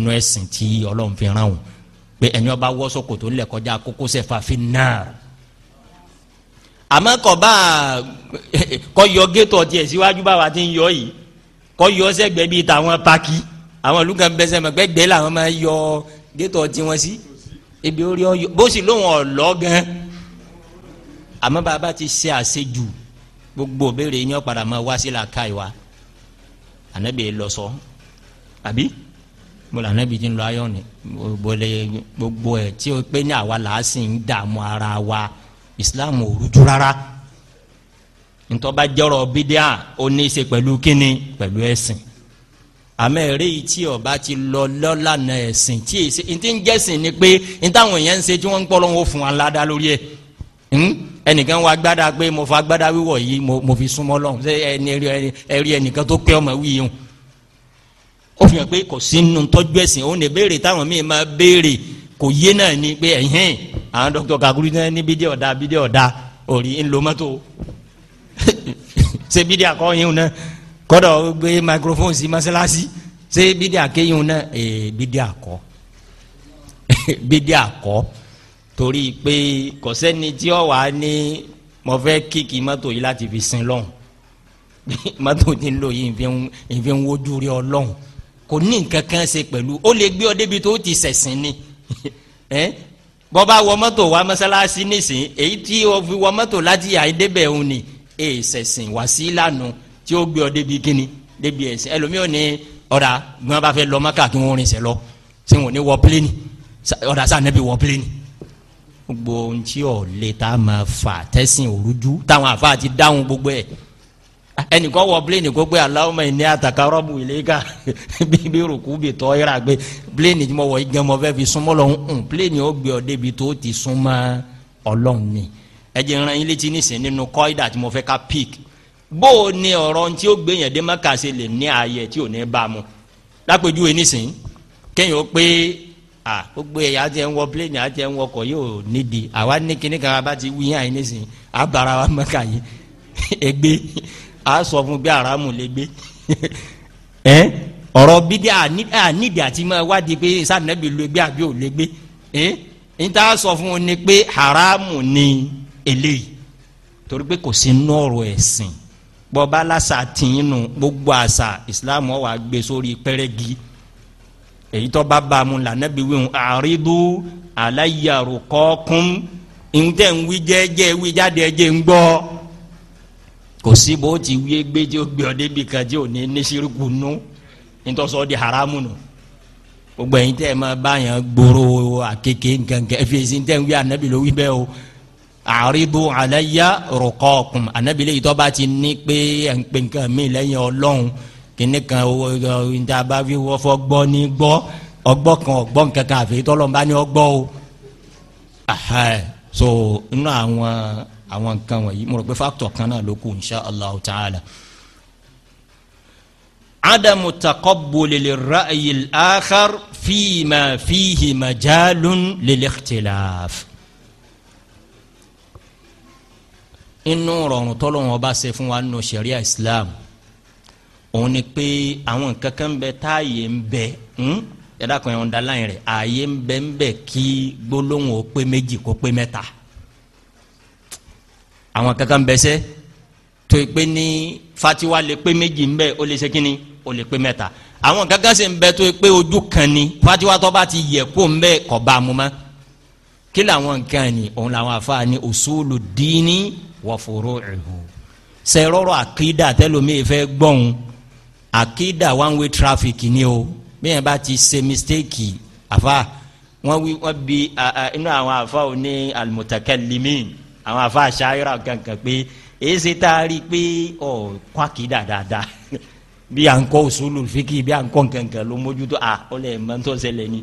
nú ẹ̀sìn tí ọlọ́run fi rán wọn pé ẹni ọba wọ sokoto ńlẹ̀ kọjá kókósẹ̀ fàfin náà àmọ́ kọ̀ kọ́ yọ gétò tiẹ̀ síwájú báwa ti ń yọ yìí kọ́ yọ sẹ́gbẹ́ bíi tàwọn paki àwọn olùkọ́ ebi orí ọyọ bó sì lóun ọlọ gan àmọ́ bàbá ti ṣe àṣejù gbogbo béèrè yín ọ̀padà máa wá sí làákà ìwà ànábì lọ sọ àbí mo là ànábì ti ń lọ ayọ̀ ni gbogbo ẹ̀ tí o pé ní àwa làá sì ń dààmú ara wa ìsìláàmù ò rújú rárá ntọ́ba jọ̀rọ̀ bídíà ó ní í ṣe pẹ̀lú kínní pẹ̀lú ẹ̀sìn àmọ́ èrè yìí tí ọba ti lọ lọ́lànà ẹ̀sìn tí èsì ntí ń jẹ́sìn ni pé ntáwọn èèyàn ń ṣe tí wọ́n ń pọ́ lọ́wọ́ fún wa ládàá lórí ẹ̀ hmm? ẹnìkan wa gbada pé mo fa gbada wíwọ̀ yìí mo fi súnmọ́ lọ́hùn ṣé ẹni ẹrí ẹnìkan tó pẹ́ ọmọ wíyì hùn ó fi hàn pé kò sí nínú tọ́jú ẹ̀sìn òun lè béèrè táwọn míì máa béèrè kò yé náà ni pé ẹ̀hìn àwọn dókítà kakuru náà ní bídíọ̀ da bídíọ̀ da òrì ńlọmọ́tò ṣe bídíọ̀ akọ́yìn náà kọ́dọ̀ gbé microphone sí masalasi se bídíà kéyìn náà ee bídíà kọ́ bídíà kọ́ torí pé kò sẹ́ni tí ó wà ní mo fẹ́ kíkì mọ́tò yìí láti fi sin lọ́hùn mọ́tò tí ń lò yìí ìfi ń wojú rí ọlọ́hùn kò ní nǹkan kan ṣe ó lè gbé ọ débi tó ti ṣẹ̀sìn ni bọ́ bá wọ mọ́tò wá mọ́sálásí nísìnyí èyí tí o fi wọ mọ́tò láti yà é débẹ̀ òun ni èè ṣẹ̀sìn wá lánàá tí ó gbé ọ débi kíni débi ẹsẹ ẹlòmíì ò ní ọ̀dà gbọ́n bá fẹ́ lọ mọ́kà kí wọ́n rìn sẹ́ lọ sí wọn ní wọ pléènì ọ̀dà sànẹ́bí wọ pléènì. gbogbo ohun tí ò lè tá a máa fà tẹ́sìn òrujú táwọn àfa ti dáhùn gbogbo ẹ̀ ẹnìkan wọ pléènì kó gbé aláwọ̀mọ̀ ẹ̀ ní àtàkárọ́bù ìlẹ́gà bíbí rùkú bí tọ́ ìrà gbé pléènì tí mo wọ̀ igán bó o ní ọ̀rọ̀ tí ó gbé yẹn dé maka ṣe lè ní ààyè tí ò ní bá a mu lápèjúwe nísìnyí kéèyàn ó pé à ó gbé ẹ̀yà tí ẹ̀ ń wọ pléènì àti ẹ̀ ń wọkọ̀ yóò nídìí àwa ní kíní kan abá ti wíyàn yín nísìnyí á bara wa maka yìí ẹgbẹ́ á sọ fún bí aramu lè gbé ẹ ọ̀rọ̀ bídí ànídìí àti máa wádìí pé sànẹ́bí lè gbé àbí ò lè gbé ẹ n ta sọ fún ni pé haramu ni eléyìí torí pé kò sí nọ́ọ̀rọ̀ ẹ̀sìn bọba lásà tìǹnù gbogbo àṣà ìsìláàmù ọwà gbé sórí pẹrẹgì èyí tó bá bá a mú lànàbí wíwọn àrídú aláyàrú kọkún ntẹ ń wí jẹjẹ wí jáde ẹjẹ ń gbọ́ kò sí bó ti wí gbé tí ó gbé ọ débi kan tí ò ní ní sírìkù nú nítòsọ di haramu nù gbogbo ẹ̀yin tẹ ẹ máa bá yàn gbòòrò àkèké nkankan ẹ fi èsì ń wí ànàbí ló wí bẹ́ẹ̀ o àríbù àlàyé rọ̀kọ́ ọ̀kùn ànábi lè tọ́ bá ti ní pé ẹ̀ ń pè nǹkan mi lẹ́yìn ọlọ́run kíní kan ìta fi wọ́fọ́ gbọ́ ní gbọ́ ọgbọ́ kan ọgbọ́ nǹkan àfi tọ́lọ́mbá ní ọgbọ́ o so inú àwọn àwọn nǹkan wọ̀nyí mo rò pé fáktọ̀ kan náà ló kù insha allah ta'ala. عدم تقبل للرأي الآخر فيما فيه مجال للاختلاف inú rọrùn tọ́lọ́run ọba ṣe fún wa nù sẹ̀ríà islam òun ni pé àwọn nǹkan kan bẹ táàyè ń bẹ yàrá kan yẹn ń da láyìn rẹ̀ ààyè ń bẹ ń bẹ kí gbólóhùn ó pé méjì kó pé mẹ́ta àwọn nǹkan kan bẹ sẹ́ tó pé ní fatiwa lè pé méjì ń bẹ ó lè ṣe kínní ó lè pé mẹ́ta àwọn gángan sì ń bẹ tó pé ojú kan ni fatiwa tó bá ti yẹ kó ń bẹ kọ́ bá a mú mọ́ kí làwọn nǹkan ni òun làwọn afa ni usulu dini wa furu'uhu sẹ̀rọ̀rọ̀ àkídà tẹ́lómi fẹ́ gbọ́n àkídà one way traffic ni o bí yẹn bá ti ṣe mistake àfa wọ́n wí wọ́n bi inú àwọn àfa ò ní al àwọn àfa àṣàyẹ̀rọ̀ kankan pé èyí ṣe a rí i pé ọ̀ kọ́ àkídà dáadáa bí à ń kọ́ òṣùlù fíkì bí à ń kọ́ kankan ló mójútó à ó lè mọ́ tó ṣẹlẹ̀ ni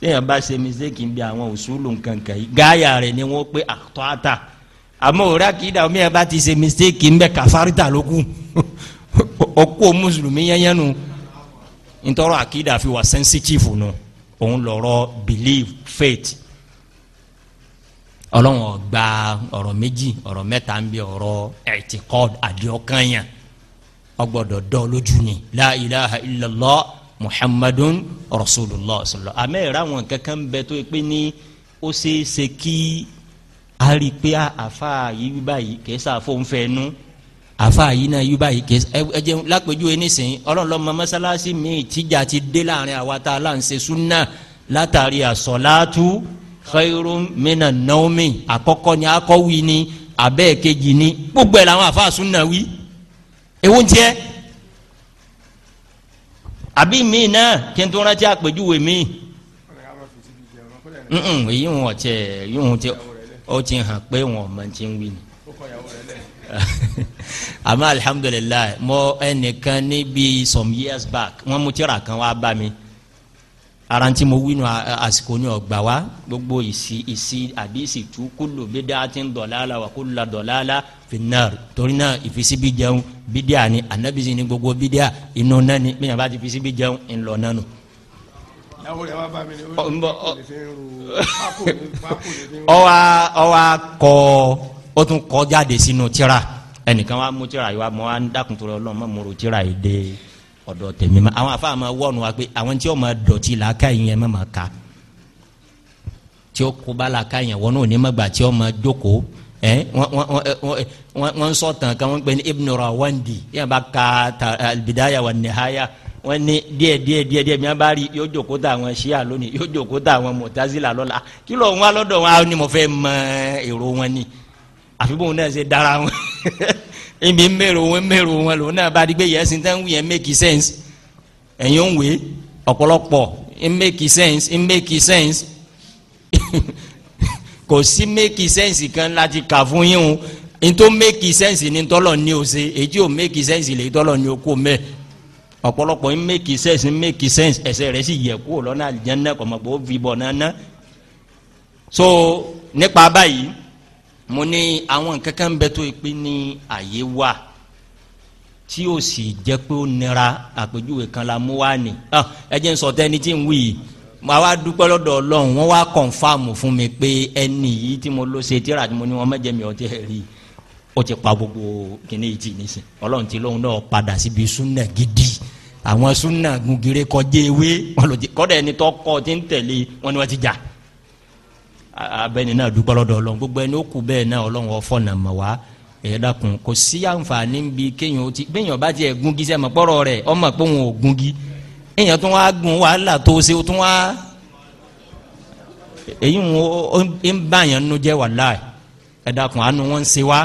sẹ́yìn bá ṣe mistake bí àwọn òṣùlù kankan yìí gáyà rẹ̀ ni wọ́n pé àtọ́ àtà àmọ́ òrà kì í dà omi ẹ̀ ti ṣe mistake ńbẹ kàfárítà ló kù ọkọ mùsùlùmí yẹnyẹn nu ntọrọ àkìdá fi wà sensitive nu òun lọ́rọ̀ believe faith Ọlọ́run ó gbà ọ̀rọ̀ méjì ọ̀rọ̀ mẹ́ta ń bí ọ̀rọ̀ ẹ̀tìkọ́d àdìọ́kànyà ó gbọ́dọ̀ dọ́ lójú ni la ilaha illallah muhammadun rasulullah sallallahu amẹ́ ìràwọn kankan bẹ tó yẹ pé ní ó ṣeé ṣe kí a rí i pé àfa yìí wí báyìí kì í sá fóun fẹ́ nu àfa yìí náà wí báyìí kì í sá ẹ jẹun lápèjúwe nísìnyí ọlọ́ọ̀lọ́mọ mọ́sálásí mi tíjà ti dé láàrin àwa tá a láǹṣe súnà látàrí àsọ̀láàtú khairun minan nawmi àkọ́kọ́ ni akọ́wì ni abẹ́ẹ̀kejì ni gbogbo ẹ̀ làwọn àfa súnà wí ewu ń àbí mi náà kí n tó rántí àpèjúwe mi èyí ń wọ̀ tiẹ̀ èyí ń wọ̀ tiẹ̀ ó ti hàn pé wọn ò mọ ti ń wí ni. àmọ́ alihamudulilayi mo ẹnìkan níbi some years back wọ́n mú tíra kan wá bá mi aranti mo wí nu àsìkò ni ọgbà wa gbogbo ìsì ìsì àdìsì tu kúlò bídà ti ń dọ̀lála kúlò la dọ̀lála finnar torí náà ìfisibí jẹun bídà ni anabisi ni gbogbo bídà inú náà ni bíyànjú bá ti fisibí jẹun ńlọ náà ọwa ọwa kọ ó tún kọ jáde sínú tírà ẹnìkan wa mú tírà yìí wa mọ wa ń dákun tó lọ mọ mo ro tírà yìí dé ọ̀dọ̀ tèmi ma àwọn afa ma wọnù wa pé àwọn tí ó ma dọ̀tí la ká yẹn má ma ka tí ó kó bá la ká yẹn wọnú ní ma gbà tí ó ma jókòó ẹ wọn sọ tàn kan wọn pe ni Ibn Rawandi yẹn bá ka ta al wa Nihaya wọ́n ní díẹ̀ díẹ̀ díẹ̀ díẹ̀ miã bá rí yóò jòkó tà àwọn ṣíà lónìí yóò jòkó tà àwọn mọ̀tazílà lọ́la kí ló ń wọn ni mo fẹ́ mọ èrò wọn ni àfi bóun náà ṣe dára wọn èmi ń wọn mèrò wọn lòun náà bá di yẹn sin tán wù make sense ẹ̀yin ń wé ọ̀pọ̀lọpọ̀ ń make sense ń make sense kò sí make sense kan láti kà fún yín o n tó make sense ni tọ́lọ̀ ní o ṣe èyí tí o make sense lè tọ́lọ̀ ní o kó mẹ́ẹ̀ ọ̀pọ̀lọpọ̀ ń make sense ń make sense ẹsẹ̀ rẹ̀ sì yẹ kúrò lọ́nà àlìjẹ́nà kọ̀mọ̀gbọ́ fi bọ̀ nánà. so nípa báyìí mo ní àwọn nǹkan kan bẹ tó pé ní àyè wà tí ó sì jẹ́ pé ó nira àpèjúwe kan la mú wá ní. Ah, ẹ jẹ́ n sọ tẹ́ tí ń wí yìí mo wá dúpẹ́ lọ́dọ̀ ọlọ́run wọ́n wá kọ̀ǹfàmù fún mi pé ẹni yìí tí mo lọ ṣe tíra tí mo ní wọn mẹ́jẹ̀ mi ọ̀ ó ti pa gbogbo kìnìún ìtì nísìn ọlọ́run ti lóun náà padà síbi súnà gidi àwọn súnà gungire kọjá ewé wọn ẹni tó kọ́ ti ń tẹ̀lé wọn ni wọ́n ti jà abẹ́ni náà dúpẹ́ lọ́dọ̀ ọlọ́run gbogbo ẹni ó kù bẹ́ẹ̀ náà ọlọ́run ọ̀fọ̀ nà mọ̀ wá ẹ̀ dákun kò sí àǹfààní bí kéèyàn ó ti béèyàn bá tiẹ̀ gungi sẹ́ mọ̀ pọ́rọ̀ rẹ̀ ọmọ pé òun ò gungi èèyàn tún wá gun wàhálà tó ṣe ó tún wá èyí ń bá yẹn nu jẹ́ wàhálà ẹ̀ dákun àánú wọn ń ṣe wá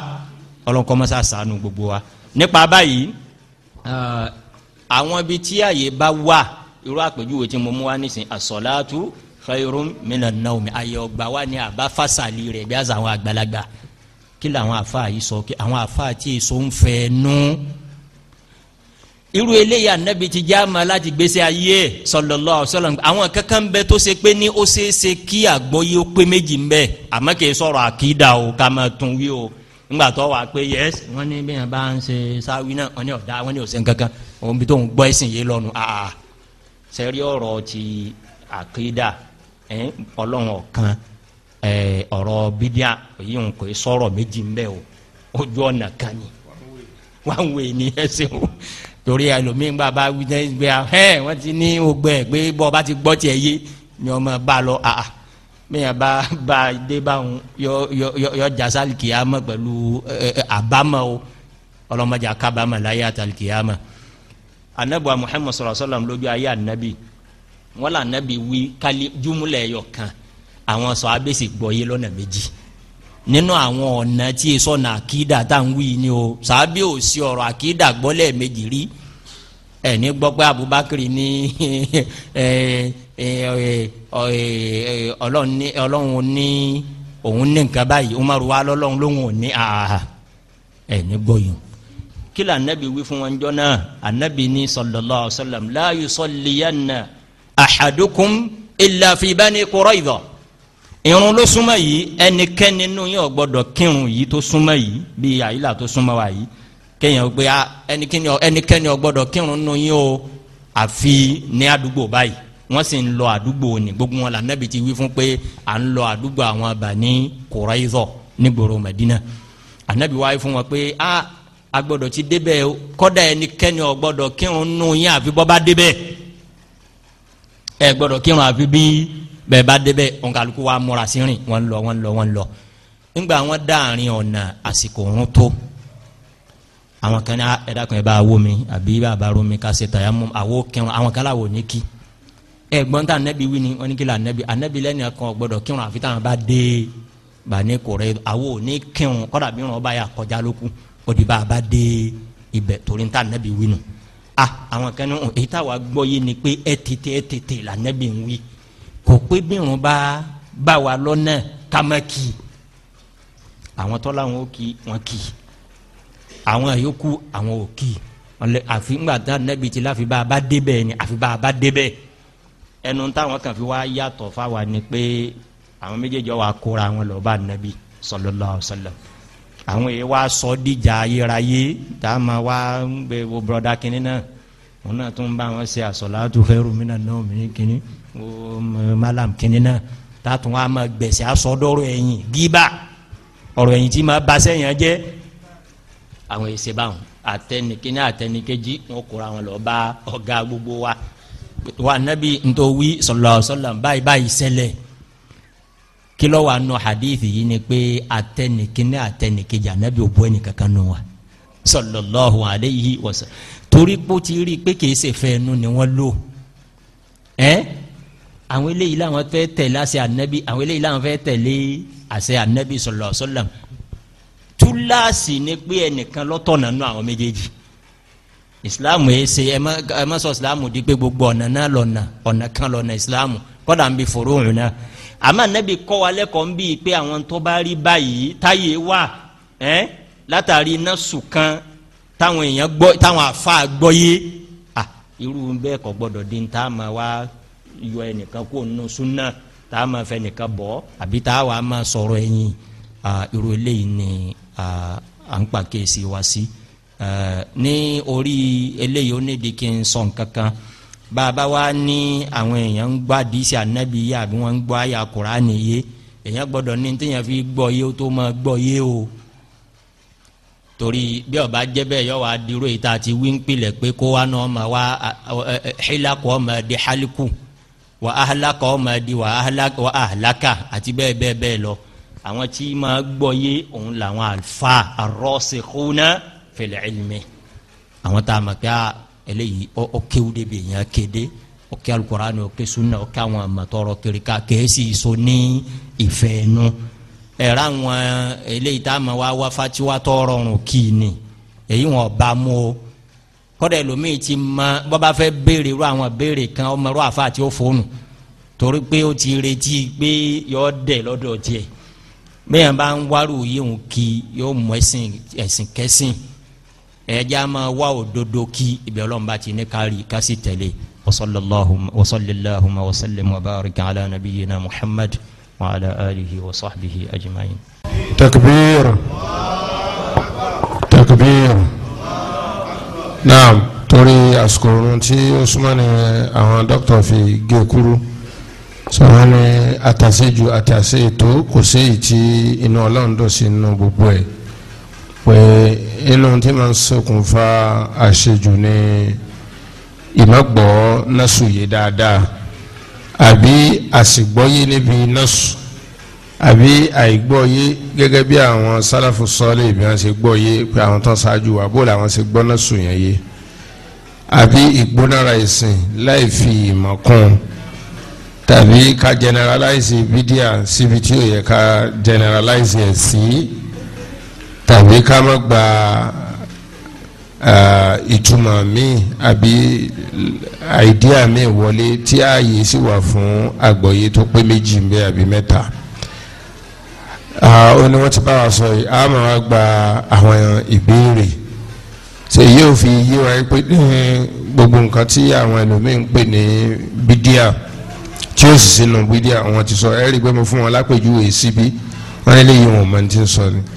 ọlọ́nkọ́mọ́sá sànù gbogbo wa nípa báyìí eh, àwọn ibi tí àyè bá wà irú àpèjúwe tí mo mú wá nísìnyí àsọ̀láàtú khairun minan nawmi àyè ọgbà wà ní àbá fásálì rẹ̀ bí àṣà àwọn àgbàlagbà kí làwọn àfáà yìí sọ kí àwọn àfáà tí èso ń fẹ́ nú. irú eléyìí ànábi ti já ma láti gbèsè ayé sallallahu alaihi àwọn kankan bẹ tó ṣe pé ní ó ṣeé ṣe kí àgbọ́yé ó pé méjì ń bẹ àmọ́ kì í sọ̀rọ̀ àkídà o ká máa tún wí o ńgbà tó wà pé yẹs wọn ní bí wọn bá ń ṣe sáwí náà wọn ní ọ̀dà wọn ní òsèǹ kankan òun bí tó ń gbọ́ ẹ̀sìn yìí lọ́nu àà sẹ́rí ọ̀rọ̀ ti àkídà ọlọ́run ọ̀kan ọ̀rọ̀ bídíà èyí ń pè sọ̀rọ̀ méjì ń bẹ o ojú ọ̀nà kan ni one way ni ẹsẹ̀ o torí ẹlòmíín bá bá wí ẹ wọ́n ti ní ogbẹ́ pé bọ́ bá ti gbọ́ tiẹ̀ yé ni ọmọ bá lọ àà bẹ́ẹ̀ bá bá dé báwọn yọ yọ yọ jasali kìyàmà pẹ̀lú àbámà o ọlọ́mọdé akábàmà láyé àtàlì kìyàmà anabuwa muhammad sallallahu alaihi wa sallam lójú ayé anabi wọn là anabi wí kálí júmúlẹ̀ yọ kan àwọn sọ abẹ́sẹ̀ gbọ́ yé lọ́nà méjì nínú àwọn ọ̀nà tí e sọ̀nà àkídà tá à ń wí ni o sàbẹ̀ ò sí ọ̀rọ̀ àkídà gbọ́ lẹ́ẹ̀mejì rí ẹ̀ ní gbọ́ pé abubakar ní ọlọ́run ní òun ní nǹkan báyìí umaru wa lọ́lọ́run lóun ò ní àhà ẹ̀ ní gbọ́yìn kí la anabi wí fún wọn jọ anabi ní sallallahu alayhi wa sallam la yusalliyanna ahadukum illa fi bani qurayza irun ló súnmọ́ yìí ẹnikẹ́ni nínú yín ò gbọ́dọ̀ kírun yìí tó súnmọ́ yìí bíi àyílà tó súnmọ́ wa yìí kéèyàn gbé ah, ẹnikẹ́ni ò gbọ́dọ̀ kírun nínú yín o àfi ní àdúgbò báyìí wọ́n sì ń lọ àdúgbò ní gbogbo wọn la nẹ́bi ti wí fún pé à ń lọ àdúgbò àwọn Bani Qurayza ní gbòòrò Madina ànẹ́bi wáyé fún wọn pé a agbọ́dọ̀ ti débẹ̀ kọ́dà ẹnikẹ́ni ò gbọ́dọ̀ kírun nù yín àfi bọ́ bá débẹ̀ ẹ gbọ́dọ̀ kírun àfi bí bẹ́ẹ̀ bá débẹ̀ òǹkàlùkù wa múra sí rìn wọ́n lọ wọ́n lọ wọ́n lọ nígbà wọn dáàrin ọ̀nà àsìkò òrùn tó àwọn kan ní ẹ̀dá kan ẹ̀ bá wo mi àbí bàbá ro mi àwọn kan láwo ní kí ẹ̀gbọ́n tá anabi wí ni wọ́n ní kí la anabi anabi lẹ́nu ẹ̀kan gbọ́dọ̀ kírun àfi táwọn bá dé bani kòrè awo ní kírun kọ́dà bí wọn bá yà kọjá lóku òdìbò àbá dé ibẹ̀ torí tá anabi wí nu a ah, àwọn kan ní èyí táwa gbọ́ yé ni pé ẹ tètè ẹ tètè la anabi ń wí kò pé bí wọn bá bá wa lọ́nà ká má kì í wọn ò kì wọn kì àwọn yòókù àwọn ò kì àfi ńgbà tá anabi ti láfi bá a bá débẹ̀ ni àfi bá a bá débẹ̀ ni ẹnu táwọn kan fi wá yàtọ̀ fáwa ni pé àwọn méjèèjì wa kóra wọn lọ bá nàbí sallallahu alaihi wasallam àwọn yìí wá sọ díjà ayérayé tá a máa wá ń gbé wo broda kínní náà wọn náà tún bá wọn ṣe àsọlátù fẹ́rù mí náà náà mí kínní wo malam kínní náà tá a tún wá máa gbèsè àsọdọ́rọ̀ ẹ̀yìn gíba ọ̀rọ̀ ẹ̀yìn tí máa ba sẹ́yìn jẹ́ àwọn èsì báwọn àtẹnikínní àtẹnìkejì wọn kóra wọn lọ bá ọ̀gá gbogbo wa wa nabi nto wi sallallahu alaihi wasallam báyìí báyìí ṣẹlẹ̀ kílọ̀ wa nọ hadith yìí ni pé atẹnikẹ́ni atẹnikẹ́jì anabi ò bọ́ ẹnìkankan nù wa sallallahu alaihi wasallam torí bó ti rí i pé kìí ṣe fẹ́ ẹnu ni wọ́n lò ẹ́ àwọn eléyìí làwọn fẹ́ tẹ̀lé àṣẹ anabi àwọn eléyìí làwọn fẹ́ tẹ̀lé àṣẹ anabi sallallahu alaihi wasallam túláàsì ni pé ẹnìkan lọ́tọ̀ nínú àwọn méjèèjì ìsìláàmù yìí ṣe ẹ má sọ ìsìláàmù di pé gbogbo ọ̀nà náà lọ́nà ọ̀nà kan lọ́nà ìsìláàmù kọ́dà ń bi fòróhùn náà àmọ́ nẹ́bi kọ́ wa lẹ́kọ̀ọ́ ń bí i pé àwọn tó bá rí báyìí táyé wà ẹ́ látàrí násù kan táwọn èèyàn gbọ́ táwọn àfa gbọ́ yé à irú bẹ́ẹ̀ kọ́ gbọ́dọ̀ di ní tá a máa wá yọ ẹnìkan kó nù súnà tá a máa fẹ́ nìkan bọ́ àbí tá a wà á máa sọ̀rọ̀ ẹ̀yìn irú eléyìí ni à ń pàkíyèsí wa sí. Si ní orí eléyìí ó nídi kí n sọ nǹkan kan bàbá wa ní àwọn èèyàn ń gbọ́ àdìsí ànábì yé àbí wọ́n ń gbọ́ àyà kùránì yé èèyàn gbọ́dọ̀ ní téèyàn fi gbọ́ yé ó tó máa gbọ́ yé o torí bí ó bá jẹ́ yọ wá dirò yìí tá a ti wí ń pilẹ̀ pé kó wa náà ma wá xilakọ ma di xaliku wa ahlakọ ma di wa ahlaka àti bẹ́ẹ̀ bẹ́ẹ̀ bẹ́ẹ̀ lọ àwọn tí ma gbọ́ yé òun làwọn alfa arọ́sẹ̀kúnná. Al fil ilmi àwọn tá a mọ̀ pé ah, eléyìí ọ kéwú de bi yẹn kéde ọ kí alukurani ọ kí sunna ọ kí àwọn amatọrọ kiri ká kèésì so ní ìfẹ́ nu ẹ̀rọ àwọn eléyìí tá a mọ̀ wá wá fatiwa tọrọ ọ̀run kì í ni èyí wọn bá mú o kọ́dà ẹlòmíì ti mọ bọ́ba fẹ́ béèrè ru àwọn béèrè kan ọmọ ru àfa àti òfóònù torí pé ó ti retí pé yọ dẹ̀ lọ́dọ̀ tiẹ̀ bẹ́ẹ̀ bá ń wárò yéhùn kí yóò mọ ẹ̀sìn ẹ̀sìn kẹ́sìn ẹ̀ẹ́dẹ́ a máa wá òdodo kí ibi ọlọ́run bá ti ní kárí ká sì tẹ̀lé wasalilahuma wasalima barika ala nabiyina muhammad wa ala alihi wa sahbihi ajimayin. takbir takbir naam torí àsìkò oorun tí ó súnmọ́ ni àwọn dókítà fi gé kúrú sọ̀rọ̀ ni àtàṣejù àtàṣe kò sí èyí inú ọlọ́run dọ̀ inú gbogbo ẹ̀ pé inú tí máa ń ṣokùnfà àṣejù ni ìmọ̀gbọ́ násù yé dáadáa àbí àsìgbọ́yé níbi násù àbí àìgbọ́yé gẹ́gẹ́ bí àwọn sálàfù sọ́ọ́lì bí wọ́n ṣe gbọ́yé pé àwọn tó ṣáájú wa bó làwọn ṣe gbọ́ násù yẹn yé àbí ìgbónára ìsìn láì fi ìmọ̀ kún tàbí ká generalize bídíà síbi tí ó yẹ ká generalize ẹ̀ sí. Si tàbí ká má gba eh, ìtumọ̀ míì àbí àìdíà míì wọlé tí ààyè sì wà fún àgbọ́yé tó pé méjì ń bẹ àbí mẹ́ta ó ah, ní wọ́n ti bá wa sọ yìí a máa gba àwọn ìbéèrè ṣe yóò fi yé wa pé eh, gbogbo nǹkan tí àwọn ẹlòmíín ń pè ní bídíà tí ó sì sínú bídíà wọn ti sọ ẹ rí i pé mo fún wọn lápèjúwe síbí wọn ní lè yí wọn mọ ní ti sọ ni. So,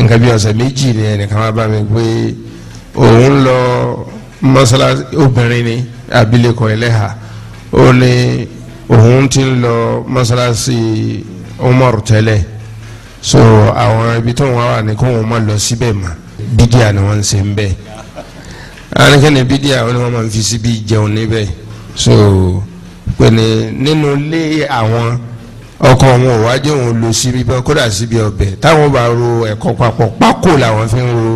nǹkan bí ọ̀sẹ̀ méjì ni ẹnìkan wá bá mi pé òun lọ mọ́sálásí obìnrin ni abilékọ ẹlẹ́hà ó ní òun ti lọ mọ́sálásí Umar tẹ́lẹ̀ so àwọn ibi tó ń wá wà ní kó wọn má lọ síbẹ̀ mọ́ bídíà ni wọ́n ń ṣe ń bẹ̀ bídíà ó ní wọ́n máa ń fi síbi jẹun níbẹ̀ so pé ní nínú ilé àwọn ọkọ wọn ò wá jẹ́ òun lo síbi bọ́ kódà síbi ọbẹ̀ táwọn bá ro ẹ̀kọ́ papọ̀ pákó làwọn fi ń ro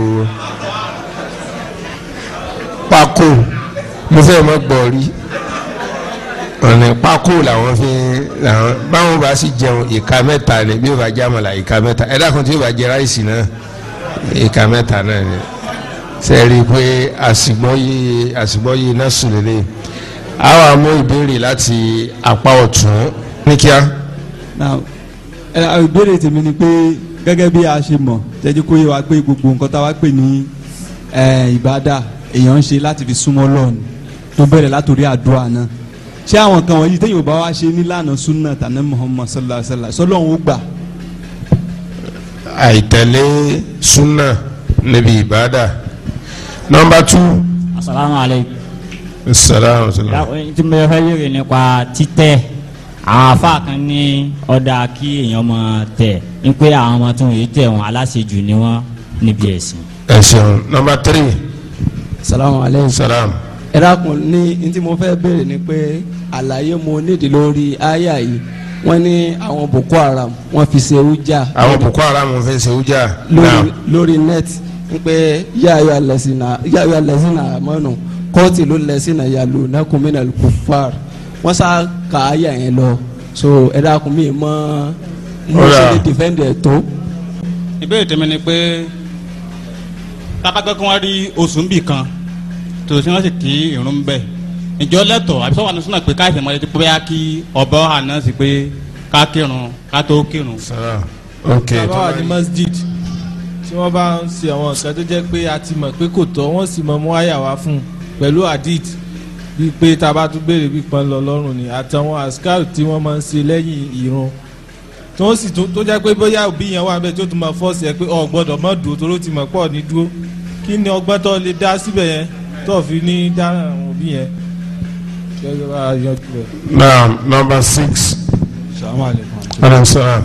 pákó mo fẹ́ mọ́ gbọ́ ọ̀nà pákó làwọn fi làwọn báwọn bá sì jẹun ìka mẹ́ta ni bí ó bá jẹ́ àmàlà ìka mẹ́ta ẹ̀dá kan tí ó bá jẹ ráìsì náà ìka mẹ́ta náà ni sẹ́ẹ̀rí pé àsìgbọ́yé àsìgbọ́yé náà sùn lélẹ̀ àwọn àmọ́ ìbéèrè láti apá ọ̀tún ní kíá náà ìbéèrè tèmi ni pé gẹ́gẹ́ bí a ṣe mọ̀ tẹ́jú kó yẹ wá pé gbogbo nǹkan tá a wá pè ní ìbádà èèyàn ń ṣe láti fi súnmọ́ lọ́ọ̀nù tó bẹ̀rẹ̀ látòrí àdúrà náà ṣé àwọn kan wọ̀nyí téèyàn bá wá ṣe nílànà súnà tànà Muhammad sallallahu alaihi wasallam sọlọ́run ó gbà. àìtẹ̀lé súnà níbi ìbádà nọmba tú. asalaamualeykum. asalaamualeykum. tí mo fẹ́ yèrè nípa títẹ̀ àáfà kan ní ọ̀dà kí èèyàn mọ tẹ̀ ń pé àwọn ọmọ tó ń yé tẹ̀ wọn aláṣejù ni wọ́n níbi ẹ̀sìn. ẹ nọmba three. salamu aleykum. salam. ẹ dákun ní n tí mo fẹ́ béèrè ni pé àlàyé mo nídìí lórí àyà yìí wọ́n ní àwọn boko haram wọ́n fi ṣe ujà. àwọn boko haram wọ́n fi ṣe ujà. lórí lórí net n pé yáyọ alẹ́sìn náà yáyọ alẹ́sìn náà mọ́nù kóòtù ló lẹ́sìn náà yàlù nákùnmínà kùfàr wọ́n sá ka àyà yẹn lọ so ẹ dákun mi mọ́ mo ṣe lè defend ẹ̀ tó. ìbéèrè tèmi ni pé tábàgbẹ́ kí wọ́n rí oṣù ń bì kan tòṣì wọ́n sì kí irun ń bẹ̀ ìjọ lẹ́tọ̀ àbí sọ́wọ́n àti súnà pé káyọ̀sẹ̀ mọ́lẹ́ ti pẹ́ kí ọ̀bọ àná sí pé ká kírun ká tó kírun. ok bàbá wa ní masjid tí wọ́n bá ń ṣe àwọn nǹkan tó jẹ́ pé a ti mọ̀ pé kò tọ́ wọ́n sì mọ̀ mú àyà wá fún un pẹ̀lú hadith bíi pé tún béèrè bíi lọ lọ́rùn ni àtàwọn àṣkàr tí wọ́n máa ń ṣe lẹ́yìn ìrun tó sì tó jẹ́ pé bóyá òbí yẹn wà bẹ́ẹ̀ tó tún máa fọ́ọ̀sì ẹ pé o gbọ́dọ̀ má dúró toró ti mọ̀ pọ̀ ní dúró kí ni ọgbọ́n tó lè dá síbẹ̀ yẹn tó fi ní dá àwọn òbí yẹn. naam number six. salaam aleykum. madam sara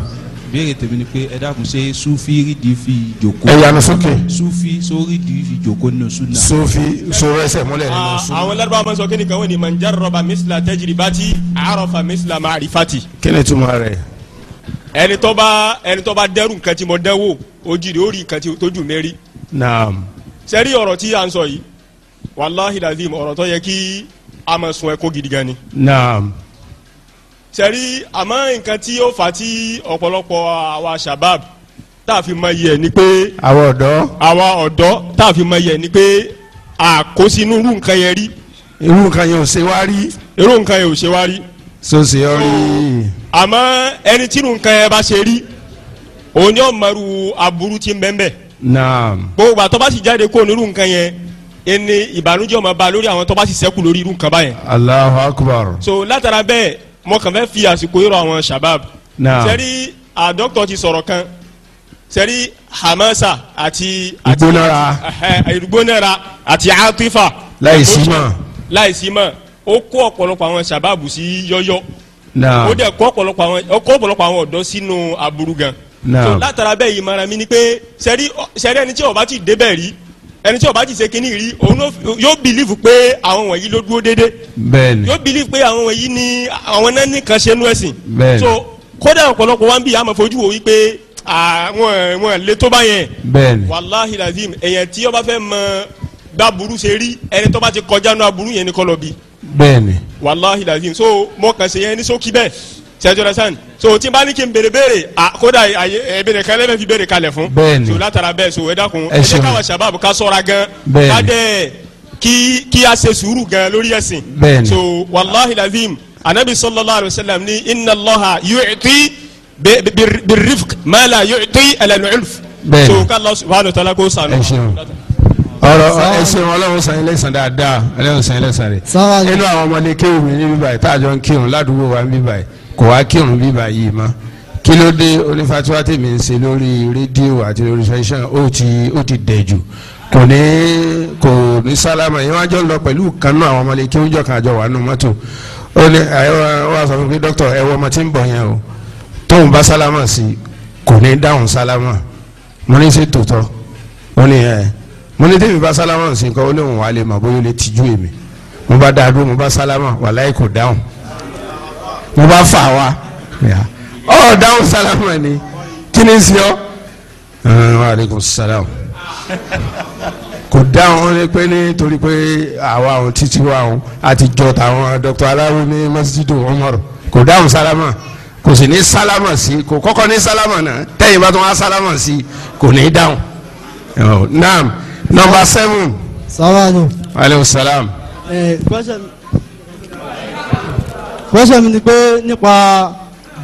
ìbéèrè tèmi ni pé ẹ dákun ṣe sufi rídìí fi jòkó. ẹ yanu sókè. sufi sórí di fi jòkó nínú sunna. sufi sọ̀rọ̀ ẹsẹ̀ múlẹ̀ nínú ah, sunna. àwọn ládùúgbò àwọn sọ kíni kan wọ́n ní man jarraba misla tajribati arafa misla ma'rifati. kí ni túmọ̀ rẹ̀. ẹni tó bá ẹni tó bá dẹ́rù nǹkan tí mo dẹ́ wò ojú rẹ̀ ó rí nǹkan tó jù mí rí. naam. sẹ́rí ọ̀rọ̀ tí à ń sọ yìí wàláhìlazim sẹ́rí àmọ́ nǹkan tí ó fà á ọ̀pọ̀lọpọ̀ àwa shabab tá a fi mọ iye ni pé. àwa ọ̀dọ́. àwa ọ̀dọ́ tá a fi mọ iye ni pé àkósínú irú nǹkan yẹn rí. irú nǹkan yẹn ò ṣe wá rí. irú nǹkan yẹn ò ṣe wá rí. so ṣe ọ rí. àmọ́ ẹni tí irú nǹkan yẹn bá ṣe rí òun yóò mọ̀rù aburú tí ń bẹ́ẹ̀ bẹ́ẹ̀. naam. gbogbo àtọ́ sì jáde kó onírú nǹkan yẹn ẹni ìbànújẹ́ ọmọ ba lórí àwọn tó bá sì sẹ́kù lórí irú nǹkan báyẹn. Allahu akbar. so látara bẹ́ẹ̀ mo kàn fẹ́ fi àsìkò yìí rọ àwọn shabab. sẹ́rí a dókítà ti sọ̀rọ̀ kan sẹ́rí hamasa àti. ìgbónára ìgbónára àti atifa. láìsí mọ́. láìsí mọ́ ó kó ọ̀pọ̀lọpọ̀ àwọn shabab sí yọ́yọ́. ó dẹ̀ kó ọ̀pọ̀lọpọ̀ àwọn ó kó ọ̀pọ̀lọpọ̀ àwọn ọ̀dọ́ sínú aburú gan. látara bẹ́ẹ̀ yìí mara mi ni pé sẹ́rí ẹni tí ó bá ti débẹ̀ rí ẹni tí ó bá kínní rí òun yóò bìlífù pé àwọn wọ̀nyí ló dúró déédé bẹ́ẹ̀ni yóò bìlífù pé àwọn wọ̀nyí ni àwọn náà nìkan ṣe nú ẹ̀sìn bẹ́ẹ̀ni so kódà ọ̀pọ̀lọpọ̀ wa ń bì àmọ́ fojú wo wípé àwọn ẹ̀wọ̀n lè tó bá yẹn bẹ́ẹ̀ni wàláhi lazim èèyàn tí ó fẹ́ mọ bá ṣe rí ẹni tó bá ti kọjá nú aburú yẹn ni kọlọ bí bẹ́ẹ̀ni wàláhi lazim so mọ kàn ṣe yẹn ní ṣókí bẹ́ẹ̀ sẹ́jọ́rẹ́ sani so tí n bá ní kí n béèrè béèrè kódà ìbéèrè kan lẹ́fẹ̀ẹ́ fi béèrè kalẹ̀ fún so látara bẹ́ẹ̀ so ẹ dákun ẹ jẹ́ káwọn sábàbù ká sọ́ra gan ká dẹ́ kí kí a ṣe sùúrù gan lórí ẹ̀sìn so wàláhi lazim anabi sallallahu alayhi wa sallam ni inna allaha yu'ti birifq ma la yu'ti al-ulf so k'Allah subhanahu wa ta'ala k'o sànù ọ̀rọ̀ ẹsìn Ọlọ́run sàn ilé sàn dáadáa Ọlọ́run sàn ilé sàn rẹ inú àwọn ọmọdé kéwù mi ní bíbáyìí táàjọ ń kírun ládùúgbò wa ń bíbáyìí kò wá kírun bíbá yìí mọ́ kí ló dé onífàtíwá tèmi ń ṣe lórí rédíò àti lórí sẹ́sán ó ti ó ti dẹ̀ jù kò ní kò ní sálámà yẹn wájọ lọ pẹ̀lú kanú àwọn ọmọlẹ́ kí oúnjẹ kan àjọ wà nù mọ́tò ó ní àyẹ̀wò wa sọ fún mi dókítà ẹ̀wọ́ ọmọ tí ń bọ̀ yẹn o tóun bá sálámà sí kò ní dáhùn sálámà mo ní ṣe tòótọ́ ó ní ẹ̀ mo ní tèmi bá sálámà sí nǹkan ó lóun wà lè mọ̀ bóyá ó lè tijú èmi mo bá dáa mo bá sálámà wàláì kò dáhùn mo bá fà wá ọ oh, dáhùn sálámù ẹ ní kí ni sí ọ. Eh, aleykum salaam kò dáhùn ní pé ní torí pé àwa òun títí wa òun àti jọ tàwọn dr aláwo ní masjidu Umar kò dáhùn sálámà kò sì ní sálámà sí kò kọ́kọ́ ní sálámà náà tẹ́yìn bá tún wá sálámà sí kò ní dáhùn. Oh, naam nọmba seven. sawanu. aleykum salaam. ẹ gbọ́dọ̀ question mi ni pé nípa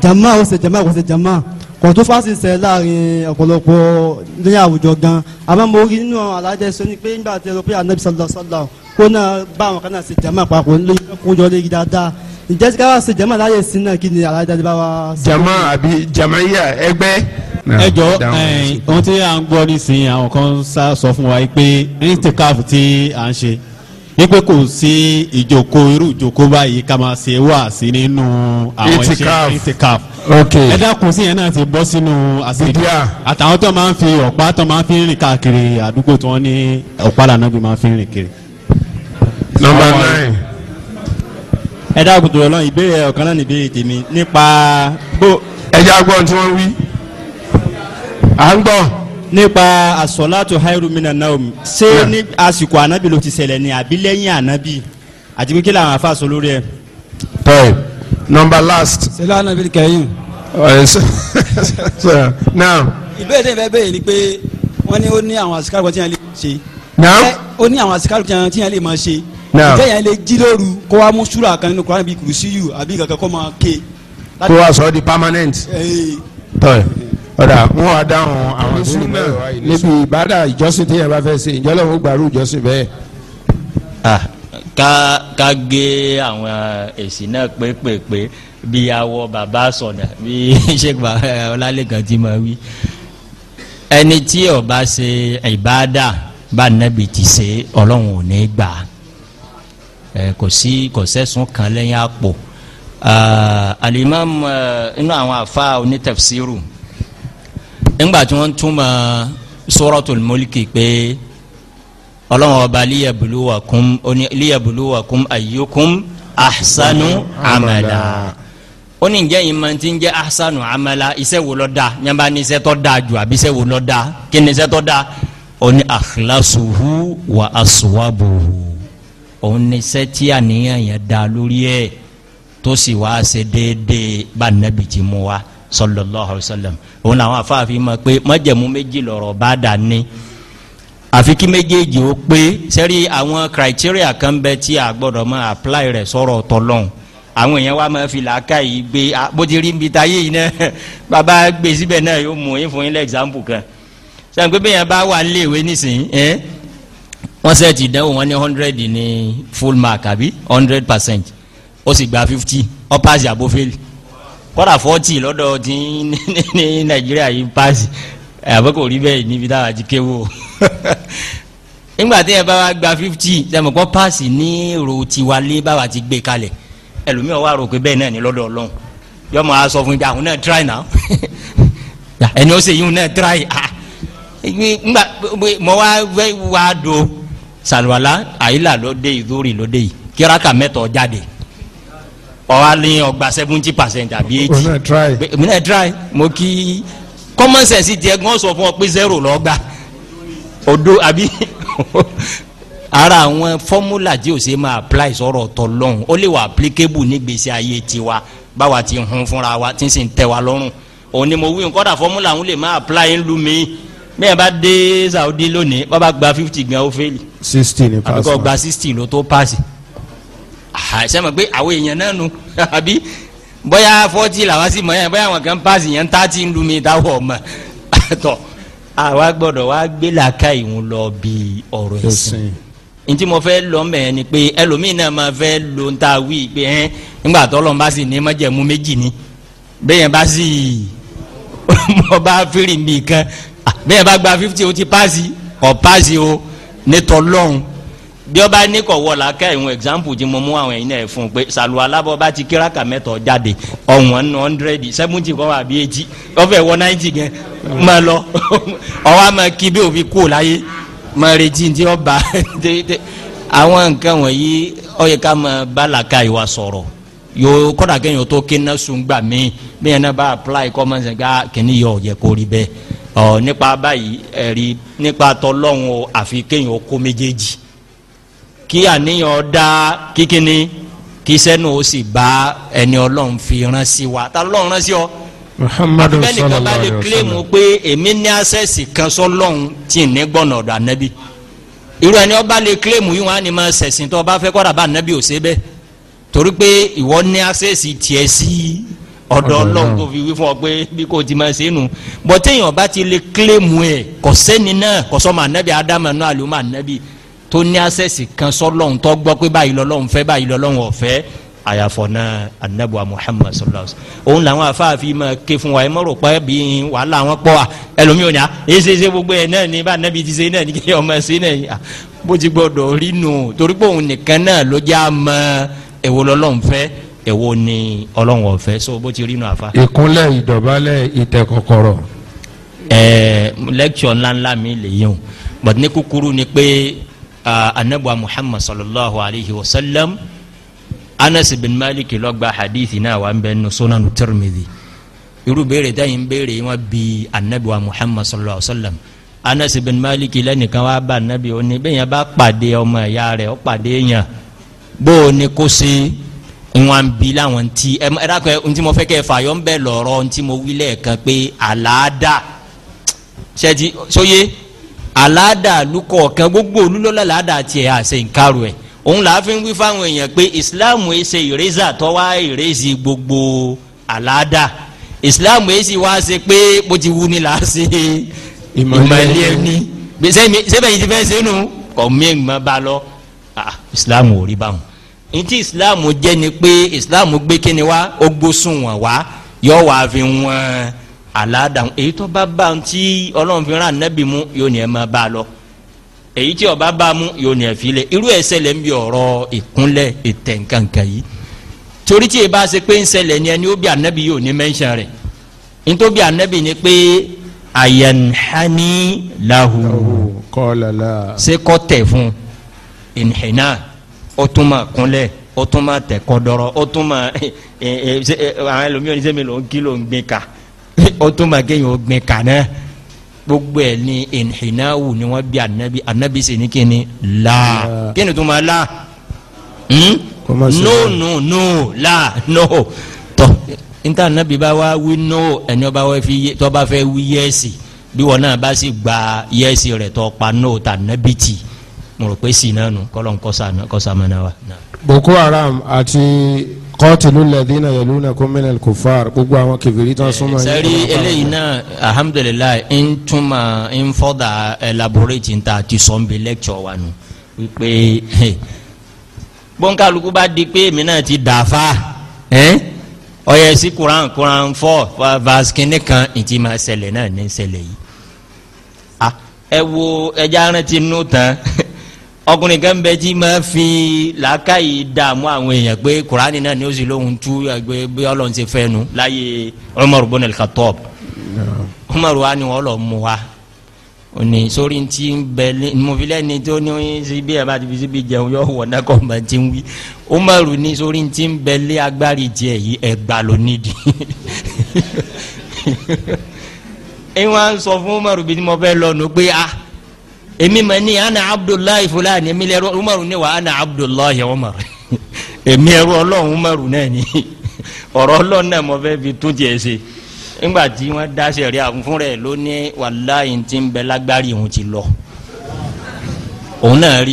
jama ó ṣe jama kò ṣe jama kò tó fásitì ṣe láàrin ọ̀pọ̀lọpọ̀ ní àwùjọ gan àmọ́ mo nínú alájẹ sọ ni pé nígbà tí ẹ lọ pé anabi sallallahu alaihi wasallam kó náà bá àwọn kan náà ṣe jama papọ̀ lórí kójọ lórí dáadáa ǹjẹ́ tí ká wá ṣe jama láyé sí náà kí ni alájẹ bá wa. jama àbí jamaiya ẹgbẹ́. ẹ jọ ohun tí à ń gbọ́ nísìnyí àwọn kan sọ fún wa pé ní tẹkáàfù tí à ń ṣe wípé kò sí ìjókòó irú ìjókòó báyìí ká máa ṣe wá sí nínú àwọn iṣẹ́ itikaf ẹ dákun sí yẹn náà ti bọ́ sínú àṣírí àtàwọn tó máa ń fi ọ̀pá tó máa ń fi rìn káàkiri àdúgbò tó wọ́n ní ọ̀pá làná bí máa ń fi rìn kiri. nọ́mbà nine. ẹ dákun tó lọ́nà ìbéèrè ọ̀kan náà níbèrè tèmi nípa bó. ẹ jẹ́ àgbọ̀n tí wọ́n wí. à ń gbọ́ nípa asọ́látò hairu naum ṣé ní àsìkò anabi ló ti ṣẹlẹ̀ ní àbí lẹ́yìn anabi àti pé kí làwọn afa sọ lórí ẹ. tọ́yì nọmba last. sẹlẹ̀ anabi Now. ìbéèrè bẹ́ẹ̀ bẹ́ẹ̀ ni pé wọ́n ní ó ní àwọn àsìkò àgbọ̀n tí yẹn lè ṣe. ó ní àwọn àsìkò àgbọ̀n tí yẹn lè máa ṣe. ìjẹ́ yẹn lè jí lóru kó wá mú súrà kan nínú Kùránì bíi kùrùsíyù àbí kankan kó máa ké. kó wá sọ di permanent. tọ́yì ọ̀dà wọn wá dáhùn àwọn ìbéèrè náà níbi ìbádà ìjọsìn tí yẹn bá fẹ́ ṣe ìjọlẹ̀ wọn gbàrú ìjọsìn bẹ́ẹ̀. ká ká gé àwọn èsì náà pépèpé bí awọ bàbá sọ̀nà bí sheikh ọlálẹ́kan ti máa wí ẹni tí ó bá ṣe ìbádà bá nàbì ti ṣe ọlọ́run ò ní gbà kò sí kò sẹ́sùn kan lẹ́yìn àpò alimami inú àwọn afa onítẹ̀fsíìrù nígbà tí wọ́n túmọ̀ suratul mulki pé ọlọ́wọ́n ọba liyabluwakum oní liyabluwakum ayyukum ahsanu amala ó ní njẹ́ yìí máa ti ń jẹ́ ahsanu amala iṣẹ́ wo ló dáa nyẹ́ bá ní iṣẹ́ tó dáa jù àbí iṣẹ́ wo ló dáa kí ni iṣẹ́ tó dáa ó ní akhlasuhu wa aswabuhu òun ní iṣẹ́ tí àníyàn yẹn dáa lórí ẹ̀ tó sì wá ṣe déédéé bá nàbìtì mu wa sallallahu alayhi wa sallam òun làwọn afáàfin ma pé májẹ̀mú méjì lọ̀rọ̀ bá dà ní àfi kí méjèèjì ó pé sẹ́rí àwọn criteria kan bẹ tí a gbọ́dọ̀ máa apply rẹ̀ sọ̀rọ̀ tọ́lọ́hún àwọn èèyàn wa máa fi làákà yìí gbé bó ti rí nbita yé yìí náà bàbá gbé síbẹ̀ náà yóò mú yín fún yín lẹ́gzámpù kan sẹ́yìn pé bẹ́ẹ̀ bá wà léèwé nísìnyí ẹ́ wọ́n sẹ́ẹ̀ ti dánwò wọ́n ní hundred ní full mark àbí hundred percent ó sì gba fifty ó pass àbófẹ́lì kọ́dà fọ́tì lọ́dọ̀ tí ní nàìjíríà yìí paasi àbẹ́ kò rí bẹ́ẹ̀ níbi táwa ti kéwò nígbà tí ẹ bá wa gba fifty sẹ́mi kọ́ paasi ní èrò tiwalé báwa ti gbé kalẹ̀ ẹlòmíràn wà rò pé bẹ́ẹ̀ náà ní lọ́dọ̀ ọlọ́run yọmọ a sọ fún mi pé àwọn náà try now ẹni ó ṣe yíwọn náà try ah ngba mọ wa wá do sàlùwàlà àyílà lóde ìdórì lóde yìí kíráka mẹ́tọ̀ jáde ọ̀rá ní ọgbà seventy percent àbí eighty. òun náà try. èmi náà try mo kí common sense tiẹ̀ gan sọ fún ọ pé zero lọ́gbà odo àbí ara àwọn fọ́múlà tí o ṣe máa apply sọ̀rọ̀ tọ̀ lọ́hùn ó lè wà applicable nígbèsè ayé tiwa báwa ti hun fúnra wa tí n sì ń tẹ wa lọ́rùn òun ni mo wí nkọ́dà fọ́múlà òun lè máa apply ń lu mi bẹ́ẹ̀ bá dé Saudi lónìí bá bá gba fifty gan ó fẹ́ẹ̀lì. sixty ni pass àbíkọ́ gba sixty ló tó pass àṣẹmọ̀ pé àwọn èèyàn náà nu àbí bóyá fọ́tì làwọn sì mọ̀ yẹn bóyá àwọn kan paasi yẹn tààtì ń lu mi táwọn ọmọ tọ̀ àwa gbọ́dọ̀ wá gbé làákà ìhun lọ bí ọ̀rọ̀ ẹ̀sìn ntí mo fẹ́ lọ mẹ́ ni pé ẹlòmíì náà máa fẹ́ lo ń ta wí pé ẹ́ nígbà tó lọ́n bá sì ní mọ́jẹ̀mú méjì ni bẹ́ẹ̀ bá sì mọ́ bá fírì mi kan ah, bẹ́ẹ̀ bá gba fífítì o ti paasi ọ̀ paasi o ní tọ́ lọ́hùn bí ọba ní kò wọ la kẹ́ ìwọ̀n example ti mo mú àwọn ẹ̀yin náà fún un pé sàlù alábọ̀ bá ti kíráka mẹ́tọ̀ jáde ọ̀wọ́n nù hundred seventy kọ́ àbí eighty ọ̀fẹ́ wọ ninety gẹ̀ mọ lọ ọwọ́ a máa kí bí òfin kú láyé mọ retí ti ọba àwọn nǹkan wọ̀nyí ó yẹ ká máa bálàka ìwà sọ̀rọ̀ yóò kọ́dà kẹ́yìn tó kéna sungbà mí bí yẹn náà bá apply kọ́ máa ń sẹ́ka ah, kìíní yọ ọ̀yẹ́ kó rí bẹ́ẹ̀ ọ̀ nípa báyìí ẹ̀rí nípa tọ́lọ́hún àfi kéyìn ó kó méjèèjì kí àníyàn dá kíkíní kí sẹ́nu ó sì bá ẹni ọlọ́run fi rán sí wa ta lọ́run rán sí ọ. muhammadu sallallahu alayhi wa sallam àbẹ́ni kan bá lè kílèmù pé èmi ní àṣẹ̀sì kan sọ́lọ́run tí ì ní gbọ́nà ọ̀dọ̀ ànábì irú ẹni ọba lè kílèmù yìí wọn á ní máa ṣẹ̀sìn tó ọba fẹ́ kọ́ra bá ànábì ò ṣe bẹ́ẹ̀ torí pé ìwọ ní àṣẹ̀sì tiẹ̀ sí ọ̀dọ̀ ọlọ́run tó fi wí fún ọ pé bí kò ti máa ṣe é nu bọ́tẹ́yìn ọba ti lè kílèmù ẹ̀ kọ́sẹ́ni náà kọ́sọ́mọ tó ní asẹ́sì kan sọ́lọ́hún tó gbọ́ pé báyìí lọ́lọ́hún fẹ́ báyìí lọ́lọ́hún ọ̀fẹ́ àyàfọ̀nà anabuwa muhammad sallallahu alayhi wa sallam òun làwọn afáàfin máa ké fún wa ẹ mọ̀rọ̀ pé bí wàhálà wọn pọ̀ wa ẹlòmíràn ni a èsì èsì gbogbo ẹ̀ náà ni bá anabi ti ṣe náà ni kí ọmọ ṣe náà yìí bó ti gbọdọ̀ rí nù torí pé òun nìkan náà ló já mọ èwo lọ́lọ́hún fẹ́ èwo ni ọlọ́hún ọ̀fẹ́ so bó ti rí nù àfa. ìkúnlẹ̀ ìdọ̀bálẹ̀ ìtẹ̀kọ̀kọ̀rọ̀. ẹẹ lẹ́kṣọ̀ ńláńlá mi lè yẹn o but kúkúrú ni pé Uh, anabuwa muhammad sallallahu alayhi wa sallam anas bin malik lọgba hadithi náà wà ń bẹ nínú sunan tirmidhi irú béèrè táyìn béèrè wọn bi anabuwa muhammad sallallahu alayhi wa sallam anas bin malik lẹ́nìkan wá bá anabi ó ní bẹ́ẹ̀ yẹn bá pàdé ọmọ ìyá rẹ̀ ó pàdé yẹn bó o ní kó ṣe wọn bi ti ẹ ẹ dákọ ẹ mo fẹ́ kẹ́ ẹ fà yọ ń bẹ mo wí lẹ́ẹ̀kan pé àlàáda ṣẹ́ẹ́dì sóye. So aládàálú kọ̀ọ̀kan gbogbo olúlọ́lá ládàá tiẹ̀ àṣẹ ìkarù ẹ̀ òun là á fi ń wí fáwọn èèyàn pé islam ẹ̀ ṣe ìrẹ́sà tó wá ìrẹ́sì gbogbo aládà islam ẹ̀ sì wá ṣe pé bó ti wú ni là á ṣe ìmọ̀lẹ́ ẹni sẹ́bẹ̀ yìí ti fẹ́ sínú kọ̀mí ìmọ̀ bá lọ islam ò rí báwọn ntí islam jẹ́ ni pé islam gbé kíni wá ó gbósùn wọn wá yọ wàá fi wọn. Uh, aládàá èyí tó bá bá ń tí ọlọ́run fi rán anábì mú yóò ní ẹ máa bá a lọ èyí tí ọba bá mú yóò ní ẹ fi lẹ irú ẹ ṣẹlẹ̀ ń bi ọ̀rọ̀ ìkúnlẹ̀ ètẹ̀ nkankan yìí torí tí e bá ṣe pé ń ṣẹlẹ̀ ni ẹni ó bí anábì yóò ní mẹ́ńṣán rẹ̀ nítorí bí anábì ni pé àyànhání lahu ṣe kọ́ tẹ̀ fún ìnhìnà ó tún máa kúnlẹ̀ ó tún máa tẹ̀ kọ́ dọ́rọ́ ó tún máa àwọn ẹlòmíràn ní sẹ́mi ló ń kí ló ń gbé ka ó tún máa kéèyàn ó gbin kàná gbogbo ẹ̀ ní ìnáwó ni wọ́n bí anabi anabi sì ní kíni la kíni tó máa la hmm? no no no la no tọ́ níta anabi bá wá wí no ẹni ọba wá fi yé tọ́ bá fẹ́ wí yẹ́sì bí wọn náà bá sì gba yẹ́sì rẹ̀ tọ́ pa no ta anabi tì mo rò pé sí náà nù kọ́lọ́n kọ́sà mọ́nà wa. Boko Haram àti kọ́tìlú lẹ́dínà yẹlúnà kọ́mínà kòfàr gbogbo àwọn kẹfìrí tán eh, súnmọ́. sẹ́rí eléyìí náà alhamdulilayi ń túmọ̀ ń fọ́dà elaborate ń ta ti sọ́n bí lecture wa nù wípé bọ́ńkàlùkù bá di pé èmi náà ti dàáfà ọ̀yẹ̀ eh, sí kuran kuran four verse kan ìtì máa ṣẹlẹ̀ náà ní ṣẹlẹ̀ yìí ah, ẹ wo ẹja rántí nù tán ọkùnrin kan bẹ tí ma fi làákàyè dààmú àwọn èèyàn pé kùránì náà ni ó sì lóhun tú ẹgbẹ bí Ọlọ́run ṣe fẹ́ nu láyé Umar ibn al-Khattab Umar wa ni wọn lọ mú wa òní sórí ti ń bẹ mọ̀fílẹ́ ni tó ní bí ẹ bá ti fi síbi jẹun yọ wọ̀ náà kọ́ ma ti ń wí Umar ní sórí ti ń bẹ lé agbárí tiẹ̀ yìí ẹgbà ló nídìí ẹ wá sọ fún Umar bí mo fẹ́ lọ nù pé ah. èmi mà ní ana abdullahi fulani èmi lẹ́rú umaru ní wa ana abdullahi umaru èmi ọlọ́run umaru náà ni ọ̀rọ̀ ọlọ́run náà mo fẹ́ fi tún tiẹ̀ ṣe nígbà tí wọ́n dá sẹ̀rí ló ní wàláyé ti ń bẹ lágbárí òun ti lọ òun náà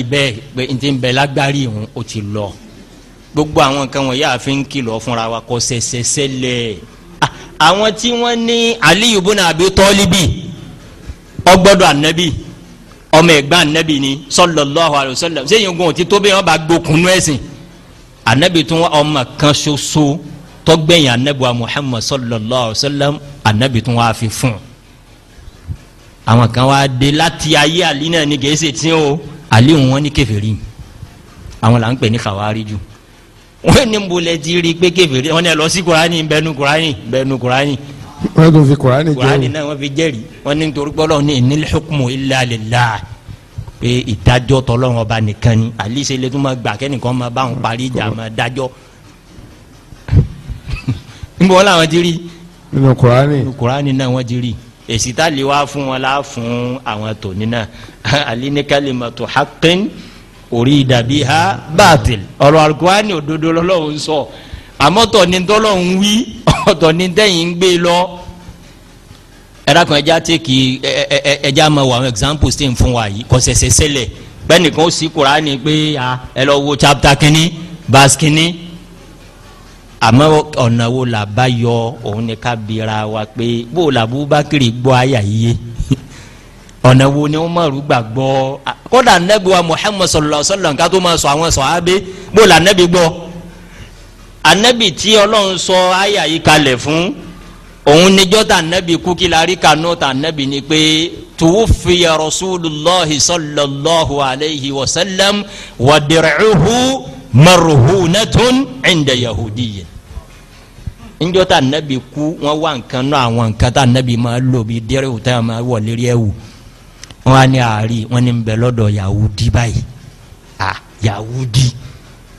gbogbo àwọn nǹkan wọ̀nyí kìlọ̀ fúnra wa ah, àwọn tí wọ́n ní aliyu bùnà àbí tọ́líbì ọgbọ́dọ̀ ọmọ ẹ̀gbọ́n anabi ni sallallahu alaihi wasallam sẹ́yìn ogun òtí tó bẹ́ẹ̀ wọ́n bá gbókunú ẹ̀sìn anabi tún ọmọ kan ṣoṣo tọ́gbẹ̀yìn anabi wa muhammad sallallahu alaihi wasallam anabi tún wá fi fún un àwọn kan wá dé láti ayé àlí náà ní gẹ̀ẹ́sì tí ó àlí wọn ní kèfèrí àwọn là ń pè ní kàwáríjù wọn ní bolẹ̀ ti rí i pé kèfèrí wọn ní ẹ lọ sí kurani bẹnu kurani bẹnu kurani wọ́n tún fi kurani jẹ́rìí kurani náà wọ́n fi jẹ́rìí wọ́n ní nítorí gbọ́dọ̀ ní inil hukmu illa lillah pé ìdájọ́ tọ́lọ́run ọba nìkan ni àlíṣe lè tún máa gbà kẹ́nìkan máa bá wọn parí ìjà máa dájọ́ nbọ làwọn ti rí. nínú kurani kurani náà wọ́n ti rí èsì tá a lè wá fún wọn la fún àwọn tòní náà ali ní kalimatu haqqin urida biha batil ọ̀rọ̀ alukurani òdodo lọ́lọ́run sọ. So àmọ́tọ̀ ni tọ́lọ́hún wí ọ̀tọ̀ ni tẹ́yìn ń gbé lọ ẹ̀rọ kan ẹja tẹ́kì ẹja máa wọ àwọn examples tí ń fún wa yìí kò ṣẹ̀ṣẹ̀ ṣẹlẹ̀ bẹ́ẹ̀ nìkan ó sì Kùránì pé ẹ lọ wo chapter kínní verse kínní àmọ́ ọ̀nà wo là bá yọ òun ni ká bira wa pé bó o là Abubakar gbọ́ àyà yìí ọ̀nà wo ni Umaru gbàgbọ́ kódà nẹ́gbẹ́ wa Muhammad sallallahu alaihi wasallam ká tó máa sọ àwọn sọ̀hábé bó o là nẹ́gbẹ́ gbọ́ anabi tí ọlọ́run sọ àyà yìí kalẹ̀ fún òun níjọ́ tá anabi kú kí larí kanú tá anabi ni pé tuwufiya rasulillahi sallallahu alayhi wa sallam wa dir'uhu marhunatun inda yahudiyyin níjọ́ tá anabi kú wọ́n wá nǹkan náà àwọn nǹkan tá anabi máa lò bí dẹ́rẹ́wù tá a máa wọ̀ lérí ẹ̀wù wọ́n á àárí wọ́n ní ń bẹ yahudi báyìí ah yahudi.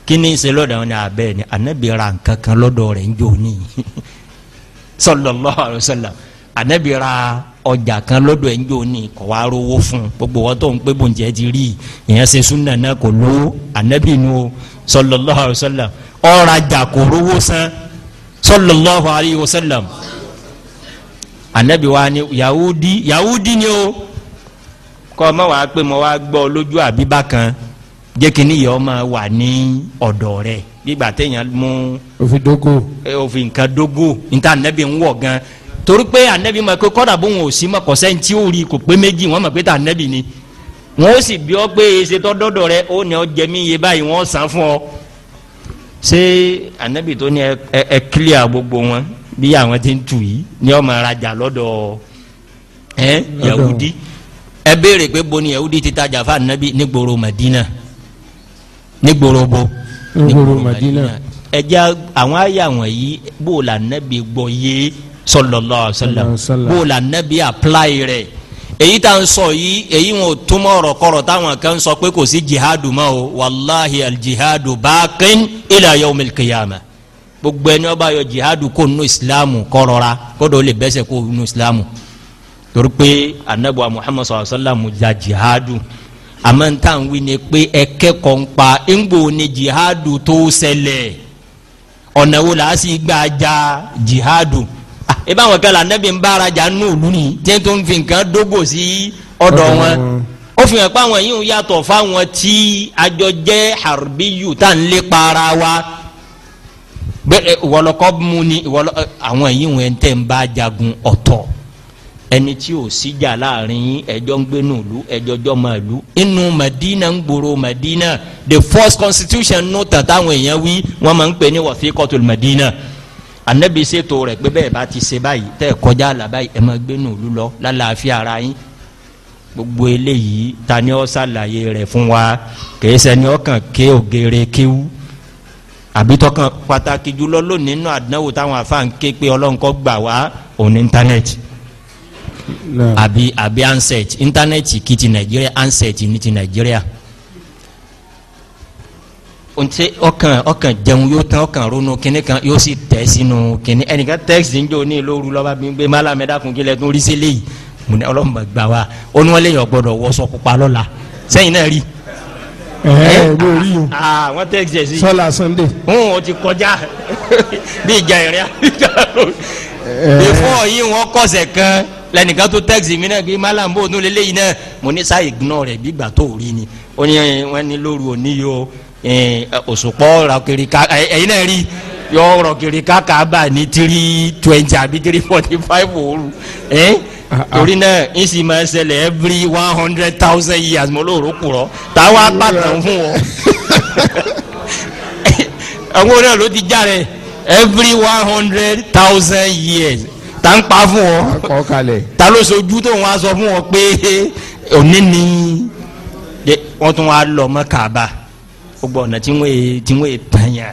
Kini ṣe lọ́dọ̀ àwọn abẹ́ ni anabi ah, ra nǹkan kan lọ́dọ̀ rẹ̀ ń jò alaihi wasallam anabi ra ọjà kan lọ́dọ̀ ẹ̀ ń jò ní kò wá rówó fún gbogbo wọn tó ń pé bòǹjẹ́ ti rí ìyẹn ṣe súnà náà kò lówó anabi nu sallallahu alaihi wasallam ọ̀rajà kò rówó san sallallahu alaihi wasallam anabi wa ni yahudi yahudi ni o kọ́ ọ ma wàá pé mo wá gbọ́ lójú àbíbá jẹ́ kí níyà ọmọ wà ní ọ̀dọ̀ rẹ̀ gbígbà téèyàn mú. òfin dógò. òfin nǹkan dógò níta anabi ń wọ̀ gan torí pé anabi ma pé kọ́dà bóun ò sí ma kọ́sẹ́ ntí ó rí kò pé méjì wọ́n ma pé tá anabi ni wọ́n ó sì bí ọ pé ṣètò dọ́dọ̀ rẹ ó ní ọ jẹmí iye báyìí wọ́n san fún ọ. ṣé anabi tó ní ẹ ẹ gbogbo wọn bí àwọn ti ń tù yìí ní ọmọ arajà lọ́dọ̀ ẹ yahudi ẹ béèrè pé bo ni yahudi ti tajà fún anabi nígboro madina nígbòròbó nígbòrò madina ẹja àwọn àyà wọ̀nyí bó o la nẹ́bi gbọ́ yé sallallahu alaihi wasallam bó o la nẹ́bi apply rẹ̀ èyí tá n sọ yìí èyí wọn ò túmọ̀ ọ̀rọ̀ kọ̀rọ̀ táwọn kan sọ pé kò sí jihadu mọ́ o wàláhi aljihadu baqin ila yawmil qiyamah gbogbo ẹni ọba yọ jihadu kó nu isilamu kọrọra kódò lè bẹ́sẹ̀ kó nu isilamu torí pé anabuwa muhammadu sallallahu alaihi wasallam ja jihadu àmọ́ n ta wí ni pé ẹ kẹ́kọ̀ọ́ ń ni jihadu tó ṣẹlẹ̀ ọ̀nà wo la sì gbà jihadu ah, ẹ bá wọn kẹlẹ anabi ń bára jà nù òlu ni tí n tó ń fi nǹkan dógò sí wọn ó fi hàn pé àwọn yìí ń yàtọ̀ fáwọn tí àjọ jẹ́ harbiyu tá n lé para wa bẹ́ẹ̀ ìwọlọ́kọ́ mu ni ìwọlọ́ àwọn yìí ń tẹ̀ ń bá jagun ọ̀tọ̀ ẹni tí ò síjà láàrin yín ẹjọ́ ń gbénu ìlú ẹjọ́ jọ́ mọ́ ìlú inú Madina ń gbòòrò Madina the first constitution nù tàtàwọn èèyàn wí wọ́n máa ń pè ní wàfíkọ́tò Madina anabi ṣètò rẹ̀ pé bẹ́ẹ̀ bá ti ṣe báyìí tẹ́ kọjá là báyìí ẹ máa gbénu ìlú lọ lálàáfíà ara yín gbogbo eléyìí ta ni ọ ṣàlàyé rẹ̀ fún wa kìí ṣe ni ọkàn ké ògèrè kéwú àbítọ́kàn pàtàkì jùlọ lónìí nínú àdánwò táwọn afáǹké pé ọlọ́nkọ́ gbà wá òní íńtánẹ́ẹ̀tì àbí àbí handset íńtánẹ́ẹ̀tì kì ti nàìjíríà handset ní ti nàìjíríà ọkàn ọkàn jẹun yóò tán ọkàn ronú kíní kan yóò sì tẹ̀ sínú kíní ẹnìkan tẹ́ẹ̀sì ń jò ní lóru lọ́ba bí ń gbé má lámẹ́dàkùn kí lẹ́tún rí sílé yìí mo ní ọlọ́mọ gbà wá ó ní wọ́n lè yàn pupa lọ́la sẹ́yìn náà rí. ẹ̀ẹ́ mo rí o àwọn tẹ́ẹ̀sì ẹ̀ sí. sọlá sunday. ń o ti kọjá bí ìjà ìrìn àbíjà lórí. before yìí wọ́n kọ̀sẹ̀ kan lẹ́nìkan tó tẹ́kisì mi náà bíi malam bó tún lélẹ́yìí náà mo ní sáà ignore rẹ̀ bí gbà tó rí ni ó ní wọ́n ní lóru òní yó òṣùpọ̀ rọ̀kiri ká ẹ̀yin náà rí yọ rọ̀kiri ká ká bà ní three twenty àbí three forty five òru ah, ah. torí náà n sì máa ṣẹlẹ̀ every one hundred thousand years mo lóòrò kùrọ̀ táwa pàtàn fún ọ àwọn náà ló ti jáde every one hundred thousand years tá ń pa fún ọ ta ló sojú tó wọn sọ fún ọ pé òní ni wọn tún wá lọ mọ Kaaba gbogbo ọ̀nà tí wọ́n tí wọ́n tàn yàn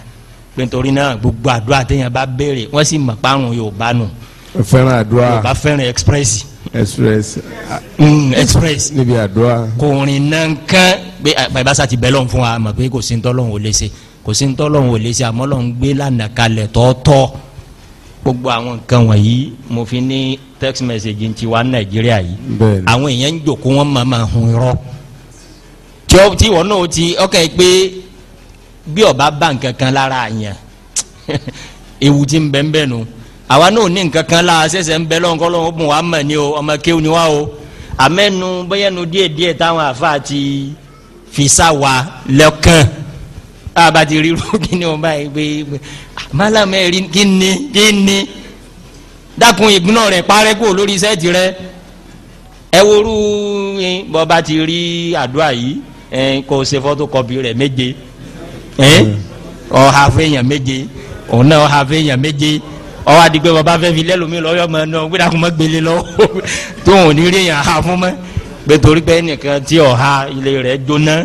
nítorí náà gbogbo àdúrà téèyàn bá béèrè wọ́n sì mọ̀ párùn Yorùbá nù fẹ́ràn àdúrà Yorùbá fẹ́ràn express express mm, express níbi àdúrà kò rìn náà kán pé àbáṣà ti bẹ́ lọ́n fún wa mọ̀ pé kò sí ń tọ́lọ́hún ò lè ṣe kò sí ń tọ́lọ́hún ò lè ṣe àmọ́ lọ́n gbé lànà kalẹ̀ tọ́tọ́ gbogbo àwọn nǹkan wọ̀nyí mo fi ní text message ti wa nàìjíríà yìí àwọn èèyàn ń jòkó wọn máa máa hun irọ́ tí ó ti wọn náà ti ọkàn yìí pé bí ọba bá nǹkan kan lára àyàn ewu ti ń bẹ́ẹ̀ bẹ́ẹ̀ nu àwa náà ní nǹkan kan la ṣẹ̀ṣẹ̀ ń bẹ lọ́nkọ́ lọ́wọ́ bùn wa mọ̀ ni o ọmọ kéwù ni wa o àmẹ́nu bẹ́yẹ̀nu díẹ̀díẹ̀ táwọn àfa ti fi sá wa lẹ́kàn abati riru kini o báyìí gbé ah, malama eri kini kini dákun ìgbóná rẹ parẹ kó lórí sẹẹtì rẹ ẹ woru bọba ti rí àdúrà yìí ẹ kò ṣe fọtokọpì rẹ méje ẹ ọha fẹyàn méje òun náà ọha fẹyàn méje ọwọ àdìgbẹ bọba fẹẹ fi lẹlòmí lọyọ mọ ẹnu ọgbẹ dàkún mọ gbélé lọ tóun ní rí yàn ha fún mọ gbẹtorí pé ẹnìkan tí ọha ilé rẹ jóná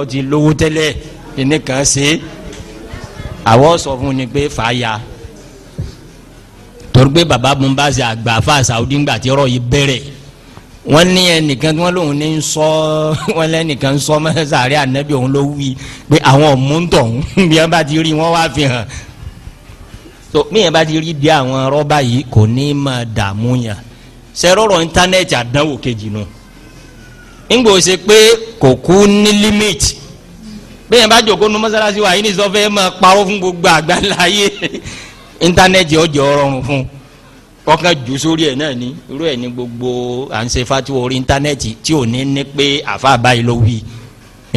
ọ ti lówó tẹ́lẹ̀ ẹni kan ṣe àwọ̀ sọ fún ni pé fàáya torí pé baba mumbazi àgbà fa Saudi ngbà tí ọ̀rọ̀ yìí bẹ̀rẹ̀ wọ́n ní ẹnìkan tí wọ́n lòun ní ń sọ wọ́n lẹ́nìkan ń sọ mẹ́sàárẹ́ ànábì òun ló wí pé àwọn ọ̀múntọ̀ ń bí wọ́n bá ti rí wọ́n wá fi hàn tó míyàn bá ti rí bí àwọn rọ́bà yìí kò ní máa dààmú yàn ṣe rọrọ íńtánẹ́ẹ̀tì àdánwò kejì nù. No ńgbò ṣe pé kò kú ní limit bẹ́ẹ̀ bá jòkó nu mọ́sálásí wa yìí ní sọ fẹ́ máa parọ́ fún gbogbo àgbáńlá ayé íńtánẹ́ẹ̀tì ọjọ́ rọrùn fún ọkàn jù sórí ẹ̀ náà ni irú ẹ̀ ní gbogbo à ń ṣe fatiwo orí íńtánẹ́ẹ̀tì tí ò ní ní pé àfa àbáyé ló wí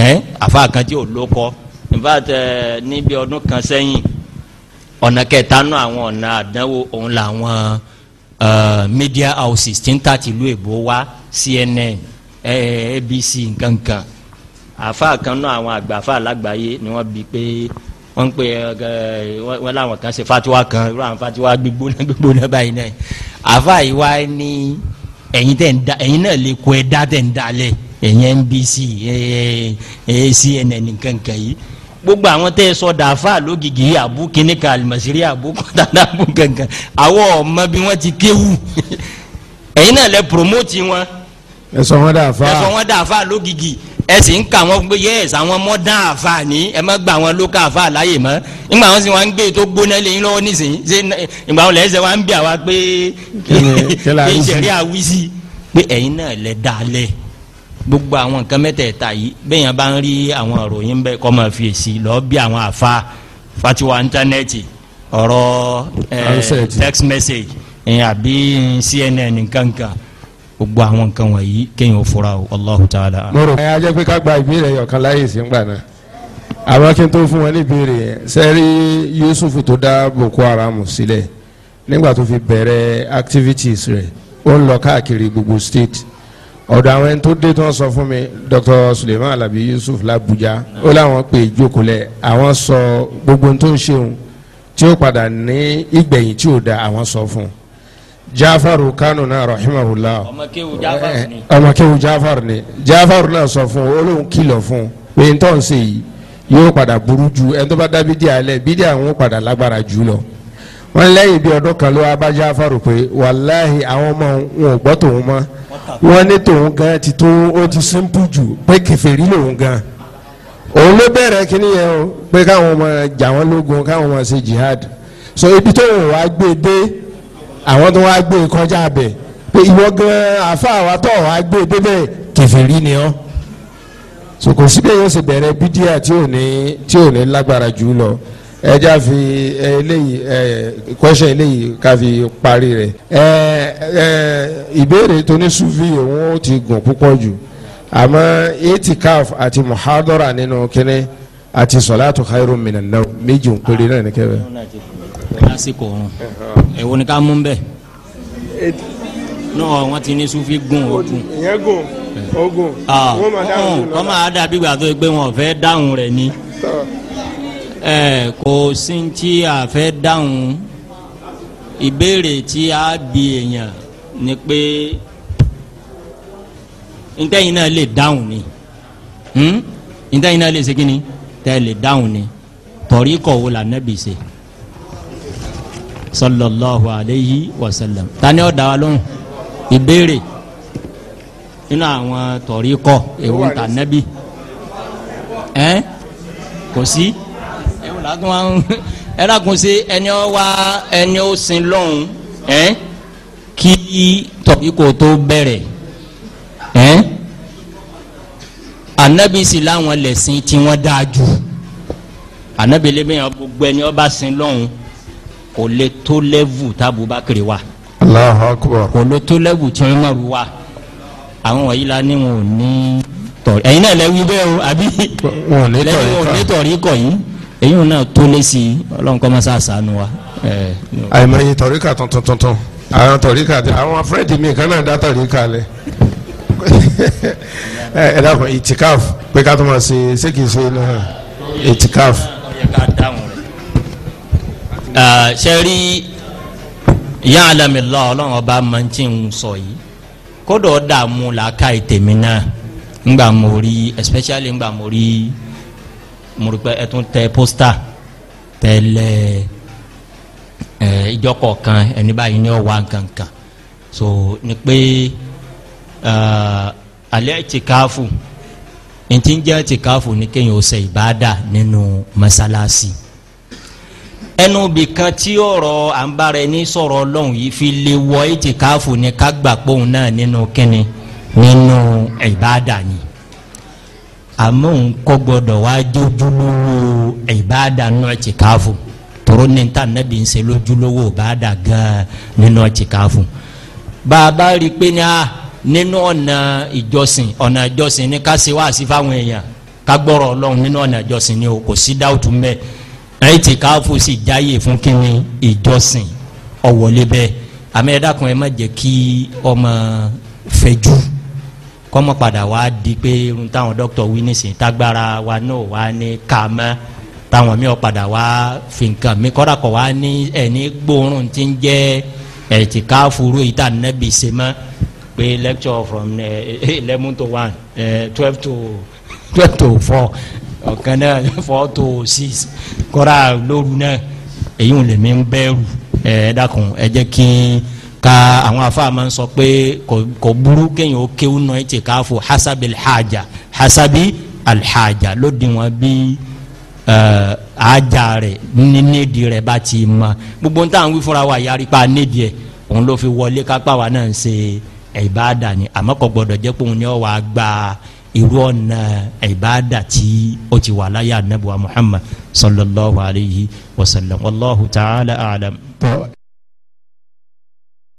ẹ́ àfa kan tí ò ló kọ́ in fact níbi ọdún kan sẹ́yìn ọ̀nà kẹta náà àwọn ọ̀nà àdánwò òun làwọn media houses tí ń tà tìlú èbó wá CNN abc nkankan àfa kan náà àwọn àgbàfa alágbàáyé ni wọ́n bi pé wọ́n pe wọ́n láwọn kan ṣe fatiwa kan irú àwọn fatiwa gbígbóná gbígbóná báyìí náà àfa yìí wá ní ẹ̀yin tẹ̀ ń da ẹ̀yin náà lè kó ẹ dá tẹ̀ ń dalẹ̀ ẹ̀yin nbc cnn nkankan yìí gbogbo àwọn tẹ́ ẹ sọ dàáfà lógìgì àbú kínníkà àlùmọ̀sírí àbú abu àbú kankan àwọn ọmọ bí wọ́n ti kéwù ẹ̀yin náà lẹ promote wọn ẹ sọ wọn dà fa ẹ sọ wọn dà fa lógìgì ẹ sì ń kà wọn pé yẹs àwọn ọmọ dán àfa ní ẹ má gba àwọn lókà àfa láàyè mọ́ nígbà wọn sì wọn ń gbé tó gbóná lẹ́yìn lọ́wọ́ nísìnyí ṣé ìgbà wọn lẹsẹ wọn ń bí àwa pé kí àwísí pé ẹ̀yin náà lẹ dá lẹ gbogbo àwọn nǹkan mẹ́tẹ̀ẹ̀ta yìí bẹ́ẹ̀yàn bá ń rí àwọn ìròyìn bẹ́ẹ̀ kọ́ máa fi èsì lọ́ọ́ bí àwọn àfa fatiwa íńtánẹ́ẹ̀tì ọ̀rọ̀ eh, text message eh, àbí CNN nǹkan kan gbogbo àwọn nǹkan wọ̀nyí kéèyàn fura o Allahu ta'ala. mo rò ẹ ajẹ́ pé ká gba ìbéèrè yọ̀kan láyè sí ń gbà náà àwọn kí n tó fún wọn ní ìbéèrè sẹ́rí Yusuf tó dá Boko Haram sílẹ̀ nígbà tó fi bẹ̀rẹ̀ activities rẹ̀ ó ń lọ káàkiri gbogbo state ọ̀dọ̀ àwọn ẹni tó dé tó ń sọ fún mi Dr. Suleiman Alabi Yusuf làbújá ó láwọn pè é jókòólẹ̀ àwọn sọ gbogbo tó ń ṣeun tí ó padà ní ìgbẹ̀yìn tí ò da àwọn sọ fún un jafaru kanu na rahimahullah ọmọkéwu jafaru eh, ni jafaru náà sọ fún olóhùn fún n tọ́ n yóò padà burú ju ẹni tó bá dá padà lágbára jù lọ wọ́n lẹ́yìn bí ọdún kan ló wá bá jafaru pé wàláhì àwọn ọmọ wọn ò gbọ́ tòun mọ́ wọ́n ní tòun gan ti tó ó ti simple jù pé kẹfẹ́rí gan òun ló bẹ̀rẹ̀ kíní yẹn o pé káwọn ọmọ jà wọ́n lógun káwọn àwọn tó wá gbé e kọjá abẹ pé ìwọ gan àfa àwa tó wá gbé e débẹ̀ kèfèrí ni ọ́ so kò síbẹ̀ yóò ṣe bẹ̀rẹ̀ bídíà tí ò ní tí ò ní lágbára jù lọ ẹ já fi eléyìí ẹ question eléyìí ká fi parí rẹ̀ ẹ ẹ ìbéèrè tó ní sufi òun ó ti gùn púpọ̀ jù àmọ́ etikaf àti muhadara nínú kínní àti sọ̀látù khairu minan nawm méjì ń péré náà ní kẹfẹ́ lásìkò ọrùn èwo ni ká mú bẹ́ẹ̀ náà wọ́n ti ní sufi gun ogun. ìyẹn gun eh. ogun. Ah. wọ́n máa dáhùn máa dàbí ìgbà pé wọ́n fẹ́ dáhùn rẹ̀ ni. ẹ eh, kò sí tí a fẹ́ dáhùn ìbéèrè tí a bi èèyàn ni pé ntẹ́yìn náà lè dáhùn ni hmm? ntẹ́yìn náà lè ṣe kí ni tẹ́ lè dáhùn ni torí kọ̀ la nẹ́bi ṣe sallallahu alayhi wa sallam tani ọ dawa lóhùn ìbéèrè nínú àwọn tọ̀rí kọ ewu ta nẹ́bí ẹ́n kò sí ewu làákùn wa ń ẹ̀ràkùn sí ẹni ọ wá ẹni ó sin lọ́hùn ẹ́n kí tọ̀rí kò tó bẹ̀rẹ̀ ẹ́n anabi sì láwọn lẹ̀sìn tí wọ́n dáa jù anabi lè bẹ̀yàn gbogbo ẹni ọba sin lọ́hùn kò lè tó lẹ́vù tábùbákiri wa Allahu kò lè tó lẹ́vù tí wọ́n mọ̀rù wa àwọn wọ̀nyí la ní wọn ò ní tọ̀rí ẹ̀yin náà lẹ́wí bẹ́ẹ̀ o àbí lẹ́yìn wọn ò ní tọ̀rí kọ̀ yín èyí náà tó lé sí i ọlọ́run kọ́ mọ́sá àṣàánú wa. àìmọye tọ̀ríkà tuntun tuntun àwọn tọ̀ríkà àwọn fúrẹ́dì mi kan náà dá tọ̀ríkà lẹ̀ ẹ dàpọ̀ ìtìkáf pé ká tó máa ṣe ṣé kìí ṣe náà ìtìkáf. ọ̀yẹ̀ká dáhùn sẹ́rí ìyá alamilá ọlọ́run ọba máa ń tí ń sọ yìí kódà ó dààmú làákà ìtẹ̀mí náà ńgbà mo rí especially ńgbà mo rí mo rí pé ẹ tún tẹ pósítà tẹ́lẹ̀ ẹ ìjọkọ̀ kan ẹni báyìí ní ọ̀wá nkankan so ni pé alẹ́ ti káfù ntí ń jẹ́ ti káfù ni kéèyàn ó ṣe ìbáadà nínú mọ́sálásí. No ẹnu bìkan tí ọ̀rọ̀ à ń sọ̀rọ̀ ọlọ́run fi lè wọ ètè káfù ni ká gbà náà nínú nínú ni àmọ́ òun kọ́ gbọ́dọ̀ wá jójúlówó ìbáàdà ètè káfù tòró ní ta nẹ́bí ń ṣe lójúlówó ìbáàdà gan-an nínú ètè káfù bàbá rí i pé ní a ah, nínú ọ̀nà ìjọsìn ọ̀nà ìjọsìn ni ká ṣe wá sí fáwọn èèyàn ká ẹ̀ẹ́tì káfù sì jáyè fún kínní ìjọsìn ọ̀wọ́lé bẹ́ẹ̀ àmì ẹ̀dá kan ẹ má jẹ́ kí ọmọ fẹjú kọ́mọ padà wá di pé irun táwọn dókítà wí nísìnyí tágbára wa náà wá ní kàmá táwọn mi ò padà wá fi nǹkan mi kọ́dà kọ́ wá ní ẹni gbóòórùn tí ń jẹ́ ẹ̀ẹ́tì káfù rú ìta nẹ́bì ṣe mọ́ pé lecture from eh, eleven to one eh, twelve to twelve to four ọ̀kan náà four to six kọ́ra lóru náà èyí ò lè mi ń bẹ̀rù ẹ dákun ẹ jẹ́ kí n ka àwọn afáà máa ń sọ pé kò burú kéèyàn ó kéwù náà ètè ká fò hasabi alhaja hasabi alhaja bí àjà rẹ ní nídìí rẹ bá ti mọ gbogbo n wa òun ló fi wọlé kápá wa náà ń àmọ́ kò jẹ́ pé òun ni irú ọ̀nà ìbáàdà tí ó ti wà láyé anabuwa muhammad sallallahu alayhi wa sallam wallahu ta'ala alam.